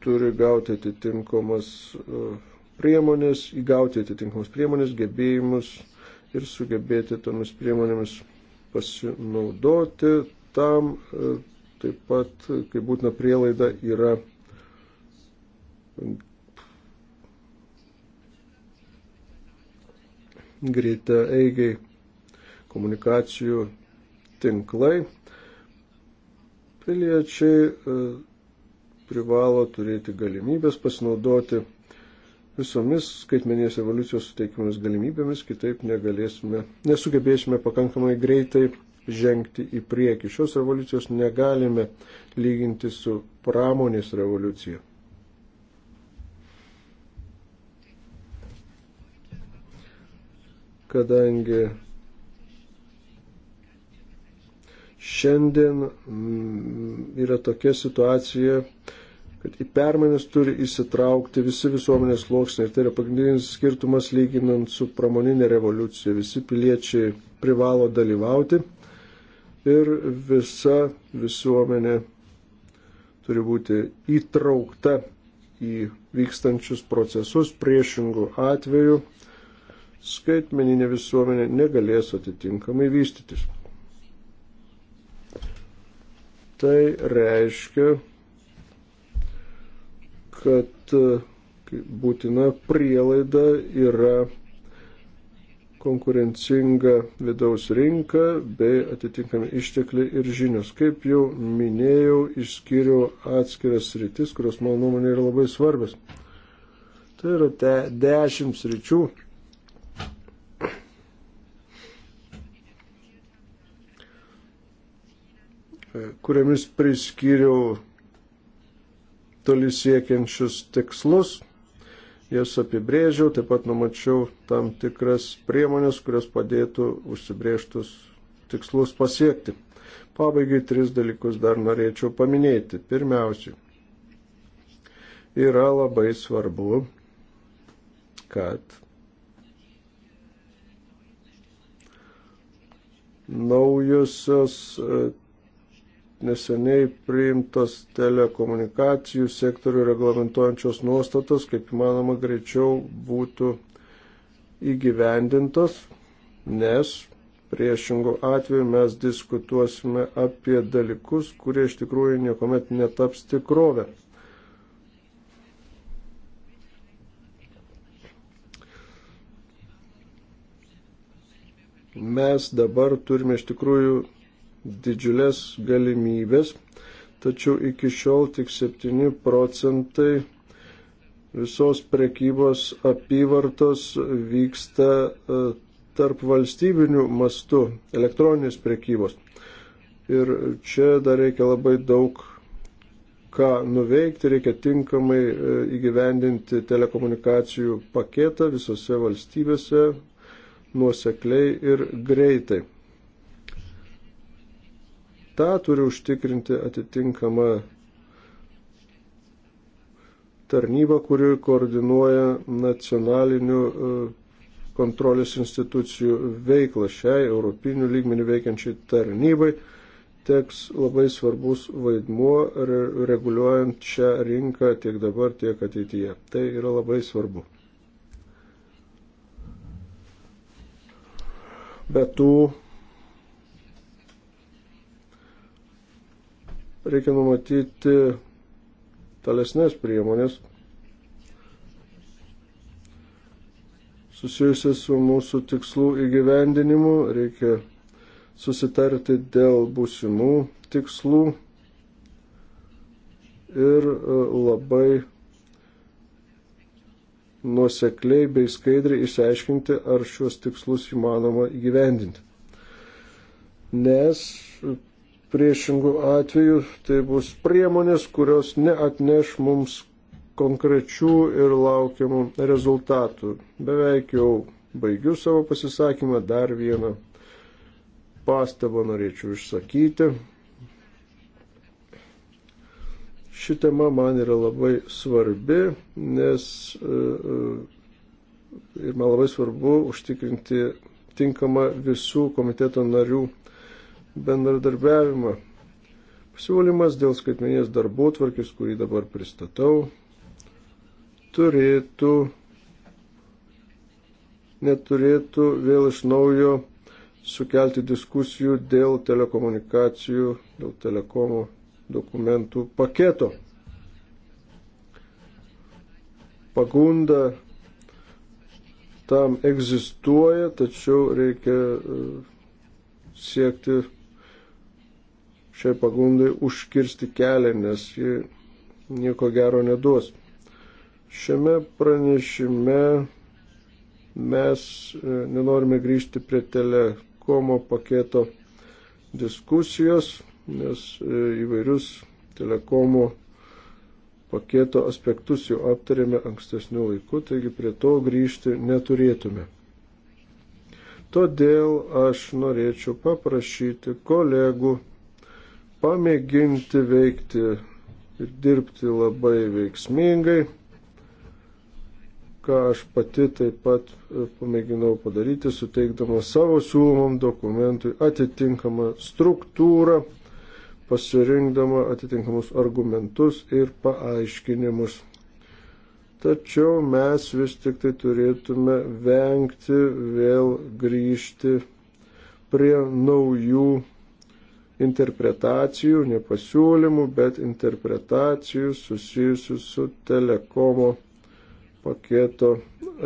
turi gauti atitinkamas e, priemonės, įgauti atitinkamas priemonės, gebėjimus ir sugebėti tomis priemonėmis pasinaudoti. Tam e, taip pat, kaip būtina prielaida, yra greita eigiai komunikacijų tinklai. Piliečiai e, privalo turėti galimybės pasinaudoti visomis skaitmenės evoliucijos suteikiamomis galimybėmis, kitaip negalėsime, nesugebėsime pakankamai greitai žengti į priekį. Šios revoliucijos negalime lyginti su pramonės revoliucija. Kadangi šiandien mm, yra tokia situacija, kad į permainas turi įsitraukti visi visuomenės sluoksniai. Ir tai yra pagrindinis skirtumas lyginant su pramoninė revoliucija. Visi piliečiai privalo dalyvauti ir visa visuomenė turi būti įtraukta į vykstančius procesus priešingų atveju skaitmeninė visuomenė negalės atitinkamai vystytis. Tai reiškia, kad e, būtina prielaida yra konkurencinga vidaus rinka bei atitinkami ištekliai ir žinios. Kaip jau minėjau, išskyriau atskiras rytis, kurios mano nuomonė yra labai svarbios. Tai yra te dešimt ryčių. E, kuriamis priskyriau toli siekiančius tikslus, jas apibrėžiau, taip pat numačiau tam tikras priemonės, kurios padėtų užsibrėžtus tikslus pasiekti. Pabaigai tris dalykus dar norėčiau paminėti. Pirmiausiai, yra labai svarbu, kad naujusios neseniai priimtos telekomunikacijų sektorių reglamentuojančios nuostatos, kaip įmanoma, greičiau būtų įgyvendintos, nes priešingų atveju mes diskutuosime apie dalykus, kurie iš tikrųjų niekuomet netaps tikrovę. Mes dabar turime iš tikrųjų didžiulės galimybės, tačiau iki šiol tik 7 procentai visos prekybos apyvartos vyksta e, tarp valstybinių mastų elektroninės prekybos. Ir čia dar reikia labai daug ką nuveikti, reikia tinkamai e, įgyvendinti telekomunikacijų paketą visose valstybėse nuosekliai ir greitai tą turi užtikrinti atitinkamą tarnybą, kuri koordinuoja nacionalinių e, kontrolės institucijų veiklą šiai europinių lygmenių veikiančiai tarnybai teks labai svarbus vaidmuo reguliuojant šią rinką tiek dabar, tiek ateityje. Tai yra labai svarbu. Be tų Reikia numatyti talesnės priemonės susijusias su mūsų tikslų įgyvendinimu. Reikia susitarti dėl būsimų tikslų ir e, labai nuosekliai bei skaidriai išsiaiškinti, ar šiuos tikslus įmanoma įgyvendinti. Nes Priešingų atvejų tai bus priemonės, kurios neatneš mums konkrečių ir laukiamų rezultatų. Beveik jau baigiu savo pasisakymą, dar vieną pastabą norėčiau išsakyti. Ši tema man yra labai svarbi, nes e, e, ir man labai svarbu užtikrinti tinkamą visų komiteto narių bendradarbiavimą. Pasiūlymas dėl skaitmenės darbų tvarkės, kurį dabar pristatau, turėtų, neturėtų vėl iš naujo sukelti diskusijų dėl telekomunikacijų, dėl telekomų dokumentų paketo. Pagunda tam egzistuoja, tačiau reikia e, siekti šiai pagundai užkirsti kelią, nes ji nieko gero neduos. Šiame pranešime mes e, nenorime grįžti prie telekomo paketo diskusijos, nes e, įvairius telekomo paketo aspektus jau aptarėme ankstesnių laikų, taigi prie to grįžti neturėtume. Todėl aš norėčiau paprašyti kolegų pamėginti veikti ir dirbti labai veiksmingai, ką aš pati taip pat e, pamėginau padaryti, suteikdama savo siūlomam dokumentui atitinkamą struktūrą, pasirinkdama atitinkamus argumentus ir paaiškinimus. Tačiau mes vis tik tai turėtume vengti vėl grįžti prie naujų interpretacijų, ne pasiūlymų, bet interpretacijų susijusių su telekomo paketo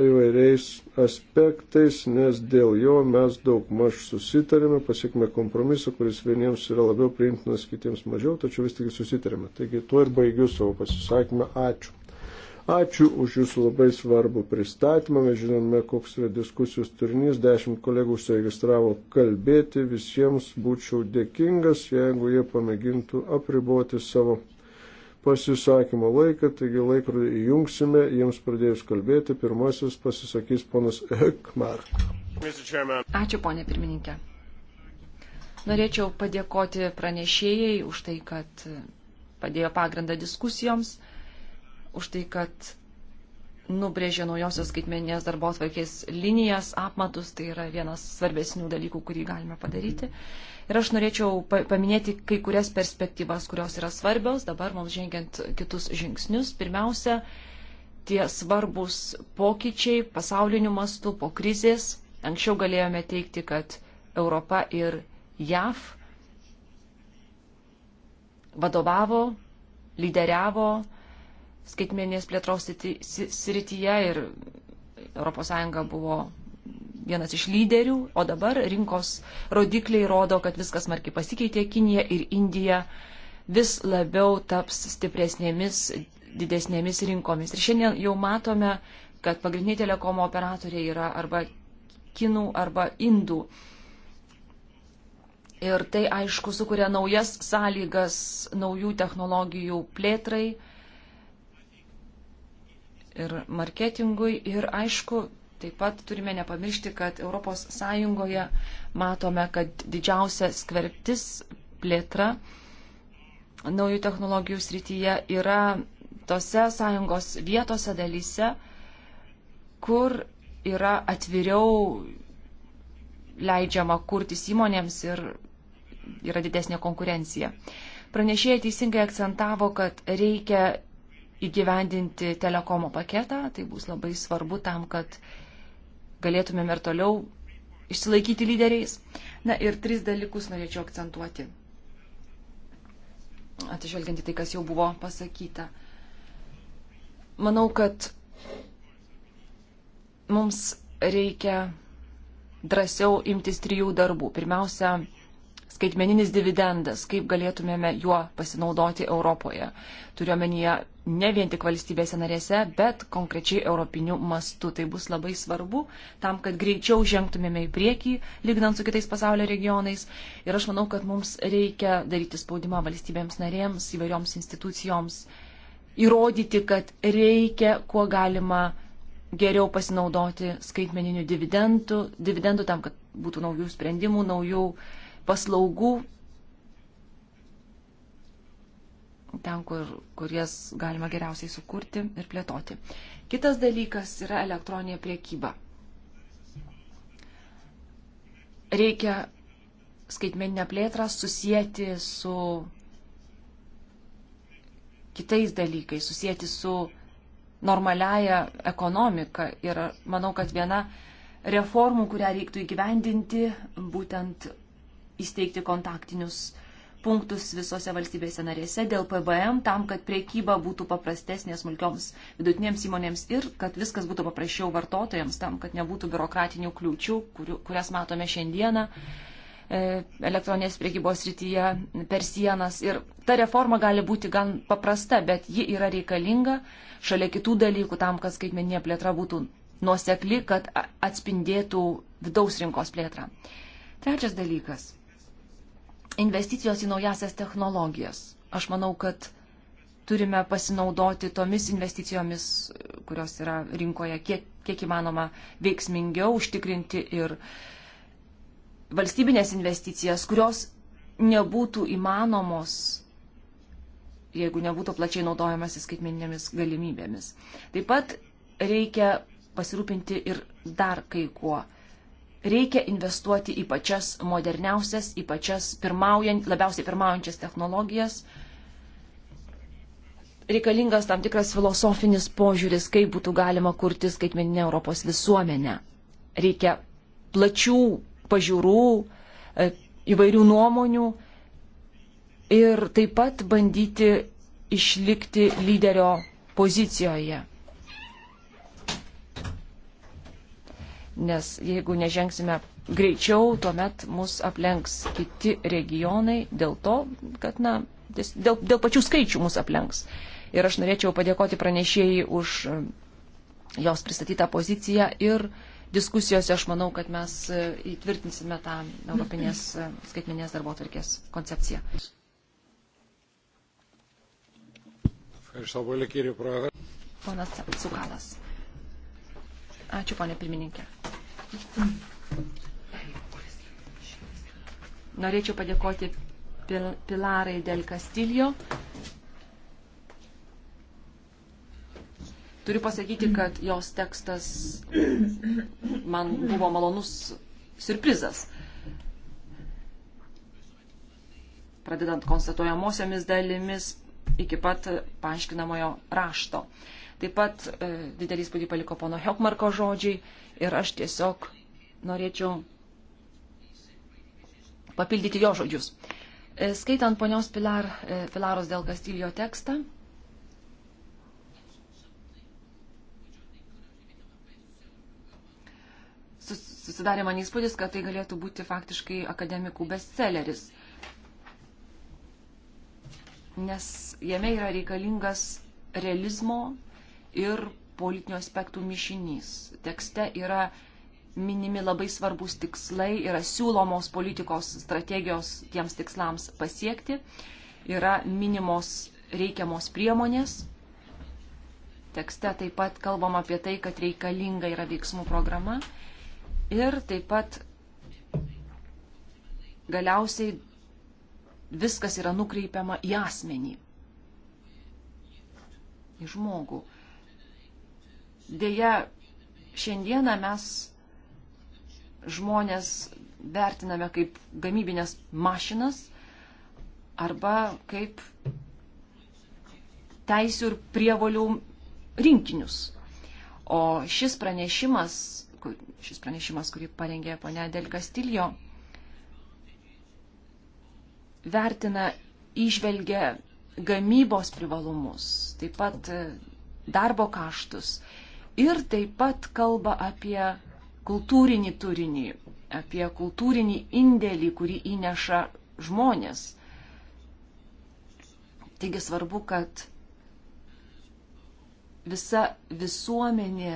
įvairiais aspektais, nes dėl jo mes daug maž susitarėme, pasiekime kompromisą, kuris vieniems yra labiau priimtinas, kitiems mažiau, tačiau vis tik susitarėme. Taigi tuo ir baigiu savo pasisakymą. Ačiū. Ačiū už Jūsų labai svarbų pristatymą. Mes žinome, koks yra diskusijos turinys. Dešimt kolegų užsiregistravo kalbėti. Visiems būčiau dėkingas, jeigu jie pamėgintų apriboti savo pasisakymo laiką. Taigi laikrodį įjungsime. Jiems pradėjus kalbėti, pirmasis pasisakys ponas Ekmar.
Ačiū, ponė pirmininkė. Norėčiau padėkoti pranešėjai už tai, kad padėjo pagrindą diskusijoms už tai, kad nubrėžė naujosios skaitmeninės darbo atvarkės linijas, apmatus, tai yra vienas svarbesnių dalykų, kurį galime padaryti. Ir aš norėčiau paminėti kai kurias perspektyvas, kurios yra svarbios dabar mums žengiant kitus žingsnius. Pirmiausia, tie svarbus pokyčiai pasauliniu mastu po krizės. Anksčiau galėjome teikti, kad Europa ir JAV vadovavo, lyderiavo skaitmenės plėtros srityje ir ES buvo vienas iš lyderių, o dabar rinkos rodikliai rodo, kad viskas markiai pasikeitė, Kinija ir Indija vis labiau taps stipresnėmis, didesnėmis rinkomis. Ir šiandien jau matome, kad pagrindiniai telekomo operatoriai yra arba kinų, arba indų. Ir tai aišku sukuria naujas sąlygas naujų technologijų plėtrai ir marketingui. Ir aišku, taip pat turime nepamiršti, kad ES matome, kad didžiausia skverbtis plėtra naujų technologijų srityje yra tose sąjungos vietose dalyse, kur yra atviriau leidžiama kurtis įmonėms ir yra didesnė konkurencija. Pranešėjai teisingai akcentavo, kad reikia įgyvendinti telekomo paketą. Tai bus labai svarbu tam, kad galėtumėm ir toliau išsilaikyti lyderiais. Na ir tris dalykus norėčiau akcentuoti. Atižvelgiant į tai, kas jau buvo pasakyta. Manau, kad mums reikia drąsiau imtis trijų darbų. Pirmiausia, skaitmeninis dividendas, kaip galėtumėme juo pasinaudoti Europoje. Turiuomenyje ne vien tik valstybėse narėse, bet konkrečiai europiniu mastu. Tai bus labai svarbu tam, kad greičiau žengtumėme į priekį, lygnant su kitais pasaulio regionais. Ir aš manau, kad mums reikia daryti spaudimą valstybėms narėms, įvairioms institucijoms, įrodyti, kad reikia kuo galima geriau pasinaudoti skaitmeniniu dividendu, dividendu tam, kad būtų naujų sprendimų, naujų uh, paslaugų ten, kur, kur jas galima geriausiai sukurti ir plėtoti. Kitas dalykas yra elektroninė priekyba. Reikia skaitmeninę plėtrą susijęti su kitais dalykais, susijęti su normaliaja ekonomika. Ir manau, kad viena reformų, kurią reiktų įgyvendinti, būtent įsteigti kontaktinius punktus visose valstybėse narėse dėl PVM, tam, kad priekyba būtų paprastesnė smulkioms vidutinėms įmonėms ir kad viskas būtų paprasčiau vartotojams, tam, kad nebūtų biurokratinių kliūčių, kurių, kurias matome šiandieną e, elektroninės priekybos rytyje per sienas. Ir ta reforma gali būti gan paprasta, bet ji yra reikalinga šalia kitų dalykų tam, kad skaitmeninė plėtra būtų nuosekli, kad atspindėtų vidaus rinkos plėtrą. Trečias dalykas investicijos į naujasias technologijas. Aš manau, kad turime pasinaudoti tomis investicijomis, kurios yra rinkoje kiek, kiek įmanoma veiksmingiau, užtikrinti ir valstybinės investicijas, kurios nebūtų įmanomos, jeigu nebūtų plačiai naudojamas įskaitmeninėmis galimybėmis. Taip pat reikia pasirūpinti ir dar kai kuo Reikia investuoti į pačias moderniausias, į pačias pirmaujant, labiausiai pirmaujančias technologijas. Reikalingas tam tikras filosofinis požiūris, kaip būtų galima kurti skaitmeninę Europos visuomenę. Reikia plačių pažiūrų, e, įvairių nuomonių ir taip pat bandyti išlikti lyderio pozicijoje nes jeigu nežengsime greičiau, tuomet mus aplenks kiti regionai dėl to, kad, na, dėl, dėl pačių skaičių mus aplenks. Ir aš norėčiau padėkoti pranešėjai už e, jos pristatytą poziciją ir diskusijose aš manau, kad mes e, įtvirtinsime tą Europinės e, skaitminės darbo tvarkės koncepciją. Ponas Cukalas. Ačiū, ponė pirmininkė. Norėčiau padėkoti Pil Pilarai del Castillo. Turiu pasakyti, kad jos tekstas man buvo malonus surprizas. Pradedant konstatuojamosiomis dalimis iki pat paaiškinamojo rašto. Uh, Taip pat e, didelį įspūdį paliko pono Hekmarko žodžiai ir aš tiesiog norėčiau papildyti jo žodžius. E, skaitant ponios Pilar, e, Pilaros dėl Kastilio tekstą, susidarė man įspūdis, kad tai galėtų būti faktiškai akademikų bestselleris. Nes jame yra reikalingas realizmo ir politinių aspektų mišinys. Tekste yra minimi labai svarbus tikslai, yra siūlomos politikos strategijos tiems tikslams pasiekti, yra minimos reikiamos priemonės. Tekste taip pat kalbam apie tai, kad reikalinga yra veiksmų programa ir taip pat galiausiai viskas yra nukreipiama į asmenį, į žmogų Deja, šiandieną mes žmonės vertiname kaip gamybinės mašinas arba kaip teisių ir prievolių rinkinius. O šis pranešimas, šis pranešimas, kurį parengė ponia Del Castillo, vertina, išvelgia gamybos privalumus, taip pat darbo kaštus ir taip pat kalba apie kultūrinį turinį, apie kultūrinį indėlį, kurį įneša žmonės. Taigi svarbu, kad visa visuomenė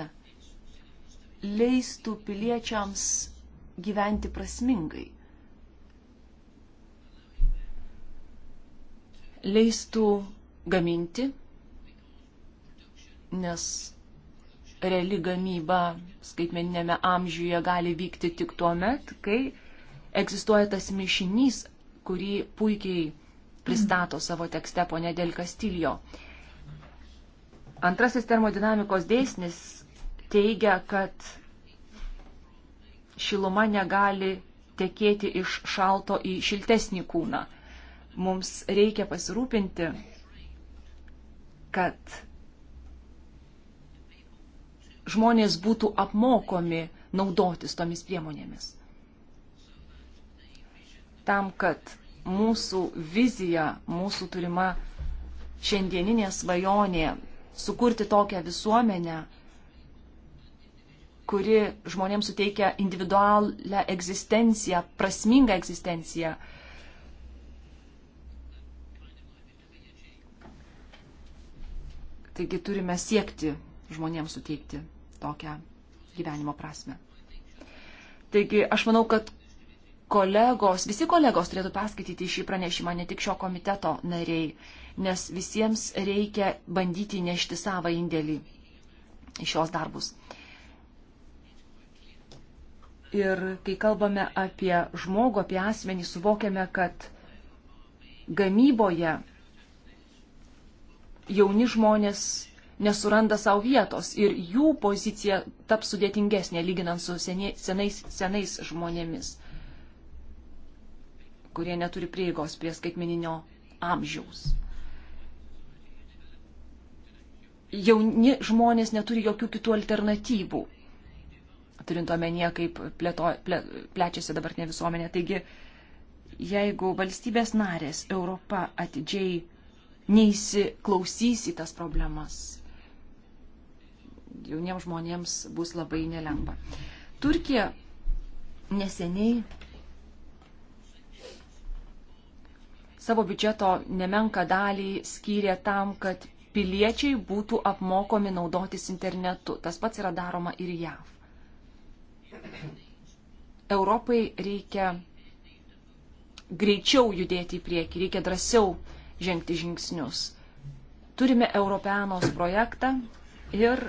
leistų piliečiams gyventi prasmingai. Leistų gaminti, nes reali gamyba skaitmeninėme amžiuje gali vykti tik tuo met, kai egzistuoja tas mišinys, kurį puikiai pristato savo tekste ponė Del Castillo. Antrasis termodinamikos dėsnis teigia, kad šiluma negali tekėti iš šalto į šiltesnį kūną. Mums reikia pasirūpinti, kad žmonės būtų apmokomi naudotis tomis priemonėmis. Tam, kad mūsų vizija, mūsų turima šiandieninė svajonė sukurti tokią visuomenę, kuri žmonėms suteikia individualią egzistenciją, prasmingą egzistenciją. Taigi turime siekti žmonėms suteikti tokią gyvenimo prasme. Taigi aš manau, kad kolegos, visi kolegos turėtų perskaityti šį pranešimą, ne tik šio komiteto nariai, nes visiems reikia bandyti nešti savo indėlį į šios darbus. Ir kai kalbame apie žmogų, apie asmenį, suvokiame, kad gamyboje jauni žmonės nesuranda savo vietos ir jų pozicija taps sudėtingesnė lyginant su seniai, senais, senais žmonėmis, kurie neturi prieigos prie skaitmeninio amžiaus. Jauni žmonės neturi jokių kitų alternatyvų, turint omenyje, kaip plėto, plė, plečiasi dabartinė visuomenė. Taigi, jeigu valstybės narės Europa atidžiai neįsiklausys į tas problemas, jauniems žmonėms bus labai nelengva. Turkija neseniai savo biudžeto nemenka dalį skyrė tam, kad piliečiai būtų apmokomi naudotis internetu. Tas pats yra daroma ir JAV. Europai reikia greičiau judėti į priekį, reikia drąsiau žengti žingsnius. Turime Europeanos projektą ir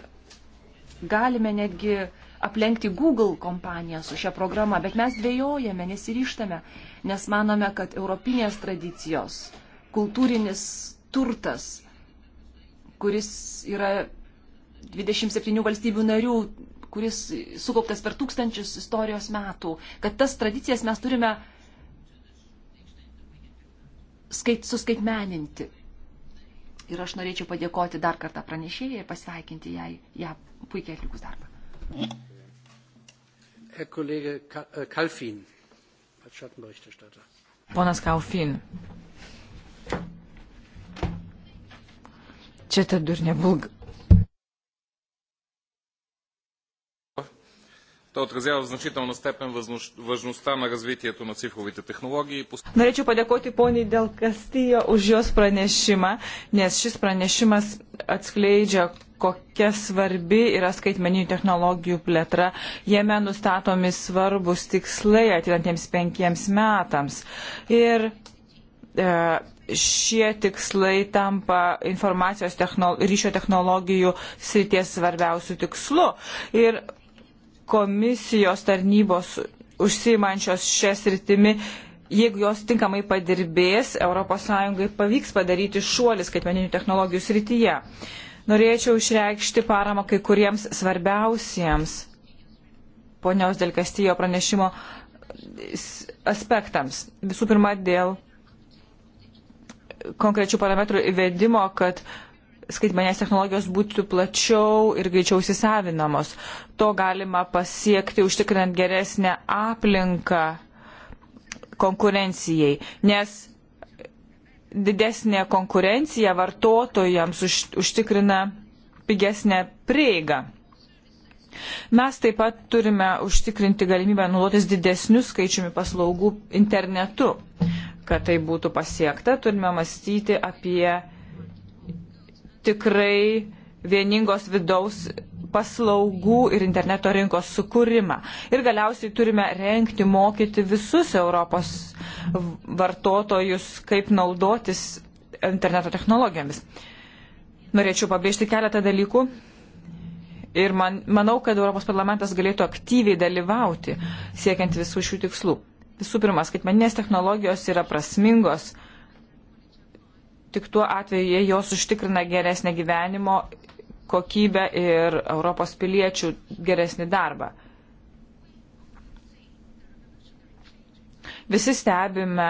galime netgi aplenkti Google kompaniją su šia programa, bet mes dvėjojame, nesiryštame, nes manome, kad europinės tradicijos, kultūrinis turtas, kuris yra 27 valstybių narių, kuris sukauptas per tūkstančius istorijos metų, kad tas tradicijas mes turime skait, suskaitmeninti. Ir aš norėčiau padėkoti dar kartą pranešėjai ir pasveikinti jai, ją puikiai atlikus darbą.
Kolegė äh, Kalfin, atšatnberichterstatter.
Ponas Kalfin. Čia ta durnė bulga.
Той отразява в значителна степен важността на развитието на цифровите технологии.
Norėčiau padėkoti poniai dėl Kastijo už jos pranešimą, nes šis pranešimas atskleidžia, kokia svarbi yra skaitmeninių technologijų plėtra. Jame nustatomi svarbus tikslai atinantiems penkiems metams. Ir e, šie tikslai tampa informacijos technolo, ryšio technologijų srities svarbiausių tikslų. Ir komisijos tarnybos užsimančios šią sritimi, jeigu jos tinkamai padirbės, ES pavyks padaryti šuolis skaitmeninių technologijų srityje. Norėčiau išreikšti paramą kai kuriems svarbiausiems ponios Delkastijo pranešimo aspektams. Visų pirma, dėl konkrečių parametrų įvedimo, kad uh, skaitmenės technologijos būtų plačiau ir greičiau įsisavinamos. To galima pasiekti užtikrint geresnę aplinką konkurencijai, nes didesnė konkurencija vartotojams už, užtikrina pigesnę prieigą. Mes taip pat turime užtikrinti galimybę naudotis didesniu skaičiumi paslaugų internetu. Kad tai būtų pasiekta, turime mąstyti apie tikrai vieningos vidaus paslaugų ir interneto rinkos sukūrimą. Ir galiausiai turime renkti, mokyti visus Europos vartotojus, kaip naudotis interneto technologijomis. Norėčiau pabrėžti keletą dalykų. Ir man, manau, kad Europos parlamentas galėtų aktyviai dalyvauti siekiant visų šių tikslų. Visų pirma, skaitmeninės technologijos yra prasmingos tik tuo atveju, jei jos užtikrina geresnę gyvenimo kokybę ir Europos piliečių geresnį darbą. Visi stebime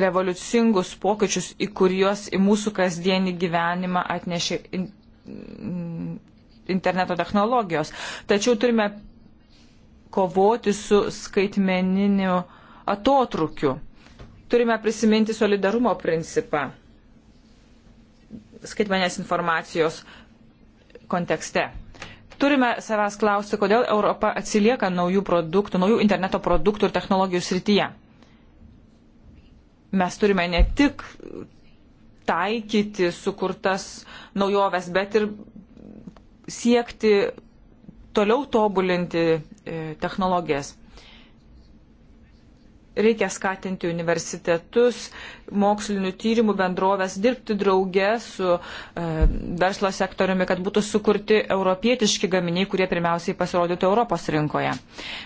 revoliucingus pokyčius, į kuriuos į mūsų kasdienį gyvenimą atnešė in, interneto technologijos. Tačiau turime kovoti su skaitmeniniu atotrukiu turime prisiminti solidarumo principą skaitmenės informacijos kontekste. Turime savęs klausti, kodėl Europa atsilieka naujų produktų, naujų interneto produktų ir technologijų srityje. Mes turime ne tik taikyti sukurtas naujoves, bet ir siekti toliau tobulinti e, technologijas reikia skatinti universitetus, mokslinių tyrimų bendrovės, dirbti drauge su e, verslo sektoriumi, kad būtų sukurti europietiški gaminiai, kurie pirmiausiai pasirodytų Europos rinkoje.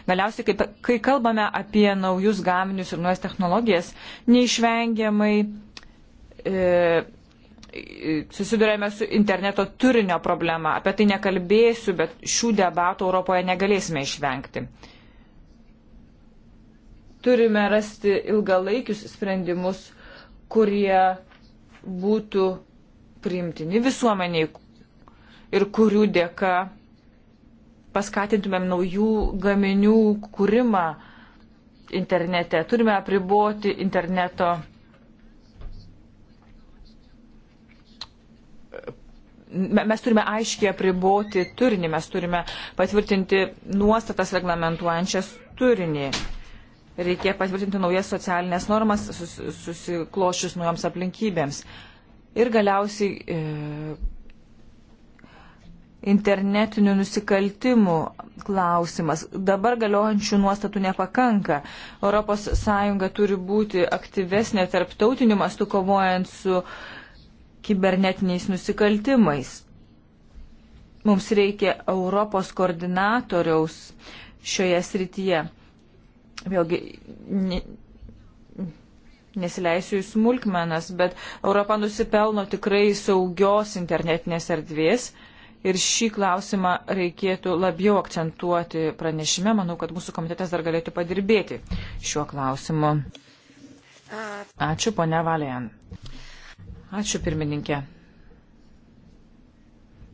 Galiausiai, kai, kai kalbame apie naujus gaminius ir naujas technologijas, neišvengiamai e, susidurėme su interneto turinio problema. Apie tai nekalbėsiu, bet šių debatų Europoje negalėsime išvengti turime rasti ilgalaikius sprendimus, kurie būtų priimtini visuomeniai ir kurių dėka paskatintumėm naujų gaminių kūrimą internete. Turime apriboti interneto mes turime aiškiai apriboti turinį, mes turime patvirtinti nuostatas reglamentuojančias turinį reikia patvirtinti naujas socialinės normas sus, susiklošius naujoms aplinkybėms. Ir galiausiai e, internetinių nusikaltimų klausimas. Dabar galiojančių nuostatų nepakanka. ES turi būti aktyvesnė tarptautiniu mastu kovojant su kibernetiniais nusikaltimais. Mums reikia Europos koordinatoriaus šioje srityje. Vėlgi, ne, nesileisiu į smulkmenas, bet Europa nusipelno tikrai saugios internetinės erdvės. Ir šį klausimą reikėtų labiau akcentuoti pranešime. Manau, kad mūsų komitetas dar galėtų padirbėti šiuo klausimu. Ačiū, ponia Valian. Ačiū, pirmininkė.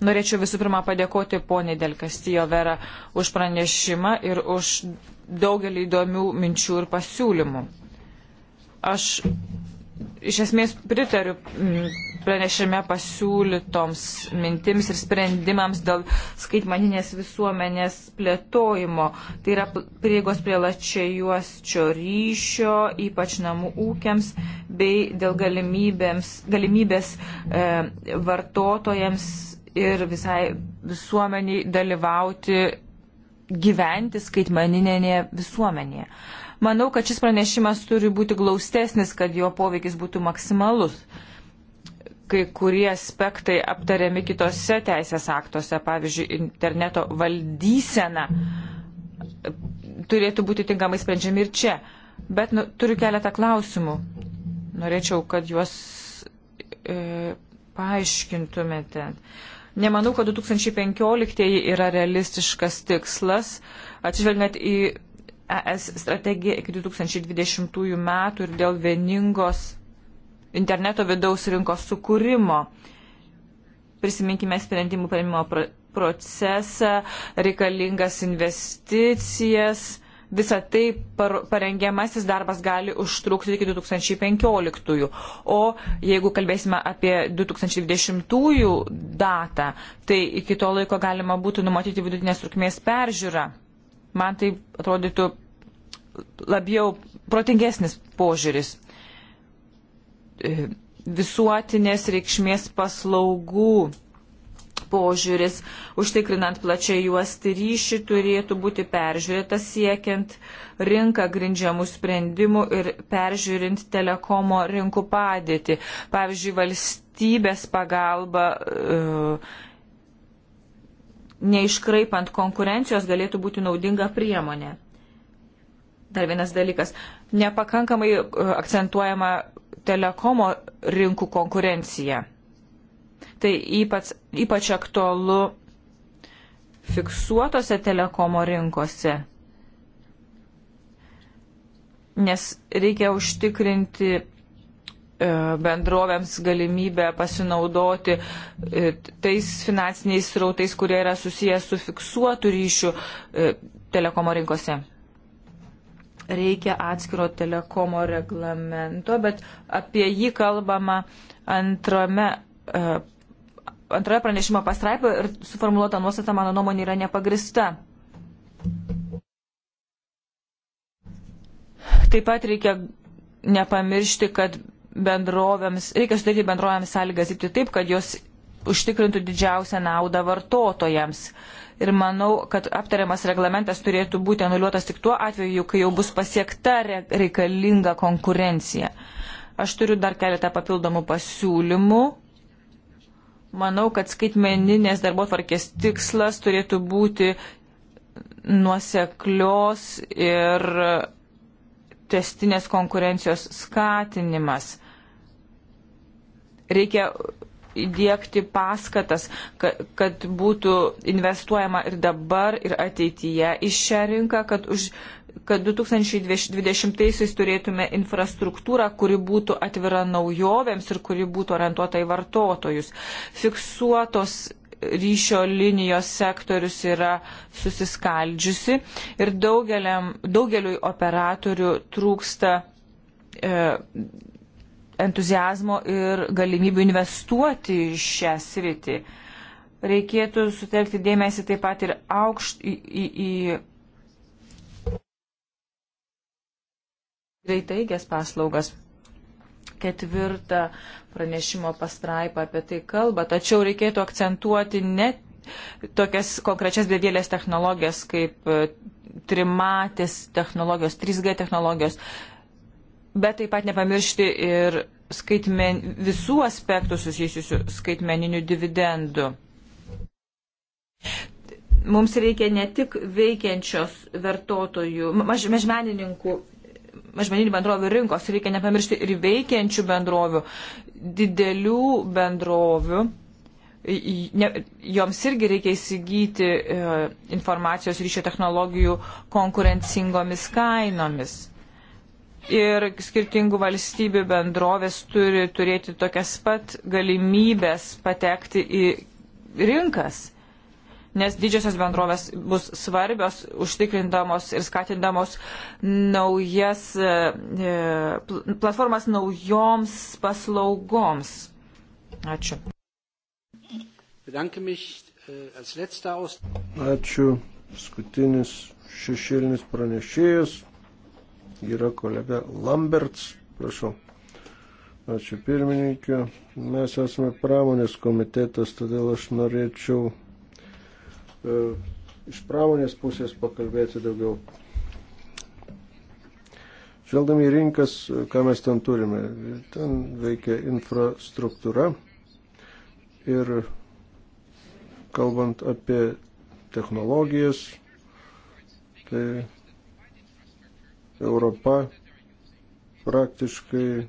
Norėčiau visų pirma padėkoti poniai Del Castillo Vera už pranešimą ir už daugelį įdomių minčių ir pasiūlymų. Aš iš esmės pritariu mm, pranešime pasiūlytoms mintims ir sprendimams dėl skaitmaninės visuomenės plėtojimo. Tai yra prieigos prie lačiai juosčio ryšio, ypač namų ūkiams, bei dėl galimybės e, vartotojams ir visai visuomeniai dalyvauti gyventi skaitmeninėje visuomenėje. Manau, kad šis pranešimas turi būti glaustesnis, kad jo poveikis būtų maksimalus. Kai kurie aspektai aptariami kitose teisės aktuose, pavyzdžiui, interneto valdysena turėtų būti tinkamai sprendžiami ir čia. Bet nu, turiu keletą klausimų. Norėčiau, kad juos e, paaiškintumėte. E, Nemanau, kad 2015 yra realistiškas tikslas, atsižvelgiant į ES strategiją iki 2020 metų ir dėl vieningos interneto vidaus rinkos sukūrimo. Prisiminkime sprendimų prieimimo procesą, reikalingas investicijas visą tai par, parengiamasis darbas gali užtrukti iki 2015. O jeigu kalbėsime apie 2020 datą, tai iki to laiko galima būtų numatyti vidutinės trukmės peržiūrą. Man tai atrodytų labiau protingesnis požiūris e, visuotinės reikšmės paslaugų požiūris, užtikrinant plačiai juosti ryšį, turėtų būti peržiūrėtas siekiant rinką grindžiamų sprendimų ir peržiūrint telekomo rinkų padėtį. Pavyzdžiui, valstybės pagalba. Uh, neiškraipant konkurencijos galėtų būti naudinga priemonė. Dar vienas dalykas. Nepakankamai e, akcentuojama telekomo rinkų konkurencija. Tai ypač, ypač aktualu fiksuotose telekomo rinkose, nes reikia užtikrinti e, bendrovėms galimybę pasinaudoti e, tais finansiniais srautais, kurie yra susijęs su fiksuotų ryšių e, telekomo rinkose. Reikia atskiro telekomo reglamento, bet apie jį kalbama antrame antroje pranešimo pastraipoje ir suformuoluota nuostata, mano nuomonė, yra nepagrista. Taip pat reikia nepamiršti, kad bendrovėms, reikia sudaryti bendrovėms sąlygas dirbti taip, kad jos užtikrintų didžiausią naudą vartotojams. Ir manau, kad aptariamas reglamentas turėtų būti anuliuotas tik tuo atveju, kai jau bus pasiekta reikalinga konkurencija. Aš turiu dar keletą papildomų pasiūlymų Manau, kad skaitmeninės darbo tvarkės tikslas turėtų būti nuoseklios ir testinės konkurencijos skatinimas. Reikia įdėkti paskatas, kad, kad būtų investuojama ir dabar, ir ateityje į šią rinką, kad už kad 2020-aisiais turėtume infrastruktūrą, kuri būtų atvira naujovėms ir kuri būtų orientuota į vartotojus. Fiksuotos ryšio linijos sektorius yra susiskaldžiusi ir daugeliui operatorių trūksta e, entuzijazmo ir galimybių investuoti į šią sritį. Reikėtų sutelkti dėmesį taip pat ir aukšt, į, į, į greitaigės paslaugas. Ketvirta pranešimo pastraipa apie tai kalba, tačiau reikėtų akcentuoti ne tokias konkrečias bevėlės technologijas kaip e, trimatės technologijos, 3G technologijos, bet taip pat nepamiršti ir skaitmen, visų aspektų susijusių su skaitmeniniu dividendu. Mums reikia ne tik veikiančios vartotojų, maž, mažmenininkų mažmeninių bendrovių rinkos. Reikia nepamiršti ir veikiančių bendrovių, didelių bendrovių. Ne, joms irgi reikia įsigyti e, informacijos ryšio technologijų konkurencingomis kainomis. Ir skirtingų valstybių bendrovės turi turėti tokias pat galimybės patekti į rinkas nes didžiosios bendrovės bus svarbios, užtikrindamos ir skatindamos naujas e, e, platformas naujoms paslaugoms. Ačiū.
Äh,
Ačiū. Paskutinis šešėlinis pranešėjas yra kolega Lamberts. Prašau. Ačiū pirmininkė. Mes esame pramonės komitetas, todėl aš norėčiau E, iš pramonės pusės pakalbėti daugiau. Žvelgdami į rinkas, ką mes ten turime. Ten veikia infrastruktūra ir kalbant apie technologijas, tai Europa praktiškai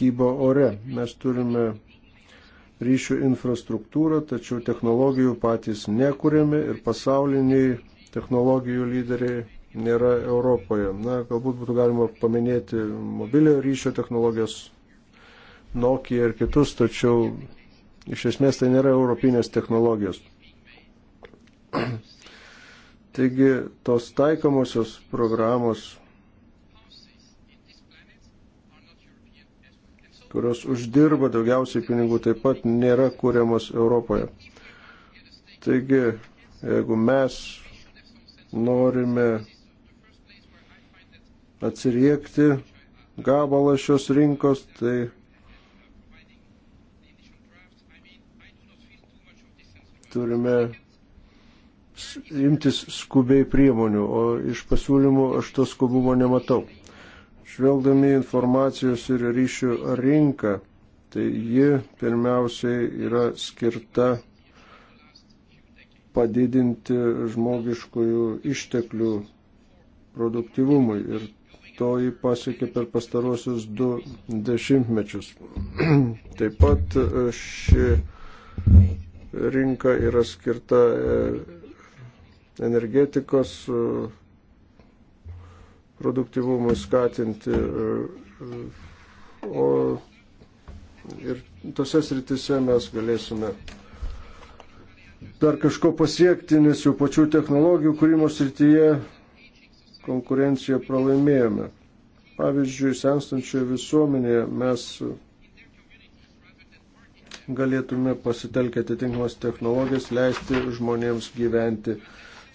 kybo ore. Mes turime ryšių infrastruktūrą, tačiau technologijų patys nekūrėme ir pasauliniai technologijų lyderiai nėra Europoje. Na, galbūt būtų galima paminėti mobiliojo ryšio technologijas, Nokia ir kitus, tačiau iš esmės tai nėra europinės technologijos. [CLEARS THROAT] Taigi tos taikomosios programos kurios uždirba daugiausiai pinigų, taip pat nėra kūriamos Europoje. Taigi, jeigu mes norime atsiriekti gabalą šios rinkos, tai turime imtis skubiai priemonių, o iš pasiūlymų aš to skubumo nematau. Žvelgdami informacijos ir ryšių rinką, tai ji pirmiausiai yra skirta padidinti žmogiškųjų išteklių produktivumui ir to jį pasiekė per pastaruosius du dešimtmečius. [CLEARS THROAT] Taip pat e, ši rinka yra skirta e, energetikos e, produktivumui skatinti. O ir tose sritise mes galėsime dar kažko pasiekti, nes jau pačių technologijų kūrimo srityje konkurenciją pralaimėjome. Pavyzdžiui, senstančioje visuomenėje mes galėtume pasitelkę atitinkamas technologijas leisti žmonėms gyventi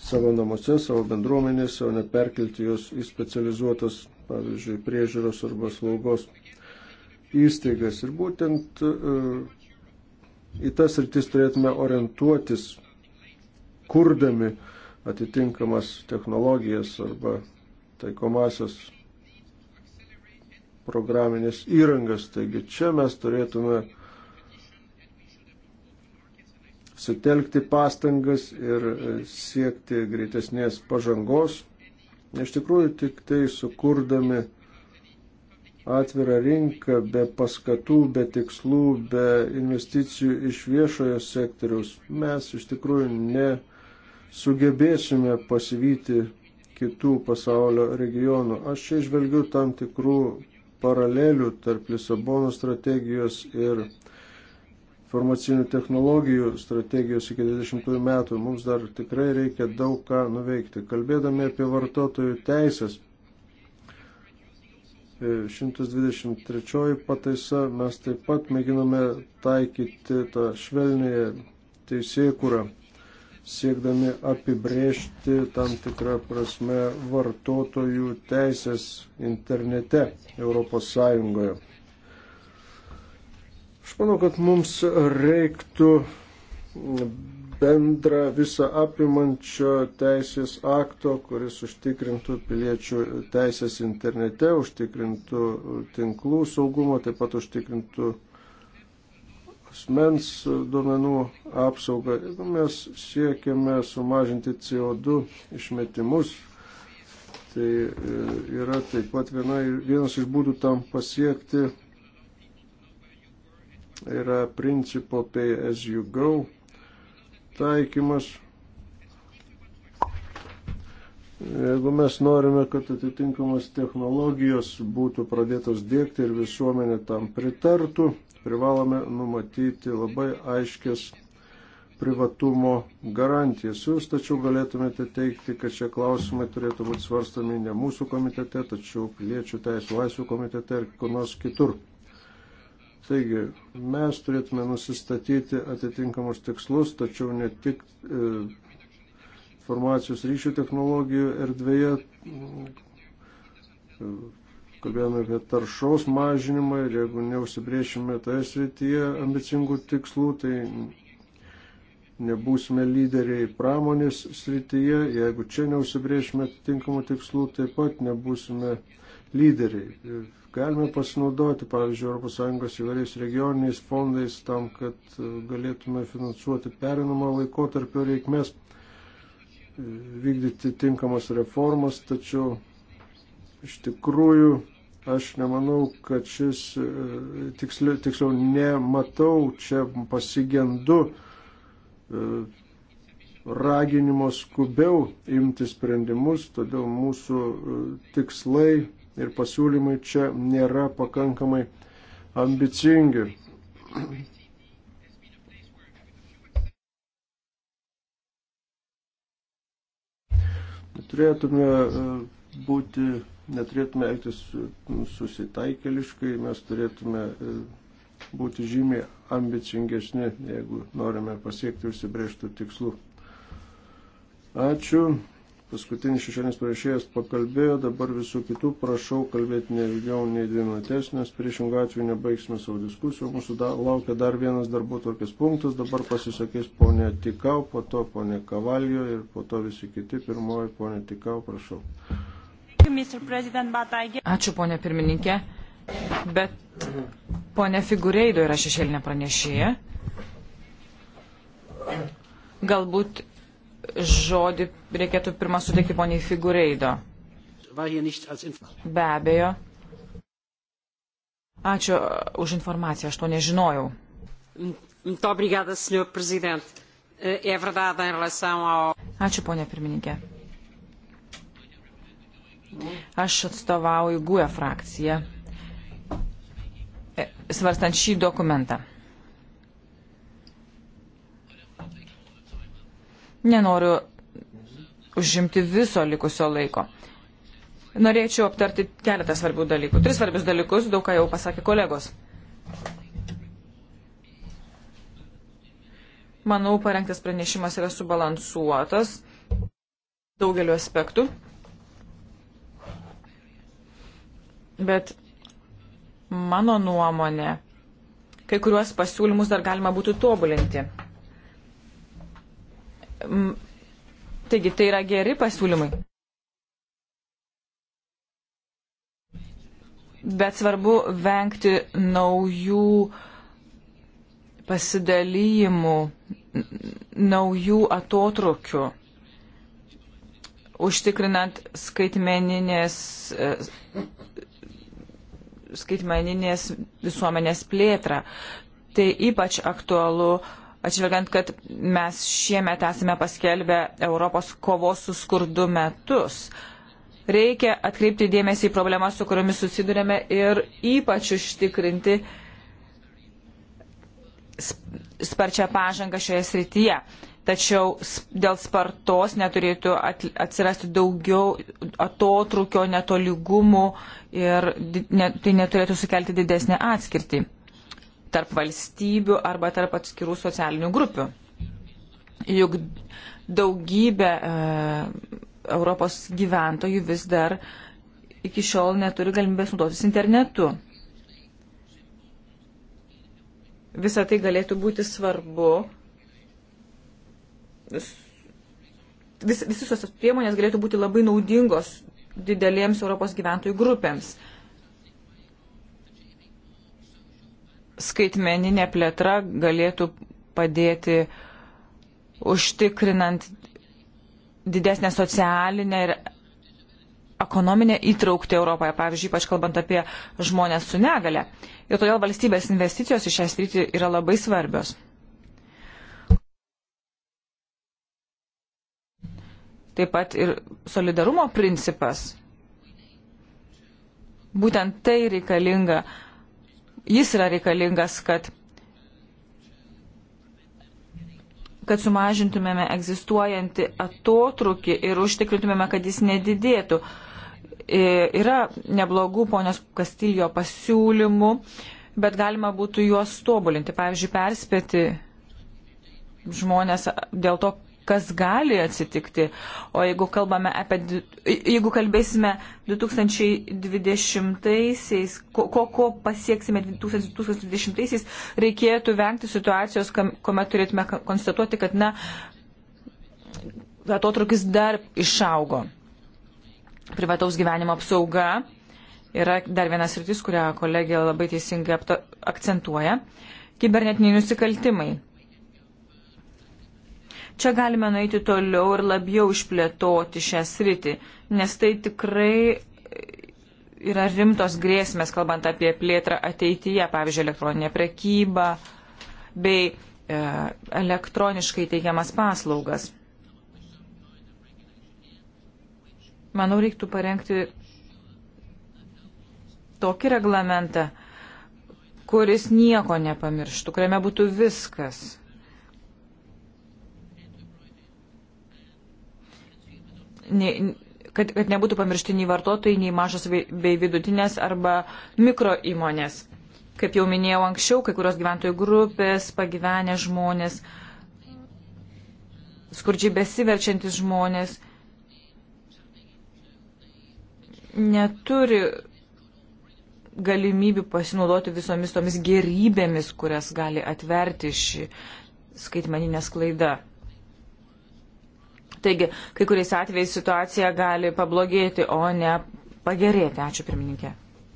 savo namuose, savo bendruomenėse, o net perkelti juos į specializuotas, pavyzdžiui, priežiūros arba slaugos įstaigas. Ir būtent e, į tas rytis turėtume orientuotis, kurdami atitinkamas technologijas arba taikomasias programinės įrangas. Taigi čia mes turėtume sutelkti pastangas ir e, siekti greitesnės pažangos. Iš tikrųjų, tik tai sukurdami atvirą rinką be paskatų, be tikslų, be investicijų iš viešojo sektoriaus, mes iš tikrųjų nesugebėsime pasivyti kitų pasaulio regionų. Aš čia išvelgiu tam tikrų paralelių tarp Lisabono strategijos ir informacinių technologijų strategijos iki 20 metų. Mums dar tikrai reikia daug ką nuveikti. Kalbėdami apie vartotojų teisės, 123 e, pataisa mes taip pat mėginame taikyti tą švelnėje teisėkurą, siekdami apibrėžti tam tikrą prasme vartotojų teisės internete Europos Sąjungoje Aš manau, kad mums reiktų bendrą visą apimančio teisės akto, kuris užtikrintų piliečių teisės internete, užtikrintų tinklų saugumą, taip pat užtikrintų asmens duomenų apsaugą. Jeigu mes siekiame sumažinti CO2 išmetimus, tai yra taip pat viena, vienas iš būdų tam pasiekti yra principo pay as you go taikymas. Jeigu mes norime, kad atitinkamos technologijos būtų pradėtos dėkti ir visuomenė tam pritartų, privalome numatyti labai aiškias privatumo garantijas. Jūs tačiau galėtumėte teikti, kad šie klausimai turėtų būti svarstami ne mūsų komitete, tačiau piliečių teisų laisvių komitete ir kur nors kitur. Taigi mes turėtume nusistatyti atitinkamus tikslus, tačiau ne tik e, informacijos ryšių technologijų erdvėje. E, kalbėjome apie taršos mažinimą ir jeigu neusibriešime toje srityje ambicingų tikslų, tai nebūsime lyderiai pramonės srityje, jeigu čia neusibriešime atitinkamų tikslų, taip pat nebūsime lyderiai. Galime pasinaudoti, pavyzdžiui, ES įvairiais regioniniais fondais tam, kad e, galėtume finansuoti perinamą laikotarpio reikmės, e, vykdyti tinkamas reformas, tačiau iš tikrųjų aš nemanau, kad šis, e, tiksliau, tiksliau nematau, čia pasigendu raginimo skubiau imti sprendimus, todėl mūsų tikslai ir pasiūlymai čia nėra pakankamai ambicingi. Turėtume e, būti, neturėtume elgtis e, susitaikeliškai, mes turėtume e, būti žymiai ambicingesni, jeigu norime pasiekti užsibrėžtų tikslų. Ačiū paskutinis šešėlis pranešėjas pakalbėjo, dabar visų kitų prašau kalbėti ne ilgiau nei dvi minutės, nes priešingų atveju nebaigsime savo diskusijų. Mūsų da, laukia dar vienas darbų tokias punktas, dabar pasisakys ponė Tikau, po to ponė Kavaljo ir po to visi kiti. Pirmoji ponė Tikau, prašau.
Ačiū ponė pirmininkė, bet ponė Figureido yra šešėlinė pranešėja. Galbūt žodį reikėtų pirmą suteikti poniai Figureido. Be abejo. Ačiū uh, už informaciją, aš to nežinojau.
Eh,
Ačiū, ponė pirmininkė. Aš atstovauju GUE frakciją, eh, svarstant šį dokumentą. Nenoriu užimti viso likusio laiko. Norėčiau aptarti keletą svarbių dalykų. Tris svarbius dalykus, daug ką jau pasakė kolegos. Manau, parengtas pranešimas yra subalansuotas daugeliu aspektų. Bet mano nuomonė, kai kuriuos pasiūlymus dar galima būtų tobulinti. Taigi tai yra geri pasiūlymai. Bet svarbu vengti naujų pasidalyjimų, naujų atotrukių, užtikrinant skaitmeninės, e, skaitmeninės visuomenės plėtrą. Tai ypač aktualu uh, Atsižvelgiant, kad mes šiemet esame paskelbę Europos kovos su skurdu metus, reikia atkreipti dėmesį į problemas, su kuriomis susidurėme ir ypač užtikrinti sparčią pažangą šioje srityje. Tačiau dėl spartos neturėtų atsirasti daugiau atotrukio, netoligumų ir tai neturėtų sukelti didesnį atskirtį tarp valstybių arba tarp atskirų socialinių grupių. Juk daugybė e, Europos gyventojų vis dar iki šiol neturi galimybės naudotis internetu. Visą tai galėtų būti svarbu. Vis, visos tos priemonės galėtų būti labai naudingos didelėms Europos gyventojų grupėms. E, skaitmeninė plėtra galėtų padėti užtikrinant didesnę socialinę ir ekonominę įtraukti Europoje, pavyzdžiui, ypač kalbant apie žmonės su negale. Ir todėl valstybės investicijos į šią sritį yra labai svarbios. Taip pat ir solidarumo principas. Būtent tai reikalinga jis yra reikalingas, kad, kad sumažintumėme egzistuojantį atotrukį ir užtikrintumėme, kad jis nedidėtų. E, yra neblogų ponios Kastiljo pasiūlymų, bet galima būtų juos tobulinti. Pavyzdžiui, perspėti žmonės dėl to, kas gali atsitikti. O jeigu, apie, jeigu kalbėsime 2020-aisiais, ko, ko, ko pasieksime 2020-aisiais, reikėtų vengti situacijos, kuomet turėtume konstatuoti, kad na, atotrukis dar išaugo. Privataus gyvenimo apsauga yra dar vienas rytis, kurią kolegija labai teisingai akcentuoja. Kibernetiniai nusikaltimai Čia galime nueiti toliau ir labiau išplėtoti šią sritį, nes tai tikrai yra rimtos grėsmės, kalbant apie plėtrą ateityje, pavyzdžiui, elektroninė prekyba bei e, elektroniškai teikiamas paslaugas. Manau, reiktų parengti tokį reglamentą, kuris nieko nepamirštų, kuriame būtų viskas. ne, kad, kad nebūtų pamiršti nei vartotojai, nei mažos bei vidutinės arba mikro įmonės. Kaip jau minėjau anksčiau, kai kurios gyventojų grupės, pagyvenę žmonės, skurdžiai besiverčiantis žmonės neturi galimybių pasinaudoti visomis tomis gerybėmis, kurias gali atverti ši skaitmeninė sklaida. Taigi, kai kuriais atvejais situacija gali pablogėti, o ne pagerėti. Ačiū, pirmininkė.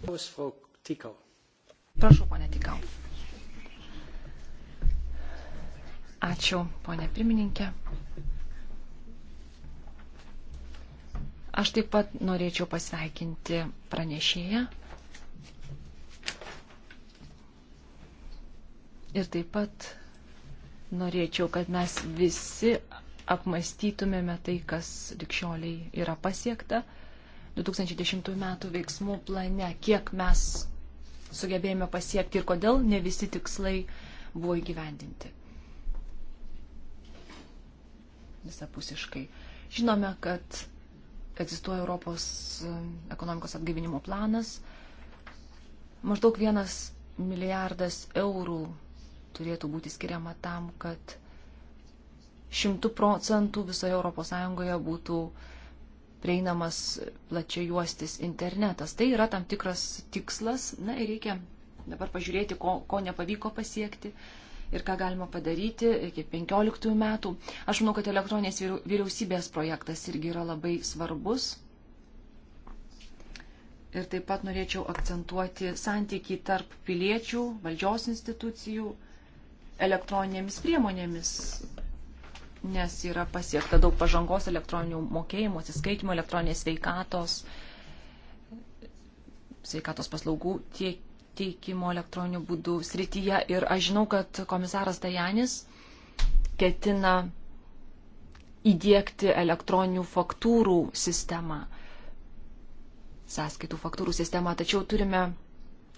Prašau, ponė Tikau.
Ačiū, ponė pirmininkė. Aš taip pat norėčiau pasveikinti pranešėją ir taip pat norėčiau, kad mes visi apmastytumėme tai, kas likščioliai yra pasiekta 2010 metų veiksmų plane, kiek mes sugebėjome pasiekti ir kodėl ne visi tikslai buvo įgyvendinti. Visapusiškai. Žinome, kad egzistuoja Europos um, ekonomikos atgaivinimo planas. Maždaug vienas milijardas eurų turėtų būti skiriama tam, kad šimtų procentų visoje ES būtų prieinamas plačiai juostis internetas. Tai yra tam tikras tikslas, na ir reikia dabar pažiūrėti, ko, ko nepavyko pasiekti ir ką galima padaryti iki 15 metų. Aš manau, kad elektroninės vyriausybės projektas irgi yra labai svarbus. Ir taip pat norėčiau akcentuoti santykį tarp piliečių, valdžios institucijų, elektroninėmis priemonėmis, nes yra pasiekta daug pažangos elektroninių mokėjimų, atsiskaitimų, elektroninės sveikatos, sveikatos paslaugų tiek, teikimo elektroninių būdų srityje. Ir aš žinau, kad komisaras Tajanis ketina įdėkti elektroninių faktūrų sistemą, sąskaitų faktūrų sistemą, tačiau turime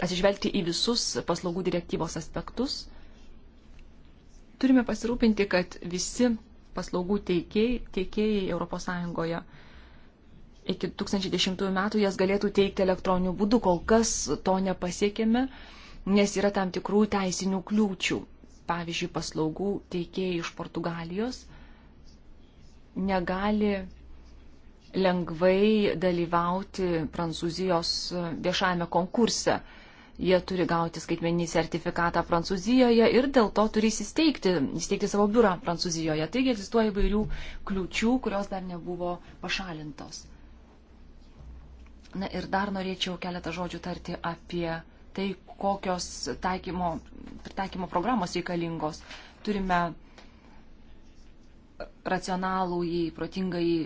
atsižvelgti į visus paslaugų direktyvos aspektus. Turime pasirūpinti, kad visi paslaugų teikėjai, teikėjai ES iki 2010 metų jas galėtų teikti elektroniniu būdu. Kol kas to nepasiekėme, nes yra tam tikrų teisinių kliūčių. Pavyzdžiui, paslaugų teikėjai iš Portugalijos negali lengvai dalyvauti Prancūzijos viešajame konkurse Jie turi gauti skaitmeninį sertifikatą Prancūzijoje ir dėl to turi įsisteigti, įsteigti savo biurą Prancūzijoje. Taigi egzistuoja įvairių kliučių, kurios dar nebuvo pašalintos. Na ir dar norėčiau keletą žodžių tarti apie tai, kokios taikymo, pritaikymo programos reikalingos. Turime racionalų į protingą į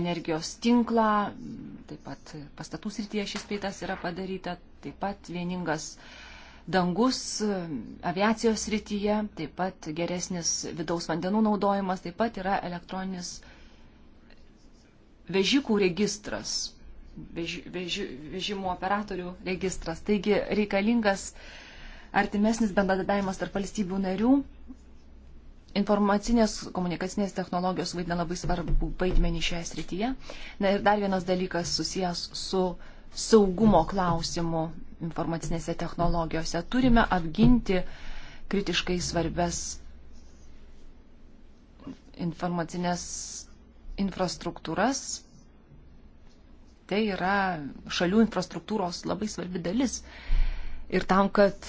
energijos tinklą, taip pat pastatų srityje šis peitas yra padaryta, taip pat vieningas dangus aviacijos rytyje, taip pat geresnis vidaus vandenų naudojimas, taip pat yra elektroninis vežikų registras, vež, vež, vežimų operatorių registras. Taigi reikalingas artimesnis bendradarbiavimas tarp valstybių narių. Informacinės komunikacinės technologijos vaidina labai svarbu vaidmenį šioje srityje. Na ir dar vienas dalykas susijęs su uh, saugumo klausimų informacinėse technologijose. Turime apginti kritiškai svarbes informacinės infrastruktūras. Tai yra šalių infrastruktūros labai svarbi dalis. Ir tam, kad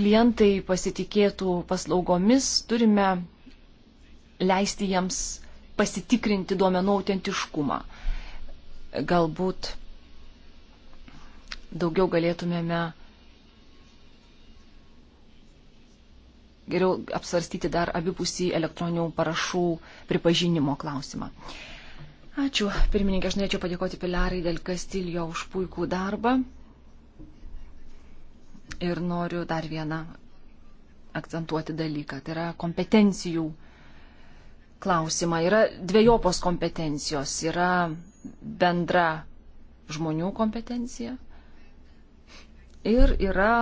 klientai pasitikėtų paslaugomis, turime leisti jiems pasitikrinti duomenų autentiškumą. Galbūt daugiau galėtumėme geriau apsvarstyti dar abipusį elektroninių parašų pripažinimo klausimą. Ačiū, pirmininkė, aš norėčiau padėkoti Pilarai dėl Kastilio už puikų darbą. Ir noriu dar vieną akcentuoti dalyką, tai yra kompetencijų klausimą. Yra dviejopos kompetencijos, yra bendra žmonių kompetencija ir yra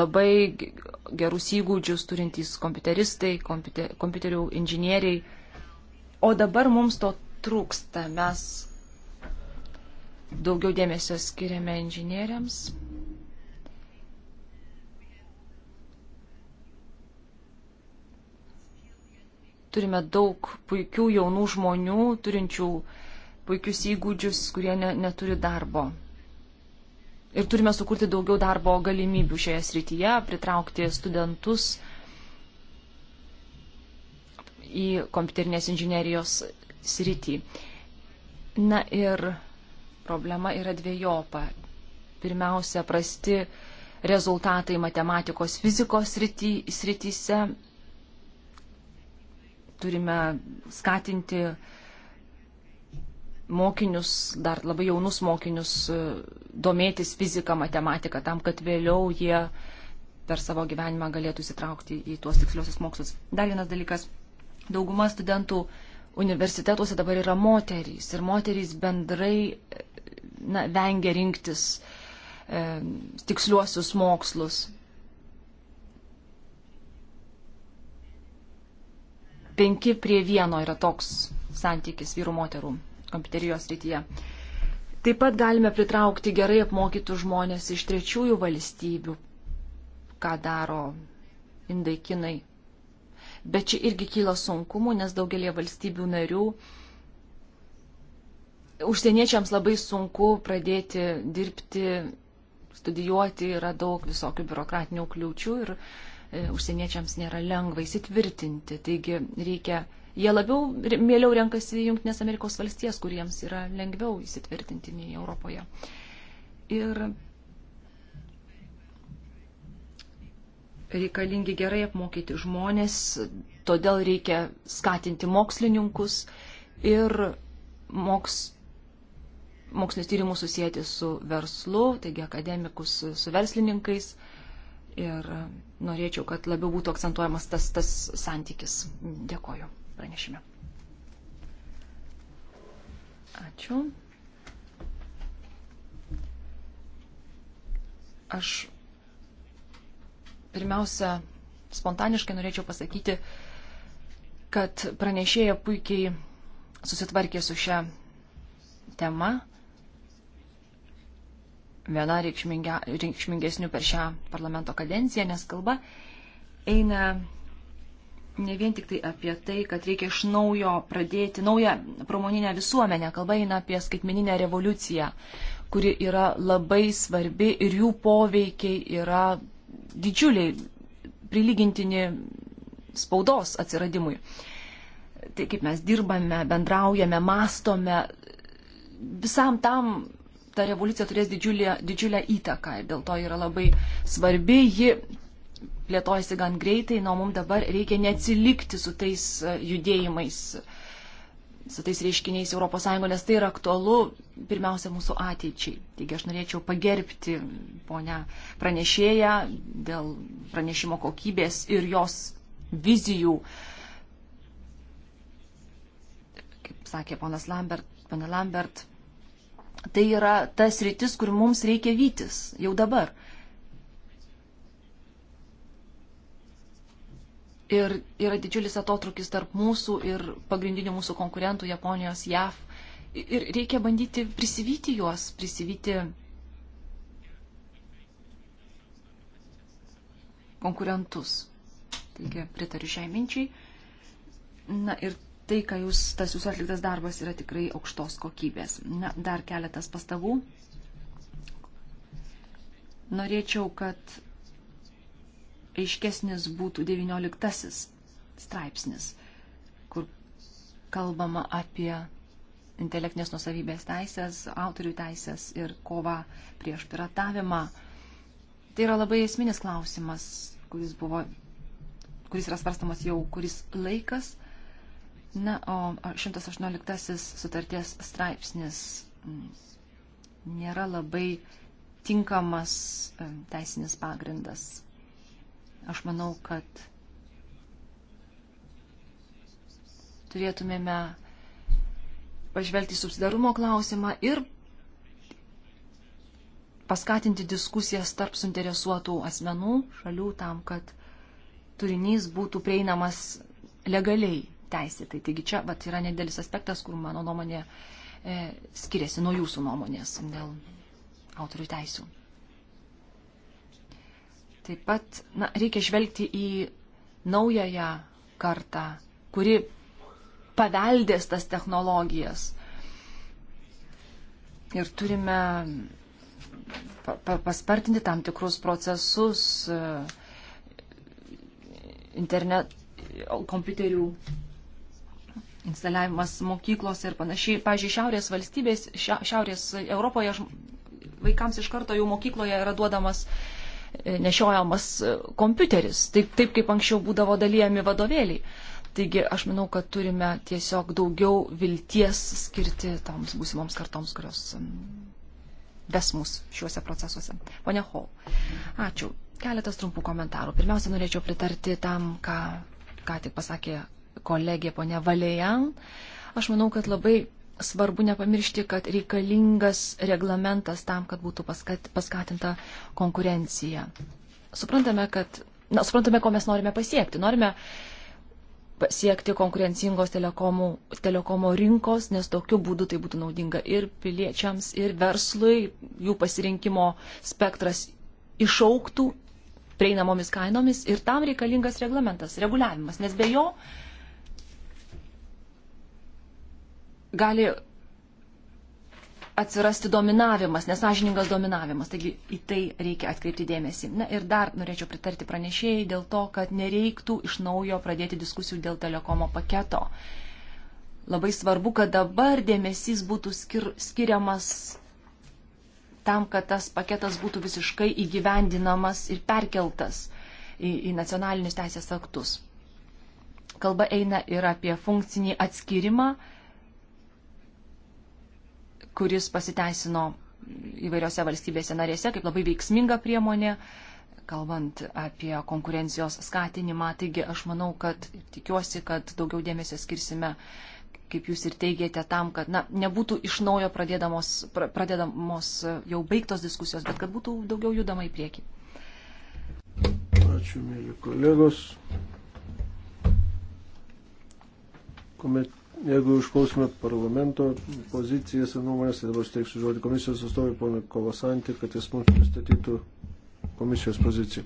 labai gerus įgūdžius turintys kompiuteristai, kompiuter, kompiuterių inžinieriai. O dabar mums to trūksta. Mes daugiau dėmesio skiriame inžinieriams. Turime daug puikių jaunų žmonių, turinčių uh, puikius įgūdžius, kurie ne, neturi darbo. Ir turime sukurti daugiau darbo galimybių šioje srityje, pritraukti studentus į kompiuterinės inžinerijos srity. Na ir problema yra dviejopa. Pirmiausia, prasti rezultatai matematikos, fizikos srity, srityse. Turime skatinti uh, mokinius, dar labai jaunus mokinius e, domėtis fiziką, matematiką, tam, kad vėliau jie per savo gyvenimą galėtų įsitraukti į tuos tiksliosius mokslus. Dar vienas dalykas. Dauguma studentų universitetuose dabar yra moterys ir moterys bendrai e, na, vengia rinktis e, tiksliuosius mokslus. 5 prie 1 yra toks santykis vyrų moterų kompiuterijos rytyje. Taip pat galime pritraukti gerai apmokytus žmonės iš trečiųjų valstybių, ką daro indai kinai. Bet čia irgi kyla sunkumų, nes daugelie valstybių narių užsieniečiams labai sunku pradėti dirbti, studijuoti, yra daug visokių biurokratinių kliūčių ir e, užsieniečiams nėra lengva įsitvirtinti. Taigi reikia jie labiau mieliau renkasi Junktinės Amerikos valstijas, kuriems yra lengviau įsitvirtinti nei Europoje. Ir reikalingi gerai apmokyti žmonės, todėl reikia skatinti mokslininkus ir moks, mokslinis tyrimus susijęti su verslu, taigi akademikus su verslininkais. Ir norėčiau, kad labiau būtų akcentuojamas tas, tas santykis. Dėkoju pranešime. Ačiū. Aš pirmiausia, spontaniškai norėčiau pasakyti, kad pranešėja puikiai susitvarkė su šią temą. Viena reikšmingesnių per šią parlamento kadenciją, nes kalba eina ne vien tik tai apie tai, kad reikia iš naujo pradėti naują pramoninę visuomenę. Kalba eina apie skaitmeninę revoliuciją, kuri yra labai svarbi ir jų poveikiai yra didžiuliai, prilygintini spaudos atsiradimui. Tai kaip mes dirbame, bendraujame, mastome, visam tam ta revoliucija turės didžiulę, didžiulę įtaką ir dėl to yra labai svarbi, ji plėtojasi gan greitai, nuo mums dabar reikia neatsilikti su tais e, judėjimais, su tais reiškiniais ES, nes tai yra aktualu pirmiausia mūsų ateičiai. Taigi aš norėčiau pagerbti ponę pranešėją dėl pranešimo kokybės ir jos vizijų. Kaip sakė ponas Lambert, pana Lambert, tai yra tas rytis, kur mums reikia vytis jau dabar. ir yra didžiulis atotrukis tarp mūsų ir pagrindinių mūsų konkurentų Japonijos, JAV. Ir reikia bandyti prisivyti juos, prisivyti konkurentus. Taigi pritariu šiai minčiai. Na ir tai, ką jūs, tas jūsų atliktas darbas yra tikrai aukštos kokybės. Na, dar keletas pastabų. Norėčiau, kad aiškesnis būtų 19 straipsnis, kur kalbama apie intelektinės nusavybės teisės, autorių teisės ir kovą prieš piratavimą. Tai yra labai esminis klausimas, kuris, buvo, kuris yra svarstamas jau kuris laikas. Na, o 118 sutarties straipsnis mm, nėra labai tinkamas e, teisinis pagrindas Aš manau, kad turėtumėme pažvelgti subsidarumo klausimą ir paskatinti diskusijas tarp suinteresuotų asmenų, šalių, tam, kad turinys būtų prieinamas legaliai teisėtai. Taigi čia vat, yra nedėlis aspektas, kur mano nuomonė e, skiriasi nuo jūsų nuomonės dėl autorių teisų. Taip pat na, reikia žvelgti į naująją kartą, kuri paveldės tas technologijas. Ir turime paspartinti tam tikrus procesus e, internet, kompiuterių instaliavimas mokyklose ir panašiai. Pavyzdžiui, šiaurės valstybės, šiaurės Europoje vaikams iš karto jau mokykloje yra duodamas uh, nešiojamas e, kompiuteris, taip, taip kaip anksčiau būdavo dalyjami vadovėliai. Taigi aš manau, kad turime tiesiog daugiau vilties skirti toms būsimoms kartoms, kurios ves mus šiuose procesuose. Pone Hall, ačiū. Keletas trumpų komentarų. Pirmiausia, norėčiau pritarti tam, ką, ką tik pasakė kolegė ponia Valėjan. Aš manau, kad labai svarbu nepamiršti, kad reikalingas reglamentas tam, kad būtų paskatinta konkurencija. Suprantame, kad, na, suprantame, ko mes norime pasiekti. Norime pasiekti konkurencingos telekomų, telekomo rinkos, nes tokiu būdu tai būtų naudinga ir piliečiams, ir verslui, jų pasirinkimo spektras išauktų prieinamomis kainomis ir tam reikalingas reglamentas, reguliavimas, nes be jo gali atsirasti dominavimas, nesažiningas dominavimas. Taigi į tai reikia atkreipti dėmesį. Na ir dar norėčiau pritarti pranešėjai dėl to, kad nereiktų iš naujo pradėti diskusijų dėl telekomo paketo. Labai svarbu, kad dabar dėmesys būtų skir skiriamas tam, kad tas paketas būtų visiškai įgyvendinamas ir perkeltas į, į nacionalinius teisės aktus. Kalba eina ir apie funkcinį atskirimą kuris pasiteisino įvairiose valstybėse narėse kaip labai veiksminga priemonė, kalbant apie konkurencijos skatinimą. Taigi aš manau, kad tikiuosi, kad daugiau dėmesio skirsime, kaip jūs ir teigėte, tam, kad na, nebūtų iš naujo pradedamos, pradedamos jau baigtos diskusijos, bet kad būtų daugiau judama į priekį.
Ačiū, mėly kolegos. Kuomet Jeigu išklausime parlamento pozicijas ir nuomonės, tai dabar steiksiu žodį komisijos atstovui ponui Kovasantį, kad jis mums pristatytų komisijos poziciją.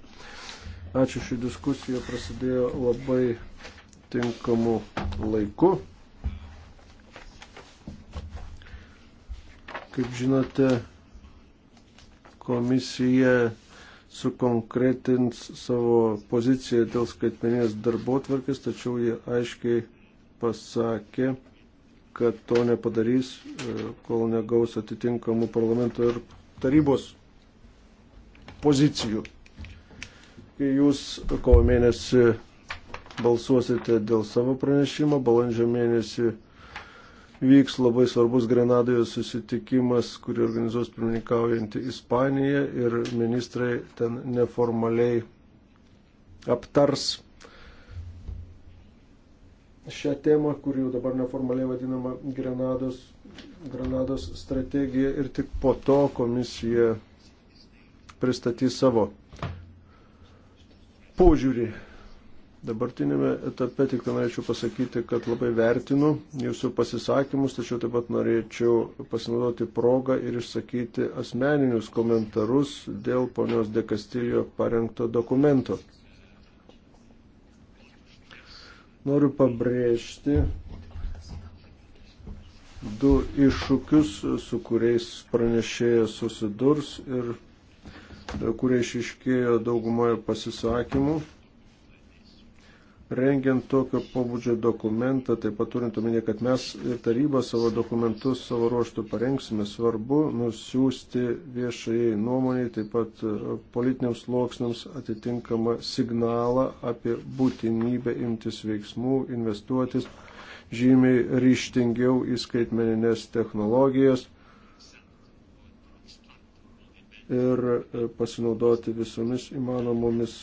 Ačiū, ši diskusija prasidėjo labai tinkamu laiku. Kaip žinote, komisija sukonkretins savo poziciją dėl skaitmenės darbo tvarkės, tačiau jie aiškiai pasakė, kad to nepadarys, e, kol negaus atitinkamų parlamento ir tarybos pozicijų. Kai jūs kovo mėnesį balsuosite dėl savo pranešimo, balandžio mėnesį vyks labai svarbus Granadoje susitikimas, kurį organizuos pirmininkaujanti Ispanija ir ministrai ten neformaliai aptars šią temą, kuri jau dabar neformaliai vadinama Grenados, Granados strategija ir tik po to komisija pristatys savo požiūrį. Dabartinėme etape tik norėčiau pasakyti, kad labai vertinu jūsų pasisakymus, tačiau taip pat norėčiau pasinaudoti progą ir išsakyti asmeninius komentarus dėl ponios Dekastilijo parengto dokumento. Noriu pabrėžti du iššūkius, su kuriais pranešėjas susidurs ir kurie išiškėjo daugumoje pasisakymų rengiant tokio pobūdžio dokumentą, taip pat turint omenyje, kad mes ir taryba savo dokumentus savo ruoštų parengsime, svarbu nusiųsti viešai nuomoniai, taip pat e, politiniams sluoksniams atitinkamą signalą apie būtinybę imtis veiksmų, investuotis žymiai ryštingiau į skaitmeninės technologijas ir e, pasinaudoti visomis įmanomomis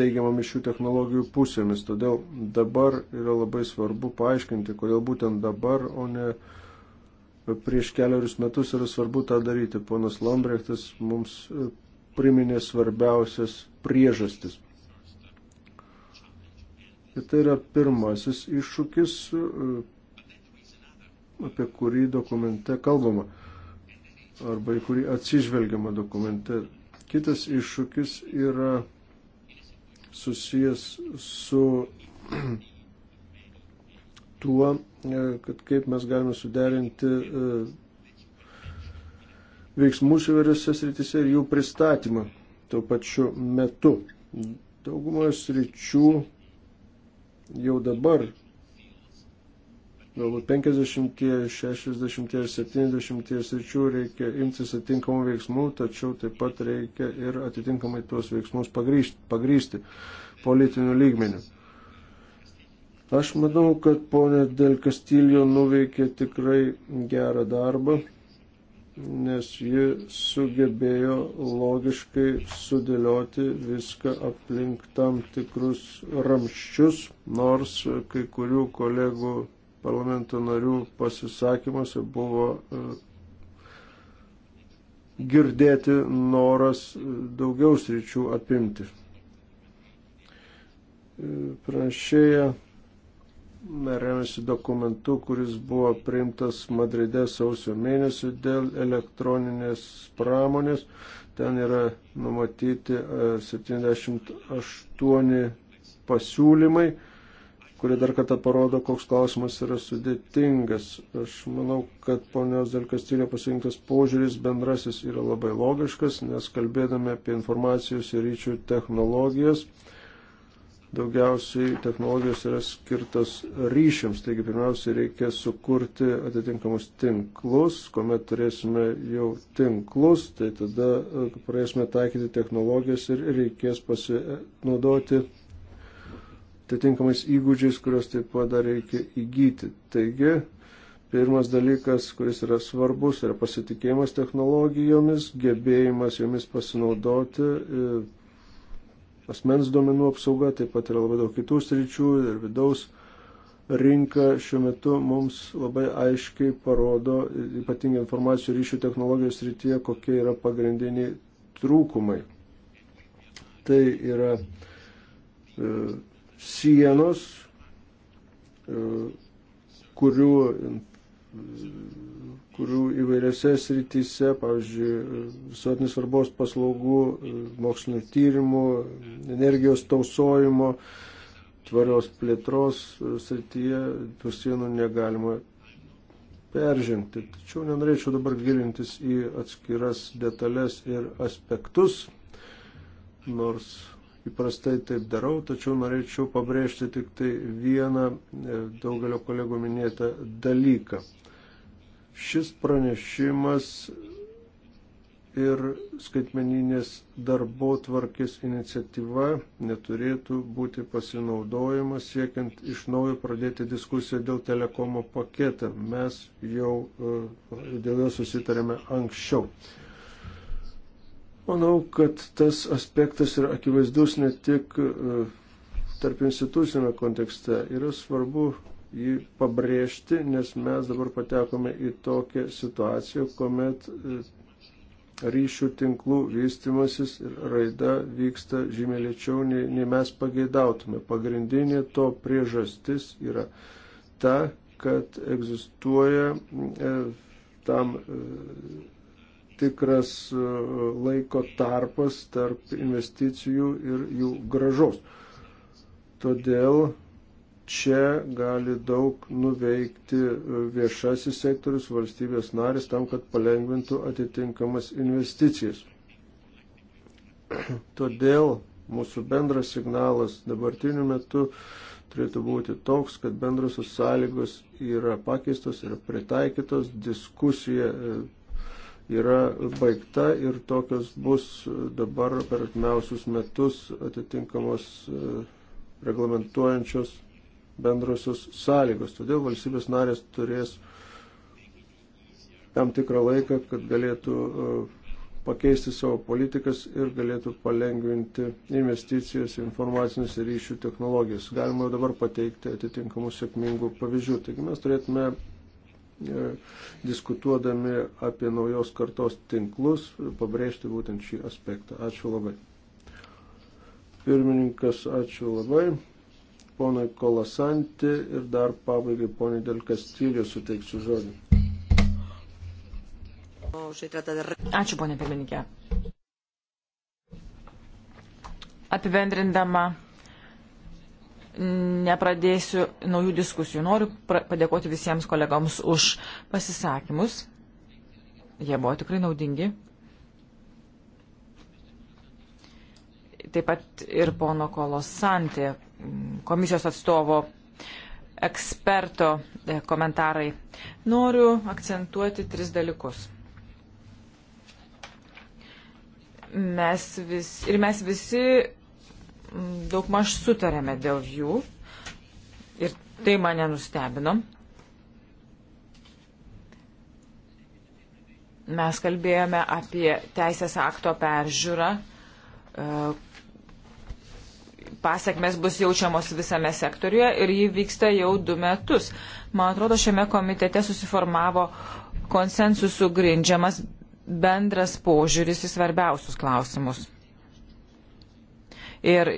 teigiamomis šių technologijų pusėmis. Todėl dabar yra labai svarbu paaiškinti, kodėl būtent dabar, o ne prieš keliarius metus yra svarbu tą daryti. Ponas Lambrechtas mums e, priminė svarbiausias priežastis. Ir tai yra pirmasis iššūkis, e, apie kurį dokumente kalbama arba į kurį atsižvelgiama dokumente. Kitas iššūkis yra susijęs su tuo, e, kad kaip mes galime suderinti e, veiksmus įvairiose srityse ir jų pristatymą tuo pačiu metu. Daugumoje sričių jau dabar galbūt 50, 60 ar 70 sričių reikia imtis atitinkamų veiksmų, tačiau taip pat reikia ir atitinkamai tuos veiksmus pagrysti, pagrysti politiniu lygmeniu. Aš manau, kad ponė Del Castillo nuveikė tikrai gerą darbą, nes ji sugebėjo logiškai sudėlioti viską aplink tam tikrus ramščius, nors kai kurių kolegų parlamento narių pasisakymuose buvo e, girdėti noras e, daugiau sričių apimti. E, pranešėja remiasi dokumentu, kuris buvo priimtas Madride sausio mėnesį dėl elektroninės pramonės. Ten yra numatyti 78 pasiūlymai kurie dar kartą parodo, koks klausimas yra sudėtingas. Aš manau, kad ponios Del Castillo pasirinktas požiūris bendrasis yra labai logiškas, nes kalbėdami apie informacijos ir ryčių technologijas, daugiausiai technologijos yra skirtos ryšiams. Taigi pirmiausia, reikia sukurti atitinkamus tinklus, kuomet turėsime jau tinklus, tai tada uh, pradėsime taikyti technologijas ir reikės pasinaudoti atitinkamais įgūdžiais, kuriuos taip pat dar reikia įgyti. Taigi, pirmas dalykas, kuris yra svarbus, yra pasitikėjimas technologijomis, gebėjimas jomis pasinaudoti. E, asmens duomenų apsauga, taip pat yra labai daug kitų sričių ir vidaus rinka šiuo metu mums labai aiškiai parodo, ypatingai informacijų ryšių technologijos rytyje, kokie yra pagrindiniai trūkumai. Tai yra e, sienos, e, kurių, kurių įvairiose srityse, pavyzdžiui, visuotinės svarbos paslaugų, e, mokslinio tyrimų, energijos tausojimo, tvarios plėtros e, srityje tų sienų negalima peržengti. Tačiau nenorėčiau dabar gilintis į atskiras detalės ir aspektus, nors Įprastai taip darau, tačiau norėčiau pabrėžti tik tai vieną e, daugelio kolegų minėtą dalyką. Šis pranešimas ir skaitmeninės darbo tvarkės iniciatyva neturėtų būti pasinaudojama siekiant iš naujo pradėti diskusiją dėl telekomo paketą. Mes jau e, dėl jo susitarėme anksčiau. Manau, kad tas aspektas yra akivaizdus ne tik e, tarp institucinio kontekste. Yra svarbu jį pabrėžti, nes mes dabar patekome į tokią situaciją, kuomet e, ryšių tinklų vystimasis ir raida vyksta žymiai lėčiau, nei, nei mes pageidautume. Pagrindinė to priežastis yra ta, kad egzistuoja e, tam e, tikras e, laiko tarpas tarp investicijų ir jų gražos. Todėl čia gali daug nuveikti e, viešasis sektorius, valstybės narės, tam, kad palengvintų atitinkamas investicijas. [CLEARS THROAT] Todėl mūsų bendras signalas dabartiniu metu turėtų būti toks, kad bendrosios sąlygos yra pakeistos ir pritaikytos, diskusija e, yra baigta ir tokios bus dabar per atmiausius metus atitinkamos e, reglamentuojančios bendrosios sąlygos. Todėl valstybės narės turės tam tikrą laiką, kad galėtų e, pakeisti savo politikas ir galėtų palengvinti investicijas į informacinės ryšių technologijas. Galima dabar pateikti atitinkamų sėkmingų pavyzdžių. Taigi mes turėtume E, diskutuodami apie naujos kartos tinklus, pabrėžti būtent šį aspektą. Ačiū labai. Pirmininkas, ačiū labai. Ponai Kolasanti ir dar pabaigai poniai Del Castillo suteiksiu žodį.
Ačiū, ponė pirmininkė. Apibendrindama nepradėsiu naujų diskusijų. Noriu padėkoti visiems kolegoms už pasisakymus. Jie buvo tikrai naudingi. Taip pat ir pono Kolosantė, komisijos atstovo eksperto e, komentarai. Noriu akcentuoti tris dalykus. Mes vis, ir mes visi daugmaž sutarėme dėl jų ir tai mane nustebino. Mes kalbėjome apie teisės akto peržiūrą. E, Pasėkmės bus jaučiamos visame sektoriuje ir jį vyksta jau du metus. Man atrodo, šiame komitete susiformavo konsensusų grindžiamas bendras požiūris į svarbiausius klausimus ir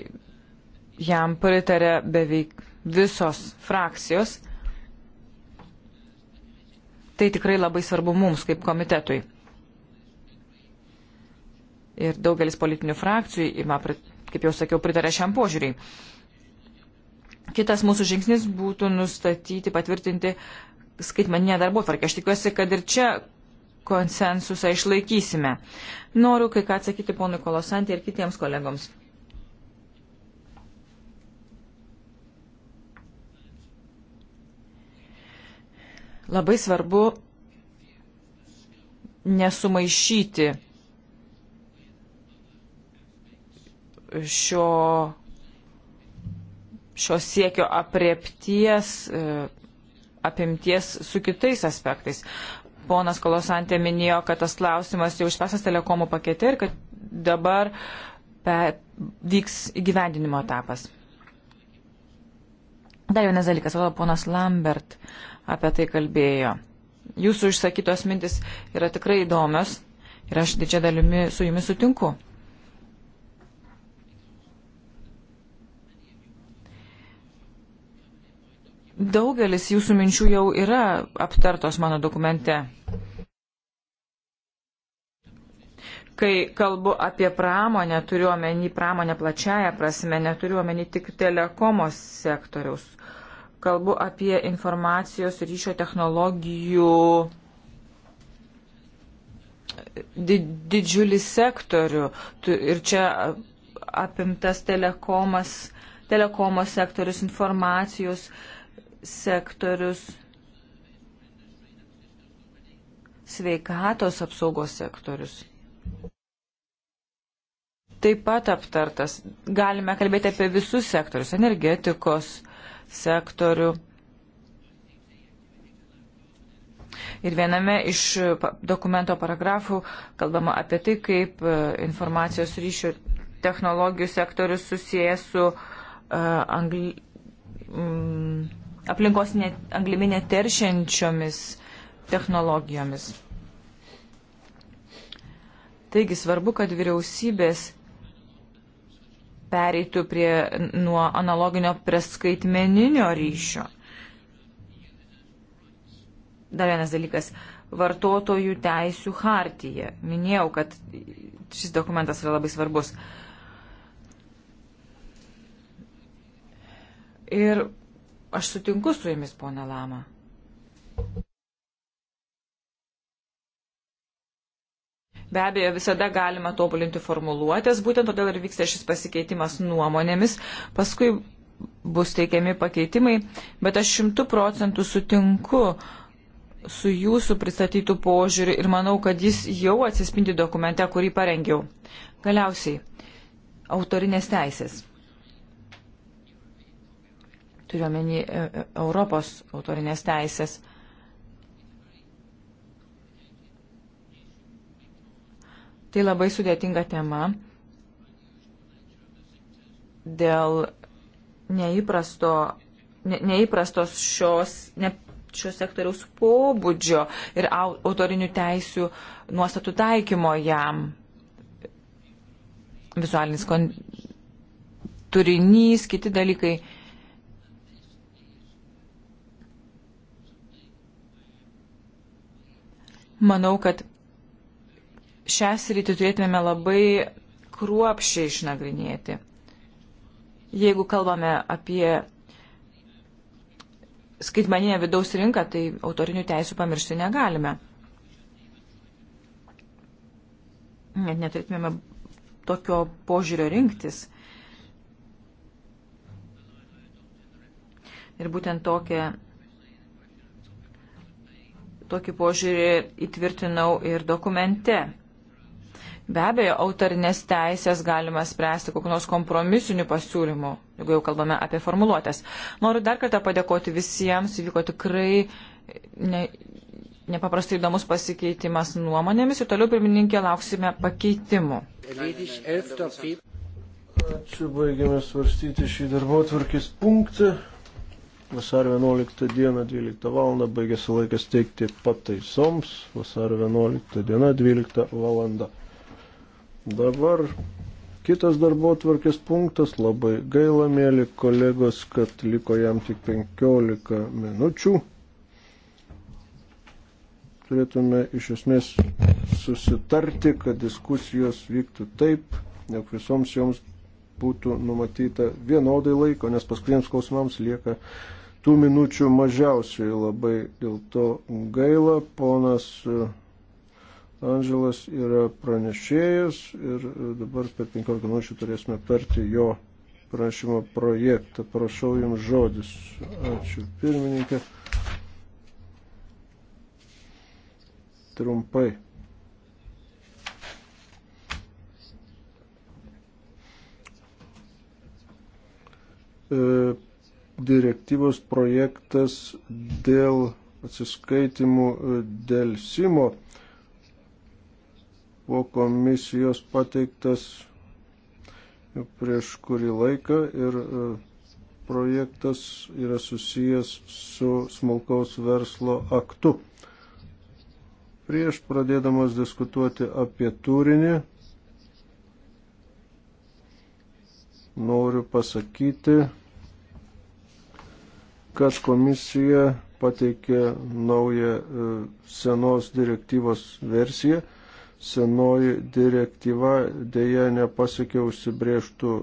jam pritarė beveik visos frakcijos. Tai tikrai labai svarbu mums kaip komitetui. Ir daugelis politinių frakcijų, ima, kaip jau sakiau, pritarė šiam požiūriui. Kitas mūsų žingsnis būtų nustatyti, patvirtinti skaitmaninę darbo tvarkę. Aš tikiuosi, kad ir čia konsensusą išlaikysime. Noriu kai ką atsakyti ponui Kolosantį ir kitiems kolegoms. Labai svarbu nesumaišyti šio, šio siekio apriepties, e, apimties su kitais aspektais. Ponas Kolosantė minėjo, kad tas klausimas jau išspręstas telekomų pakete ir kad dabar pe, vyks įgyvendinimo etapas. Dar vienas dalykas, atrodo, ponas Lambert apie tai kalbėjo. Jūsų išsakytos mintis yra tikrai įdomios ir aš didžia dalimi su jumis sutinku. Daugelis jūsų minčių jau yra aptartos mano dokumente. Kai kalbu apie pramonę, turiu omeny pramonę plačiają prasme, neturiu omeny tik telekomos sektoriaus. Kalbu apie informacijos ryšio technologijų didžiulį sektorių. Ir čia apimtas telekomas, telekomo sektorius, informacijos sektorius, sveikatos apsaugos sektorius taip pat aptartas. Galime kalbėti apie visus sektorius - energetikos sektorių. Ir viename iš dokumento paragrafų kalbama apie tai, kaip e, informacijos ryšių technologijų sektorius susijęs su uh, e, angli, um, mm, aplinkos ne, anglimi neteršiančiomis technologijomis. Taigi svarbu, kad vyriausybės pereitų prie nuo analoginio prie skaitmeninio ryšio. Dar vienas dalykas - vartotojų teisų hartyje. Minėjau, kad šis dokumentas yra labai svarbus. Ir aš sutinku su jumis, ponė Lama. Be abejo, visada galima tobulinti formuluotės, būtent todėl ir vyksta šis pasikeitimas nuomonėmis. Paskui bus teikiami pakeitimai, bet aš šimtų procentų sutinku su jūsų pristatytų požiūriu ir manau, kad jis jau atsispindi dokumente, kurį parengiau. Galiausiai, autorinės teisės. Turiuomenį e, e, Europos autorinės teisės. Tai labai sudėtinga tema dėl neįprasto, ne, neįprastos šios, ne, šios sektoriaus pobūdžio ir au, autorinių teisių nuostatų taikymo jam. Vizualinis kon, turinys, kiti dalykai. Manau, kad šią sritį turėtume labai kruopšiai išnagrinėti. Jeigu kalbame apie skaitmaninę vidaus rinką, tai autorinių teisų pamiršti negalime. Net neturėtume tokio požiūrio rinktis. Ir būtent tokią, tokį požiūrį įtvirtinau ir dokumente. Be abejo, autorinės teisės galima spręsti kokiu nors kompromisiniu pasiūlymu, jeigu jau kalbame apie formuluotės. Noriu dar kartą padėkoti visiems, vyko tikrai ne, nepaprastai įdomus pasikeitimas nuomonėmis ir toliau pirmininkė lauksime
pakeitimų. Ačiū, baigiame svarstyti šį darbo tvarkės punktą. Vasario 11 dieną 12 val. baigėsi laikas teikti pataisoms. Vasario 11 diena 12 val. Dabar kitas darbo tvarkės punktas, labai gaila, mėly kolegos, kad liko jam tik 15 minučių. Turėtume iš esmės susitarti, kad diskusijos vyktų taip, jog visoms joms būtų numatyta vienodai laiko, nes paskutiniams klausimams lieka tų minučių mažiausiai. Labai dėl to gaila, ponas Andželas yra pranešėjas ir e, dabar per 15 minučių turėsime aptarti jo prašymo projektą. Prašau Jums žodis. Ačiū pirmininkė. Trumpai. E, direktyvos projektas dėl atsiskaitimų e, dėl Simo buvo komisijos pateiktas prieš kurį laiką ir e, projektas yra susijęs su smulkaus verslo aktu. Prieš pradėdamas diskutuoti apie turinį, noriu pasakyti, kad komisija pateikė naują e, senos direktyvos versiją senoji direktyva dėja nepasiekė užsibrieštų e,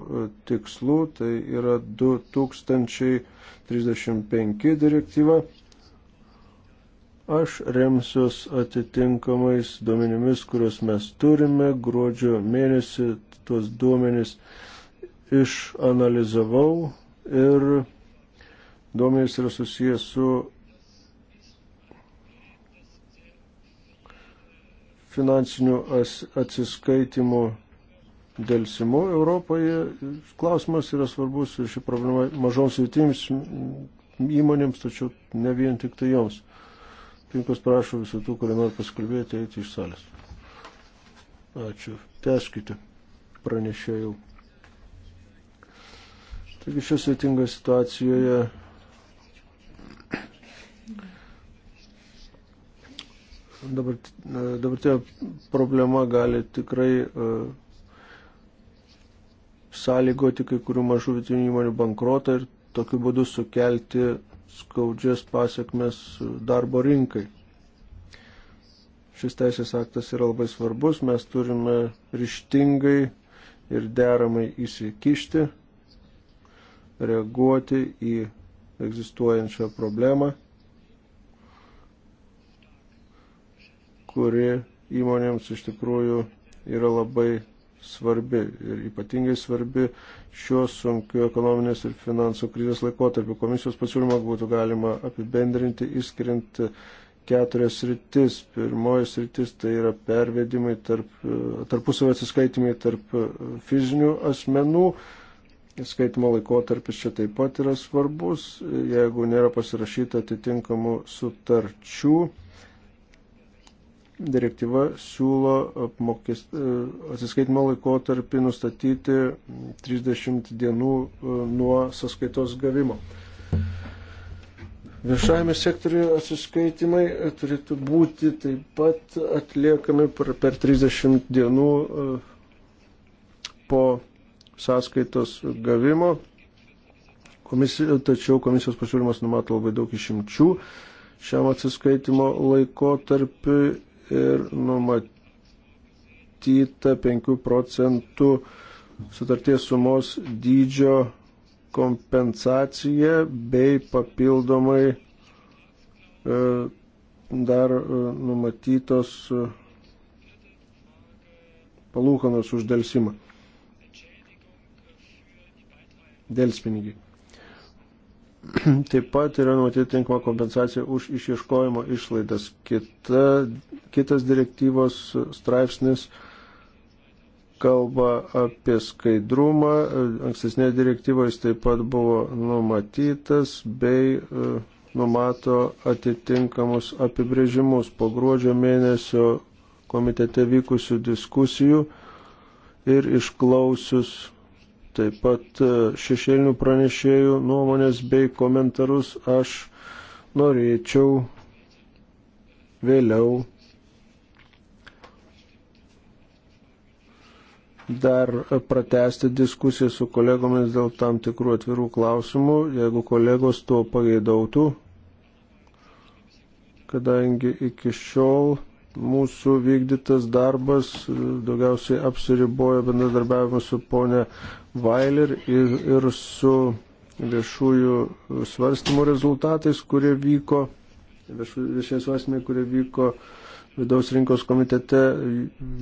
tikslų, tai yra 2035 direktyva. Aš remsiuos atitinkamais duomenimis, kuriuos mes turime. Gruodžio mėnesį tuos duomenis išanalizavau ir duomenys yra susijęs su finansinių atsiskaitimų dėlsimų Europoje. Klausimas yra svarbus ir ši problema mažoms rytims įmonėms, tačiau ne vien tik tai joms. Pinkas prašo visų tų, kurie nori pasikalbėti, eiti iš salės. Ačiū. Teskite, pranešėjau. Taigi šios sveitingoje situacijoje Dabart, dabartinė problema gali tikrai e, sąlygoti kai kurių mažų vidutinių įmonių bankrotą ir tokiu būdu sukelti skaudžias pasiekmes e, darbo rinkai. Šis teisės aktas yra labai svarbus, mes turime ryštingai ir deramai įsikišti, reaguoti į egzistuojančią problemą kuri įmonėms iš tikrųjų yra labai svarbi ir ypatingai svarbi šiuo sunkiu ekonominės ir finansų krizės laikotarpiu. Komisijos pasiūlymą būtų galima apibendrinti, išskiriant keturias sritis. Pirmoji sritis tai yra pervedimai tarp, tarpusavio atsiskaitimai tarp fizinių asmenų. Skaitimo laikotarpis čia taip pat yra svarbus, jeigu nėra pasirašyta atitinkamų sutarčių direktyva siūlo apmokest... E, atsiskaitimo laikotarpį nustatyti 30 dienų e, nuo sąskaitos gavimo. Viešajame sektoriuje atsiskaitimai turėtų būti taip pat atliekami per 30 dienų e, po sąskaitos gavimo. Komisija, tačiau komisijos pasiūlymas numato labai daug išimčių šiam atsiskaitimo laikotarpiu ir numatyta 5 procentų sutarties sumos dydžio kompensacija bei papildomai e, dar e, numatytos e, palūkanos uždelsimą. Dėlspinigiai. [CLEARS THROAT] Taip pat yra numatyti tinkama kompensacija už išieškojimo išlaidas. Kita, kitas direktyvos straipsnis kalba apie skaidrumą. Ankstesnėje direktyvoje jis taip pat buvo numatytas bei e, numato atitinkamus apibrėžimus. Po gruodžio mėnesio komitete vykusių diskusijų ir išklausius taip pat e, šešėlinių pranešėjų nuomonės bei komentarus aš norėčiau vėliau dar pratesti diskusiją su kolegomis dėl tam tikrų atvirų klausimų, jeigu kolegos to pageidautų, kadangi iki šiol mūsų vykdytas darbas daugiausiai apsiribojo bendradarbiavimu su ponė Vailer ir, ir su viešųjų svarstymų rezultatais, kurie vyko, viešieji svarstymai, kurie vyko vidaus rinkos komitete,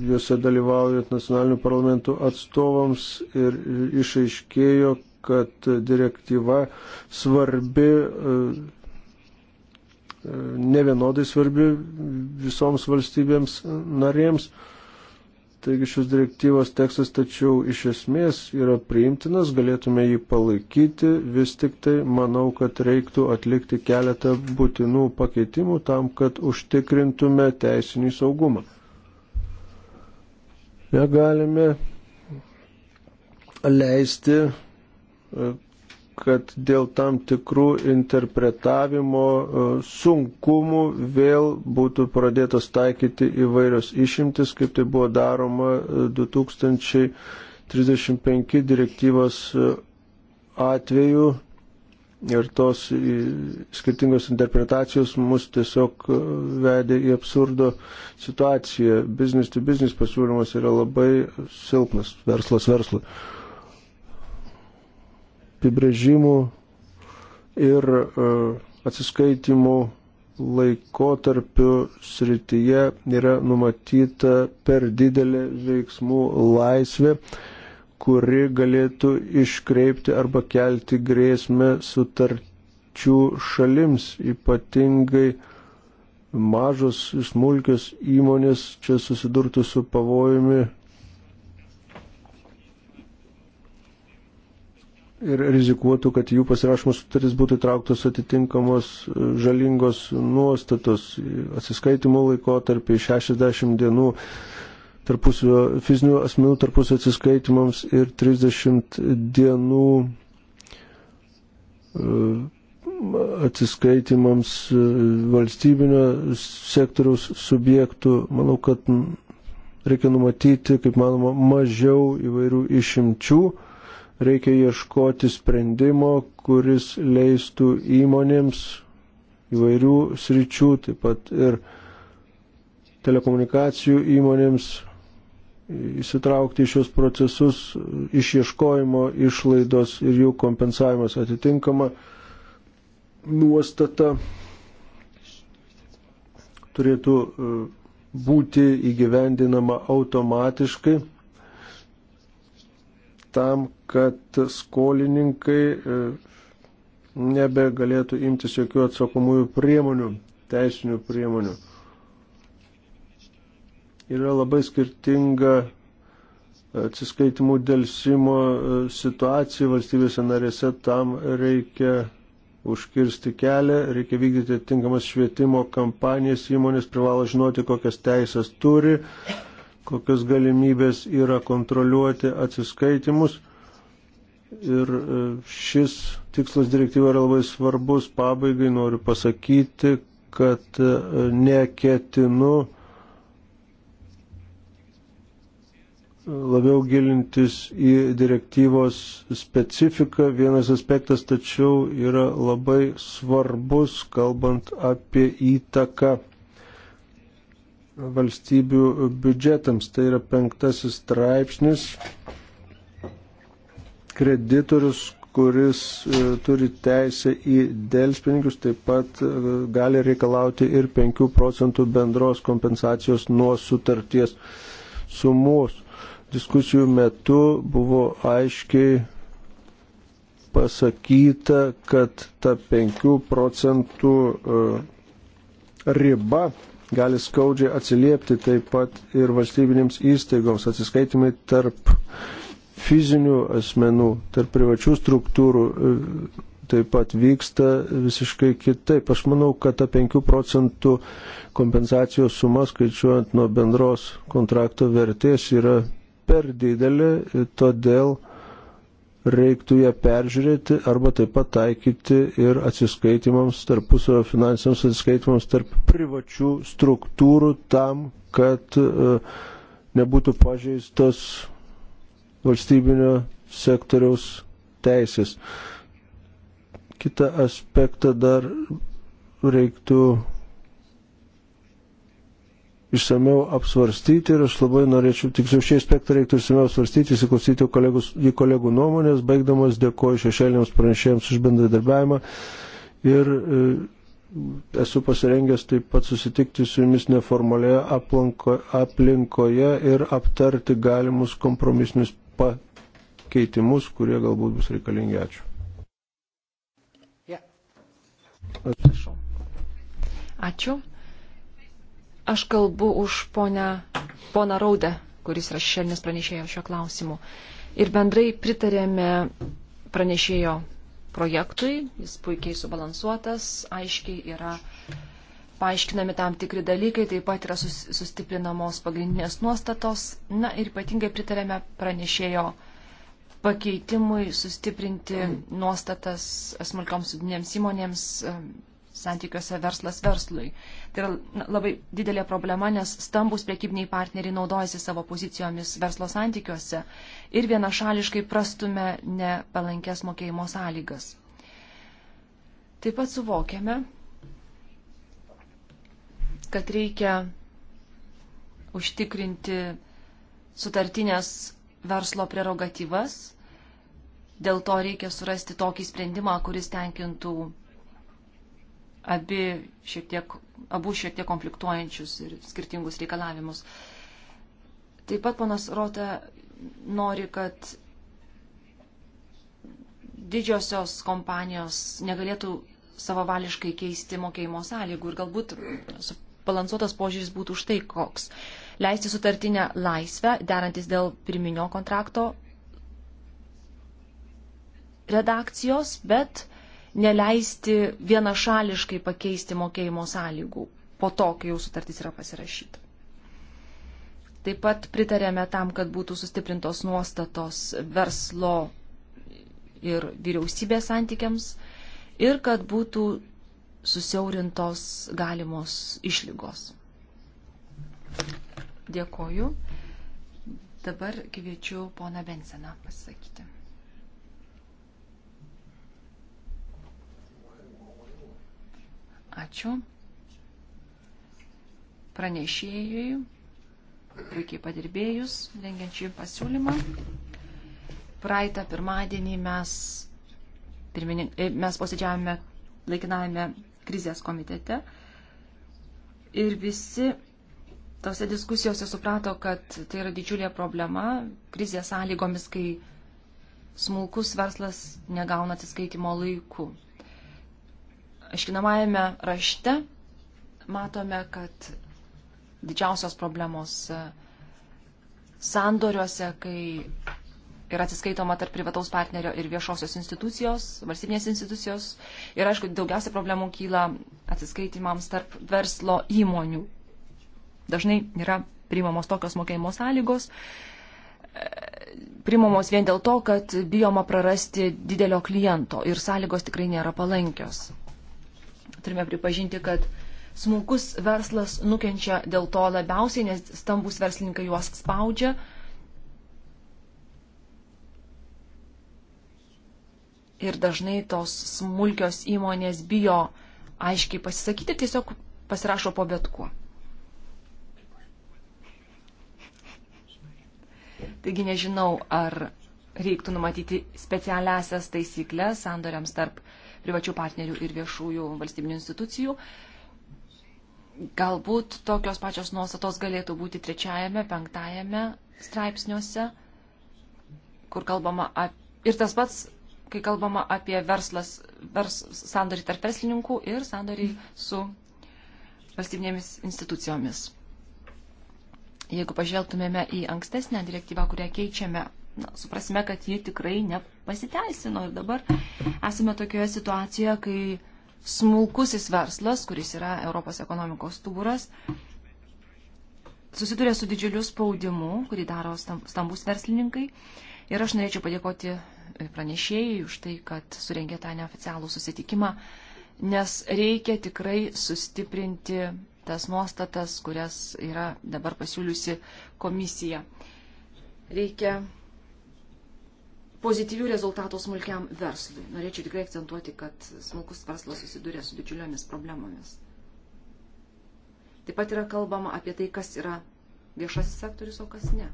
juose dalyvaujant nacionalinių parlamentų atstovams ir išaiškėjo, kad direktyva svarbi E, nevienodai svarbi visoms valstybėms narėms. Taigi šios direktyvos tekstas tačiau iš esmės yra priimtinas, galėtume jį palaikyti, vis tik tai manau, kad reiktų atlikti keletą būtinų pakeitimų tam, kad užtikrintume teisinį saugumą. Negalime leisti e, kad dėl tam tikrų interpretavimo e, sunkumų vėl būtų pradėtos taikyti įvairios išimtis, kaip tai buvo daroma 2035 e, direktyvos e, atveju. Ir tos skirtingos interpretacijos mus tiesiog vedė į absurdo situaciją. Business to business pasiūlymas yra labai silpnas, verslas verslui apibrėžimų ir e, atsiskaitimų laikotarpių srityje yra numatyta per didelė veiksmų laisvė, kuri galėtų iškreipti arba kelti grėsmę sutarčių šalims, ypatingai mažos smulkios įmonės čia susidurtų su pavojumi ir rizikuotų, kad jų pasirašymas sutartis būtų įtrauktos atitinkamos e, žalingos nuostatos e, atsiskaitimo laikotarpį 60 dienų tarpusio, fizinių asmenų tarpusio atsiskaitimams ir 30 dienų e, atsiskaitimams valstybinio sektoriaus subjektų. Manau, kad reikia numatyti, kaip manoma, mažiau įvairių išimčių Reikia ieškoti sprendimo, kuris leistų įmonėms įvairių sričių, taip pat ir telekomunikacijų įmonėms įsitraukti į šios procesus, išieškojimo išlaidos ir jų kompensavimas atitinkama nuostata turėtų e, būti įgyvendinama automatiškai tam, kad skolininkai e, nebegalėtų imtis jokių atsakomųjų priemonių, teisinių priemonių. Yra labai skirtinga atsiskaitimų dėlsimo e, situacijų valstybėse narėse tam reikia užkirsti kelią, reikia vykdyti tinkamas švietimo kampanijas, įmonės privalo žinoti, kokias teisės turi, kokios galimybės yra kontroliuoti atsiskaitimus. Ir e, šis tikslas direktyva yra labai svarbus. Pabaigai noriu pasakyti, kad e, neketinu labiau gilintis į direktyvos specifiką. Vienas aspektas tačiau yra labai svarbus, kalbant apie įtaką valstybių biudžetams. Tai yra penktasis straipsnis. Kreditorius, kuris e, turi teisę į dėlspinigus, taip pat e, gali reikalauti ir 5 procentų bendros kompensacijos nuo sutarties sumos. Diskusijų metu buvo aiškiai pasakyta, kad ta 5 procentų e, riba gali skaudžiai atsiliepti taip pat ir valstybinėms įstaigoms atsiskaitimai tarp fizinių asmenų, tarp privačių struktūrų e, taip pat vyksta visiškai kitaip. Aš manau, kad ta 5 procentų kompensacijos suma skaičiuojant nuo bendros kontrakto vertės yra per didelė, todėl reiktų ją peržiūrėti arba taip pat taikyti ir atsiskaitimams, tarpusavio finansiniams atsiskaitimams tarp privačių struktūrų tam, kad e, nebūtų pažeistos valstybinio sektoriaus teisės. Kita aspektą dar reiktų išsameu apsvarstyti ir aš labai norėčiau, tiksliau šį aspektą reiktų išsameu apsvarstyti, įsiklausyti kolegus, į kolegų nuomonės, baigdamas dėkoju šešėliniams pranešėjams už bendradarbiavimą ir e, esu pasirengęs taip pat susitikti su jumis neformalioje aplanko, aplinkoje ir aptarti galimus kompromisinius pakeitimus, kurie galbūt bus reikalingi. Ačiū. Ačiū.
Ačiū. Aš kalbu už ponę, poną Raudę, kuris yra šiandien pranešėjo šio klausimu. Ir bendrai pritarėme pranešėjo projektui, jis puikiai subalansuotas, aiškiai yra paaiškinami tam tikri dalykai, taip pat yra sus, sustiprinamos pagrindinės nuostatos. Na ir ypatingai pritarėme pranešėjo pakeitimui sustiprinti nuostatas smulkioms sudinėms įmonėms santykiuose verslas verslui. Tai yra na, labai didelė problema, nes stambus priekybiniai partneriai naudojasi savo pozicijomis verslo santykiuose ir vienašališkai prastume nepalankės mokėjimo sąlygas. Taip pat suvokiame, kad reikia užtikrinti sutartinės verslo prerogatyvas. Dėl to reikia surasti tokį sprendimą, kuris tenkintų abi šiek tiek, abu šiek tiek konfliktuojančius ir skirtingus reikalavimus. Taip pat ponas Rota nori, kad didžiosios kompanijos negalėtų savavališkai keisti mokėjimo sąlygų ir galbūt subalansuotas požiūris būtų štai koks. Leisti sutartinę laisvę, derantis dėl pirminio kontrakto redakcijos, bet neleisti vienašališkai pakeisti mokėjimo sąlygų po to, kai jau sutartis yra pasirašyta. Taip pat pritarėme tam, kad būtų sustiprintos nuostatos verslo ir vyriausybės santykiams ir kad būtų susiaurintos galimos išlygos. Dėkoju. Dabar kviečiu poną Benseną pasakyti. Ačiū. Pranešėjui, puikiai padirbėjus, rengiančiai pasiūlymą. Praeitą pirmadienį mes, pirminink, e, mes posėdžiavome laikinavime krizės komitete ir visi tose diskusijose suprato, kad tai yra didžiulė problema krizės sąlygomis, kai smulkus verslas negauna atsiskaitimo laiku aiškinamajame rašte matome, kad didžiausios problemos e, sandoriuose, kai yra atsiskaitoma tarp privataus partnerio ir viešosios institucijos, valstybinės institucijos. Ir aišku, daugiausia problemų kyla atsiskaitimams tarp verslo įmonių. Dažnai yra priimamos tokios mokėjimo sąlygos, e, priimamos vien dėl to, kad bijoma prarasti didelio kliento ir sąlygos tikrai nėra palankios turime pripažinti, kad smulkus verslas nukenčia dėl to labiausiai, nes stambus verslininkai juos spaudžia. Ir dažnai tos smulkios įmonės bijo aiškiai pasisakyti, tiesiog pasirašo po bet kuo. Taigi nežinau, ar reiktų numatyti specialiasias taisyklės sandoriams tarp uh, privačių partnerių ir viešųjų valstybinių institucijų. Galbūt tokios pačios nuostatos galėtų būti trečiajame, penktajame straipsniuose, kur kalbama apie. Ir tas pats, kai kalbama apie verslas, vers, sandorį tarp verslininkų ir sandorį su valstybinėmis institucijomis. Jeigu pažvelgtumėme į ankstesnę direktyvą, kurią keičiame, na, suprasime, kad ji tikrai nepasiteisino. Ir dabar esame tokioje situacijoje, kai smulkusis verslas, kuris yra Europos ekonomikos stuburas, susiduria su didžiuliu spaudimu, kurį daro stambus verslininkai. Ir aš norėčiau padėkoti pranešėjai už tai, kad surengė tą neoficialų susitikimą, nes reikia tikrai sustiprinti tas nuostatas, kurias yra dabar pasiūliusi komisija. Reikia pozityvių rezultatų smulkiam verslui. Norėčiau tikrai akcentuoti, kad smulkus verslas susiduria su didžiuliomis problemomis. Taip pat yra kalbama apie tai, kas yra viešasis sektorius, o kas ne.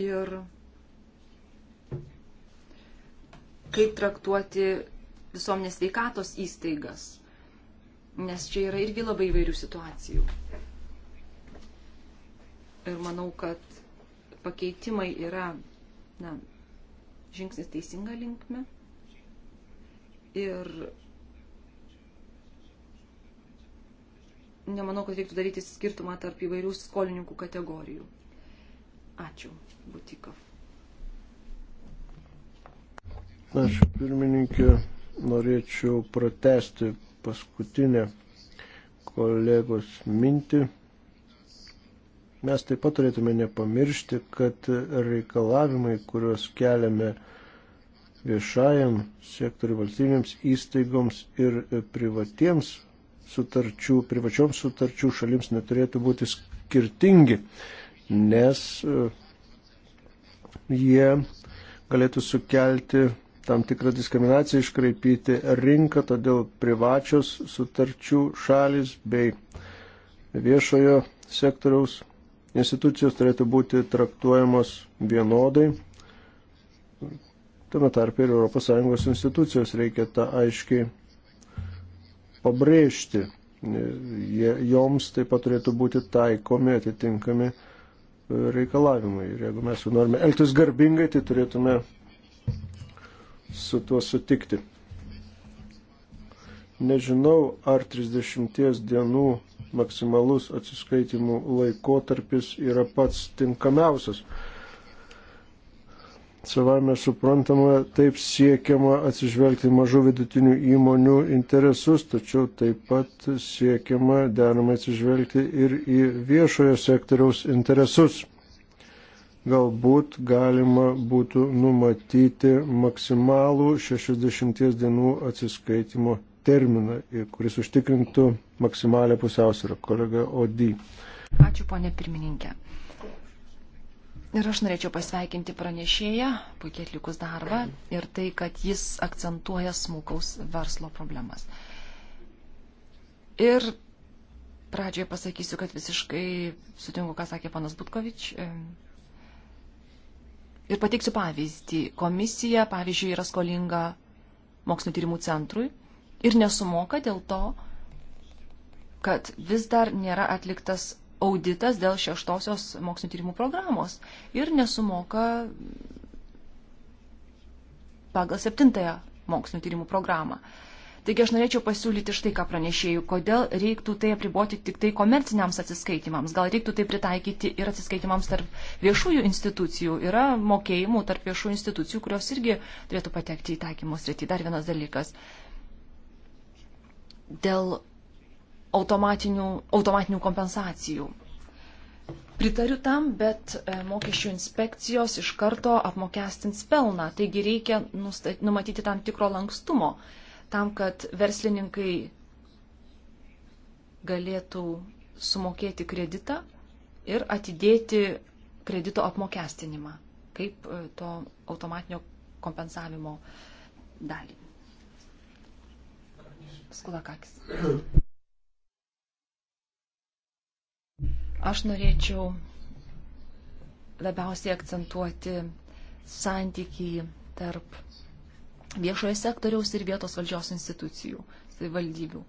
Ir kaip traktuoti visuomenės veikatos įstaigas, nes čia yra irgi labai įvairių situacijų ir manau, kad pakeitimai yra na, žingsnis teisinga linkme. Ir nemanau, kad reiktų daryti skirtumą tarp įvairių skolininkų kategorijų. Ačiū, Butikov.
Ačiū, pirmininkė. Norėčiau pratesti paskutinę kolegos mintį. Mes taip pat turėtume nepamiršti, kad reikalavimai, kuriuos keliame viešajam sektoriu valstybėms įstaigoms ir privatiems sutarčių, privačioms sutarčių šalims neturėtų būti skirtingi, nes e, jie galėtų sukelti tam tikrą diskriminaciją, iškraipyti rinką, todėl privačios sutarčių šalis bei viešojo sektoriaus institucijos turėtų būti traktuojamos vienodai. Tame tarpe ir ES institucijos reikia tą aiškiai pabrėžti. Joms taip pat turėtų būti taikomi atitinkami reikalavimai. Ir jeigu mes jau norime elgtis garbingai, tai turėtume su tuo sutikti. Nežinau, ar 30 dienų maksimalus atsiskaitimų laikotarpis yra pats tinkamiausias. Savame suprantama, taip siekiama atsižvelgti mažų vidutinių įmonių interesus, tačiau taip pat siekiama deramai atsižvelgti ir į viešojo sektoriaus interesus. Galbūt galima būtų numatyti maksimalų 60 dienų atsiskaitimo terminą, kuris užtikrintų maksimalę pusiausvyrą. Kolega Odi.
Ačiū, ponė pirmininkė. Ir aš norėčiau pasveikinti pranešėją, puikiai atlikus darbą ir tai, kad jis akcentuoja smūkaus verslo problemas. Ir pradžioje pasakysiu, kad visiškai sutinku, ką sakė panas Butkovič. Ir pateiksiu pavyzdį. Komisija, pavyzdžiui, yra skolinga mokslinio tyrimų centrui ir nesumoka dėl to, kad vis dar nėra atliktas auditas dėl šeštosios mokslinio tyrimų programos ir nesumoka pagal septintąją mokslinio tyrimų programą. Taigi aš norėčiau pasiūlyti štai ką pranešėjų, kodėl reiktų tai apriboti tik tai komerciniams atsiskaitimams, gal reiktų tai pritaikyti ir atsiskaitimams tarp viešųjų institucijų, yra mokėjimų tarp viešųjų institucijų, kurios irgi turėtų patekti į taikymus rytį. Dar vienas dalykas dėl automatinių, automatinių kompensacijų. Pritariu tam, bet e, mokesčių inspekcijos iš karto apmokestins pelną, taigi reikia nustat, numatyti tam tikro lankstumo, tam, kad verslininkai galėtų sumokėti kreditą ir atidėti kredito apmokestinimą kaip e, to automatinio kompensavimo dalį. Ponas Kulakakis. Aš norėčiau labiausiai akcentuoti santykį tarp viešojo sektoriaus ir vietos valdžios institucijų, savivaldybių.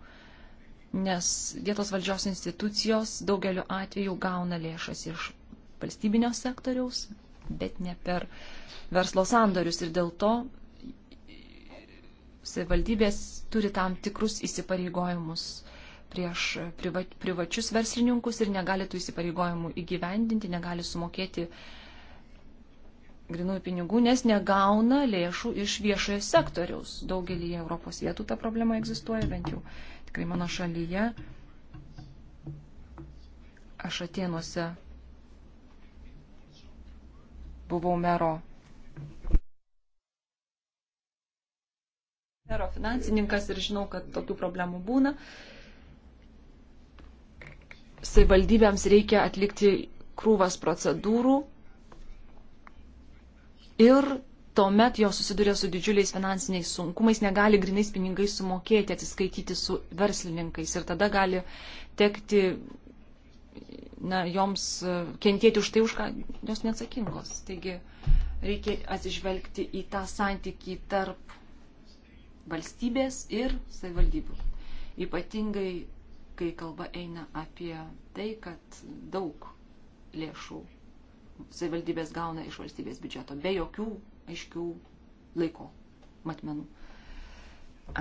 Nes vietos valdžios institucijos daugeliu atveju gauna lėšas iš valstybinio sektoriaus, bet ne per verslo sandorius ir dėl to savivaldybės turi tam tikrus įsipareigojimus prieš priva, privačius verslininkus ir negali tų įsipareigojimų įgyvendinti, negali sumokėti grinųjų pinigų, nes negauna lėšų iš viešojo sektoriaus. Daugelį Europos vietų ta problema egzistuoja, bent jau tikrai mano šalyje. Aš Atenuose buvau mero mero finansininkas ir žinau, kad tokių problemų būna. Savivaldybėms reikia atlikti krūvas procedūrų ir tuomet jos susiduria su didžiuliais finansiniais sunkumais, negali grinais pinigais sumokėti, atsiskaityti su verslininkais ir tada gali tekti na, joms e, kentėti už tai, už ką jos neatsakingos. Taigi reikia atsižvelgti į tą santykį tarp valstybės ir savivaldybių. Ypatingai, kai kalba eina apie tai, kad daug lėšų savivaldybės gauna iš valstybės biudžeto be jokių aiškių laiko matmenų.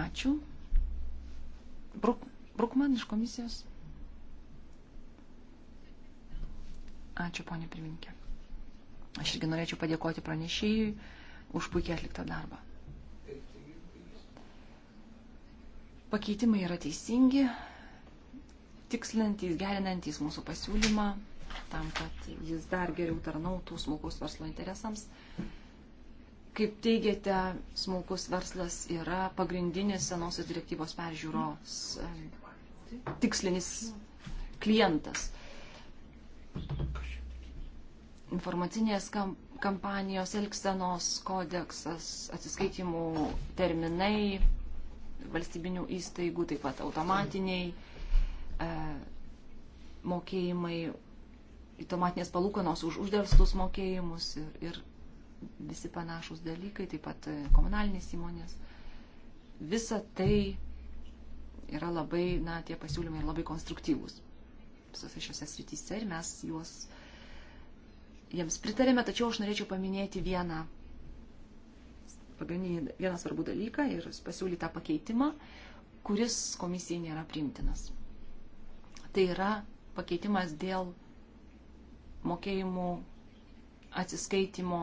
Ačiū. Bruk, Brukman iš komisijos. Ačiū, ponė pirminkė. Aš irgi norėčiau padėkoti pranešėjui už puikiai atliktą darbą. Pakeitimai yra teisingi, tikslintys, gerinantys mūsų pasiūlymą, tam, kad jis dar geriau tarnautų smulkus verslo interesams. Kaip teigiate, smulkus verslas yra pagrindinis senosios direktyvos peržiūros tikslinis klientas. Informacinės kampanijos, elksenos kodeksas, atsiskaitimų terminai, valstybinių įstaigų, taip pat automatiniai e, mokėjimai, automatinės palūkanos už uždelstus mokėjimus ir, ir visi panašus dalykai, taip pat e, komunalinės įmonės. Visa tai yra labai, na, tie pasiūlymai yra labai konstruktyvūs visose šiose srityse ir mes juos jiems pritarėme, tačiau aš norėčiau paminėti vieną pagrindinį vieną svarbų dalyką ir pasiūlytą pakeitimą, kuris komisijai nėra priimtinas. Tai yra pakeitimas dėl mokėjimų atsiskaitimo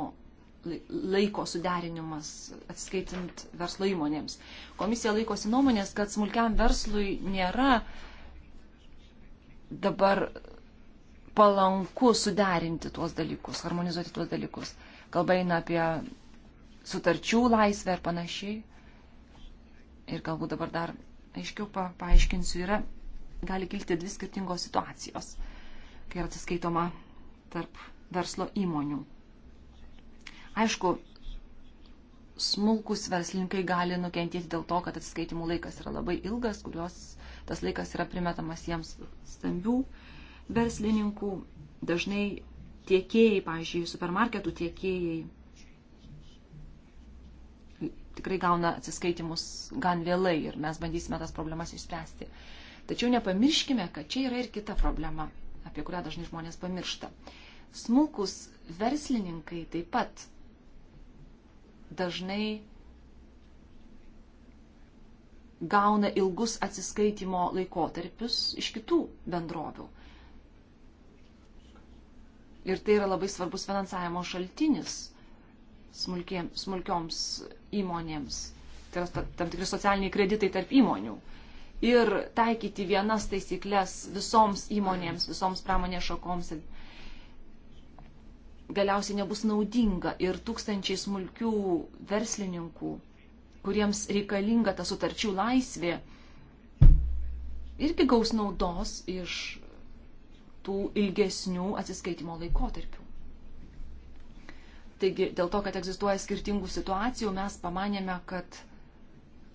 laiko suderinimas atsiskaitint verslo įmonėms. Komisija laikosi nuomonės, kad smulkiam verslui nėra dabar palanku suderinti tuos dalykus, harmonizuoti tuos dalykus. Kalba eina apie sutarčių laisvę ir panašiai. Ir galbūt dabar dar aiškiau pa, paaiškinsiu, yra, gali kilti dvi skirtingos situacijos, kai yra atsiskaitoma tarp verslo įmonių. Aišku, smulkus verslininkai gali nukentėti dėl to, kad atsiskaitimų laikas yra labai ilgas, kurios tas laikas yra primetamas jiems stambių verslininkų. Dažnai tiekėjai, pavyzdžiui, supermarketų tiekėjai tikrai gauna atsiskaitimus gan vėlai ir mes bandysime tas problemas išspręsti. Tačiau nepamirškime, kad čia yra ir kita problema, apie kurią dažnai žmonės pamiršta. Smulkus verslininkai taip pat dažnai gauna ilgus atsiskaitimo laikotarpius iš kitų bendrovių. Ir tai yra labai svarbus finansavimo šaltinis smulkiems, smulkioms įmonėms. Tai yra tam tikri socialiniai kreditai tarp įmonių. Ir taikyti vienas taisyklės visoms įmonėms, visoms pramonės šakoms galiausiai nebus naudinga ir tūkstančiai smulkių verslininkų, kuriems reikalinga ta sutarčių laisvė, irgi gaus naudos iš tų ilgesnių atsiskaitimo laikotarpių. Taigi dėl to, kad egzistuoja skirtingų situacijų, mes pamanėme, kad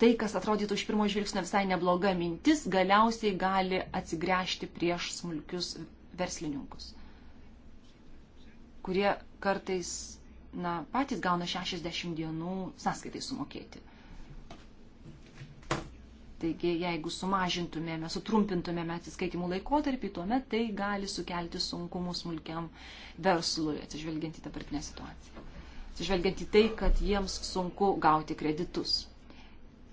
tai, kas atrodytų iš pirmo žvilgsnio visai nebloga mintis, galiausiai gali atsigręžti prieš smulkius verslininkus, kurie kartais na, patys gauna 60 dienų sąskaitai sumokėti. Taigi, jeigu sumažintumėme, sutrumpintumėme atsiskaitimų laikotarpį, tuomet tai gali sukelti sunkumų smulkiam verslui, atsižvelgiant į dabartinę situaciją atsižvelgiant į tai, kad jiems sunku gauti kreditus.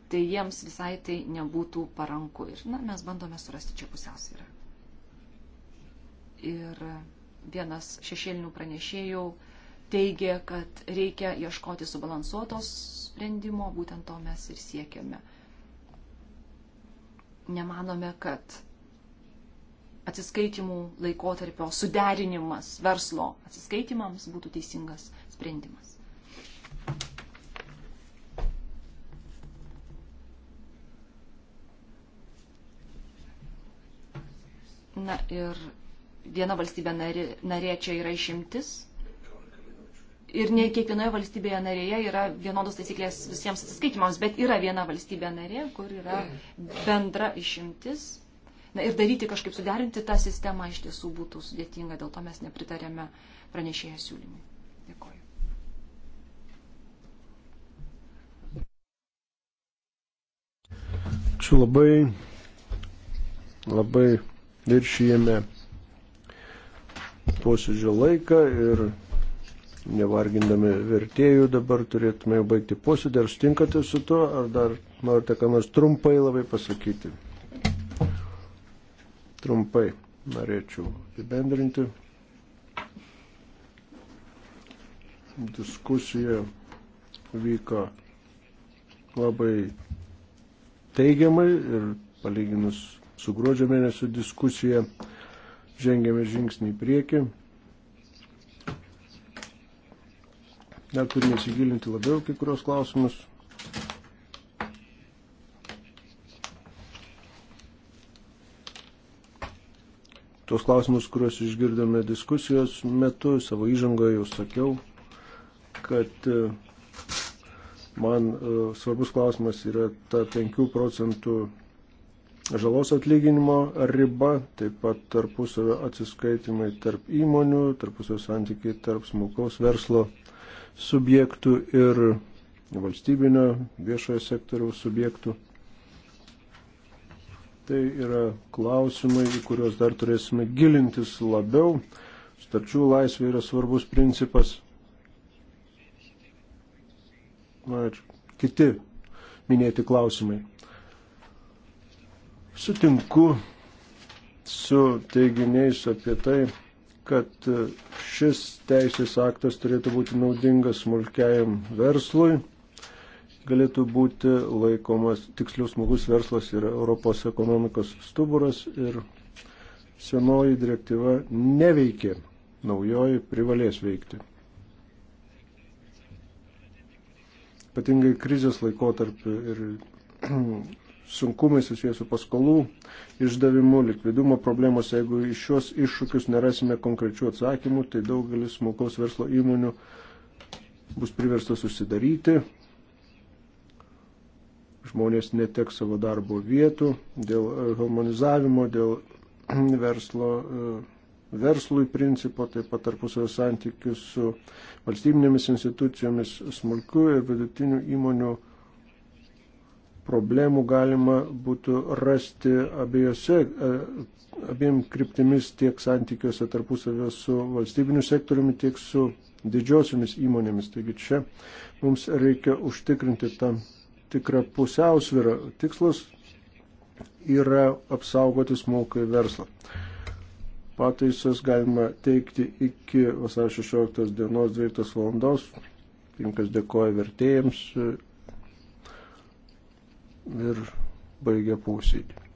Tai jiems visai tai nebūtų paranku. Ir na, mes bandome surasti čia pusiausvyrą. Ir vienas šešėlinių pranešėjų teigia, kad reikia ieškoti subalansuotos sprendimo, būtent to mes ir siekiame. Nemanome, kad atsiskaitimų laikotarpio suderinimas verslo atsiskaitimams būtų teisingas sprendimas. Na ir viena valstybė narė, narė čia yra išimtis. Ir ne kiekvienoje valstybėje narėje yra vienodos taisyklės visiems atsiskaitimams, bet yra viena valstybė narė, kur yra bendra išimtis. Na ir daryti kažkaip suderinti tą sistemą iš tiesų būtų sudėtinga, dėl to mes nepritarėme pranešėjo siūlymui.
Ačiū labai, labai viršijame posėdžio laiką ir nevargindami vertėjų dabar turėtume jau baigti posėdį. Ar sutinkate su tuo, ar dar norite ką nors trumpai labai pasakyti? Trumpai norėčiau apibendrinti diskusija vyko labai teigiamai ir palyginus su gruodžio mėnesio diskusija žengėme žingsnį į priekį. Dar turime įsigilinti labiau kai kurios klausimus. Tuos klausimus, kuriuos išgirdome diskusijos metu, savo įžangoje jau sakiau, kad uh, Man e, svarbus klausimas yra ta 5 procentų žalos atlyginimo riba, taip pat tarpusavio atsiskaitimai tarp įmonių, tarpusavio santykiai tarp smulkaus verslo subjektų ir valstybinio viešojo sektoriaus subjektų. Tai yra klausimai, į kuriuos dar turėsime gilintis labiau. Starčių laisvė yra svarbus principas na, ir kiti minėti klausimai. Sutinku su teiginiais apie tai, kad šis teisės aktas turėtų būti naudingas smulkiajam verslui, galėtų būti laikomas, tiksliau smagus verslas yra Europos ekonomikos stuburas ir senoji direktyva neveikė, naujoji privalės veikti. ypatingai krizės laikotarpiu ir [CLEARS THROAT] sunkumai susijęs su paskolų išdavimu, likvidumo problemos, jeigu iš šios iššūkius nerasime konkrečių atsakymų, tai daugelis smulkaus verslo įmonių bus priverstas susidaryti, žmonės neteks savo darbo vietų dėl e, harmonizavimo, dėl [CLEARS THROAT] verslo e, verslui principo, taip pat tarpusavio santykių su valstybinėmis institucijomis, smulkių ir vidutinių įmonių problemų galima būtų rasti abiejose, e, abiem kryptimis tiek santykiuose tarpusavio su valstybiniu sektoriumi, tiek su didžiosiomis įmonėmis. Taigi čia mums reikia užtikrinti tam tikrą pusiausvyrą. Tikslas yra apsaugoti smulkai verslą. Pataisas galima teikti iki vasario 16 dienos 12 valandos. Pinkas dėkoja vertėjams ir baigia posėdį.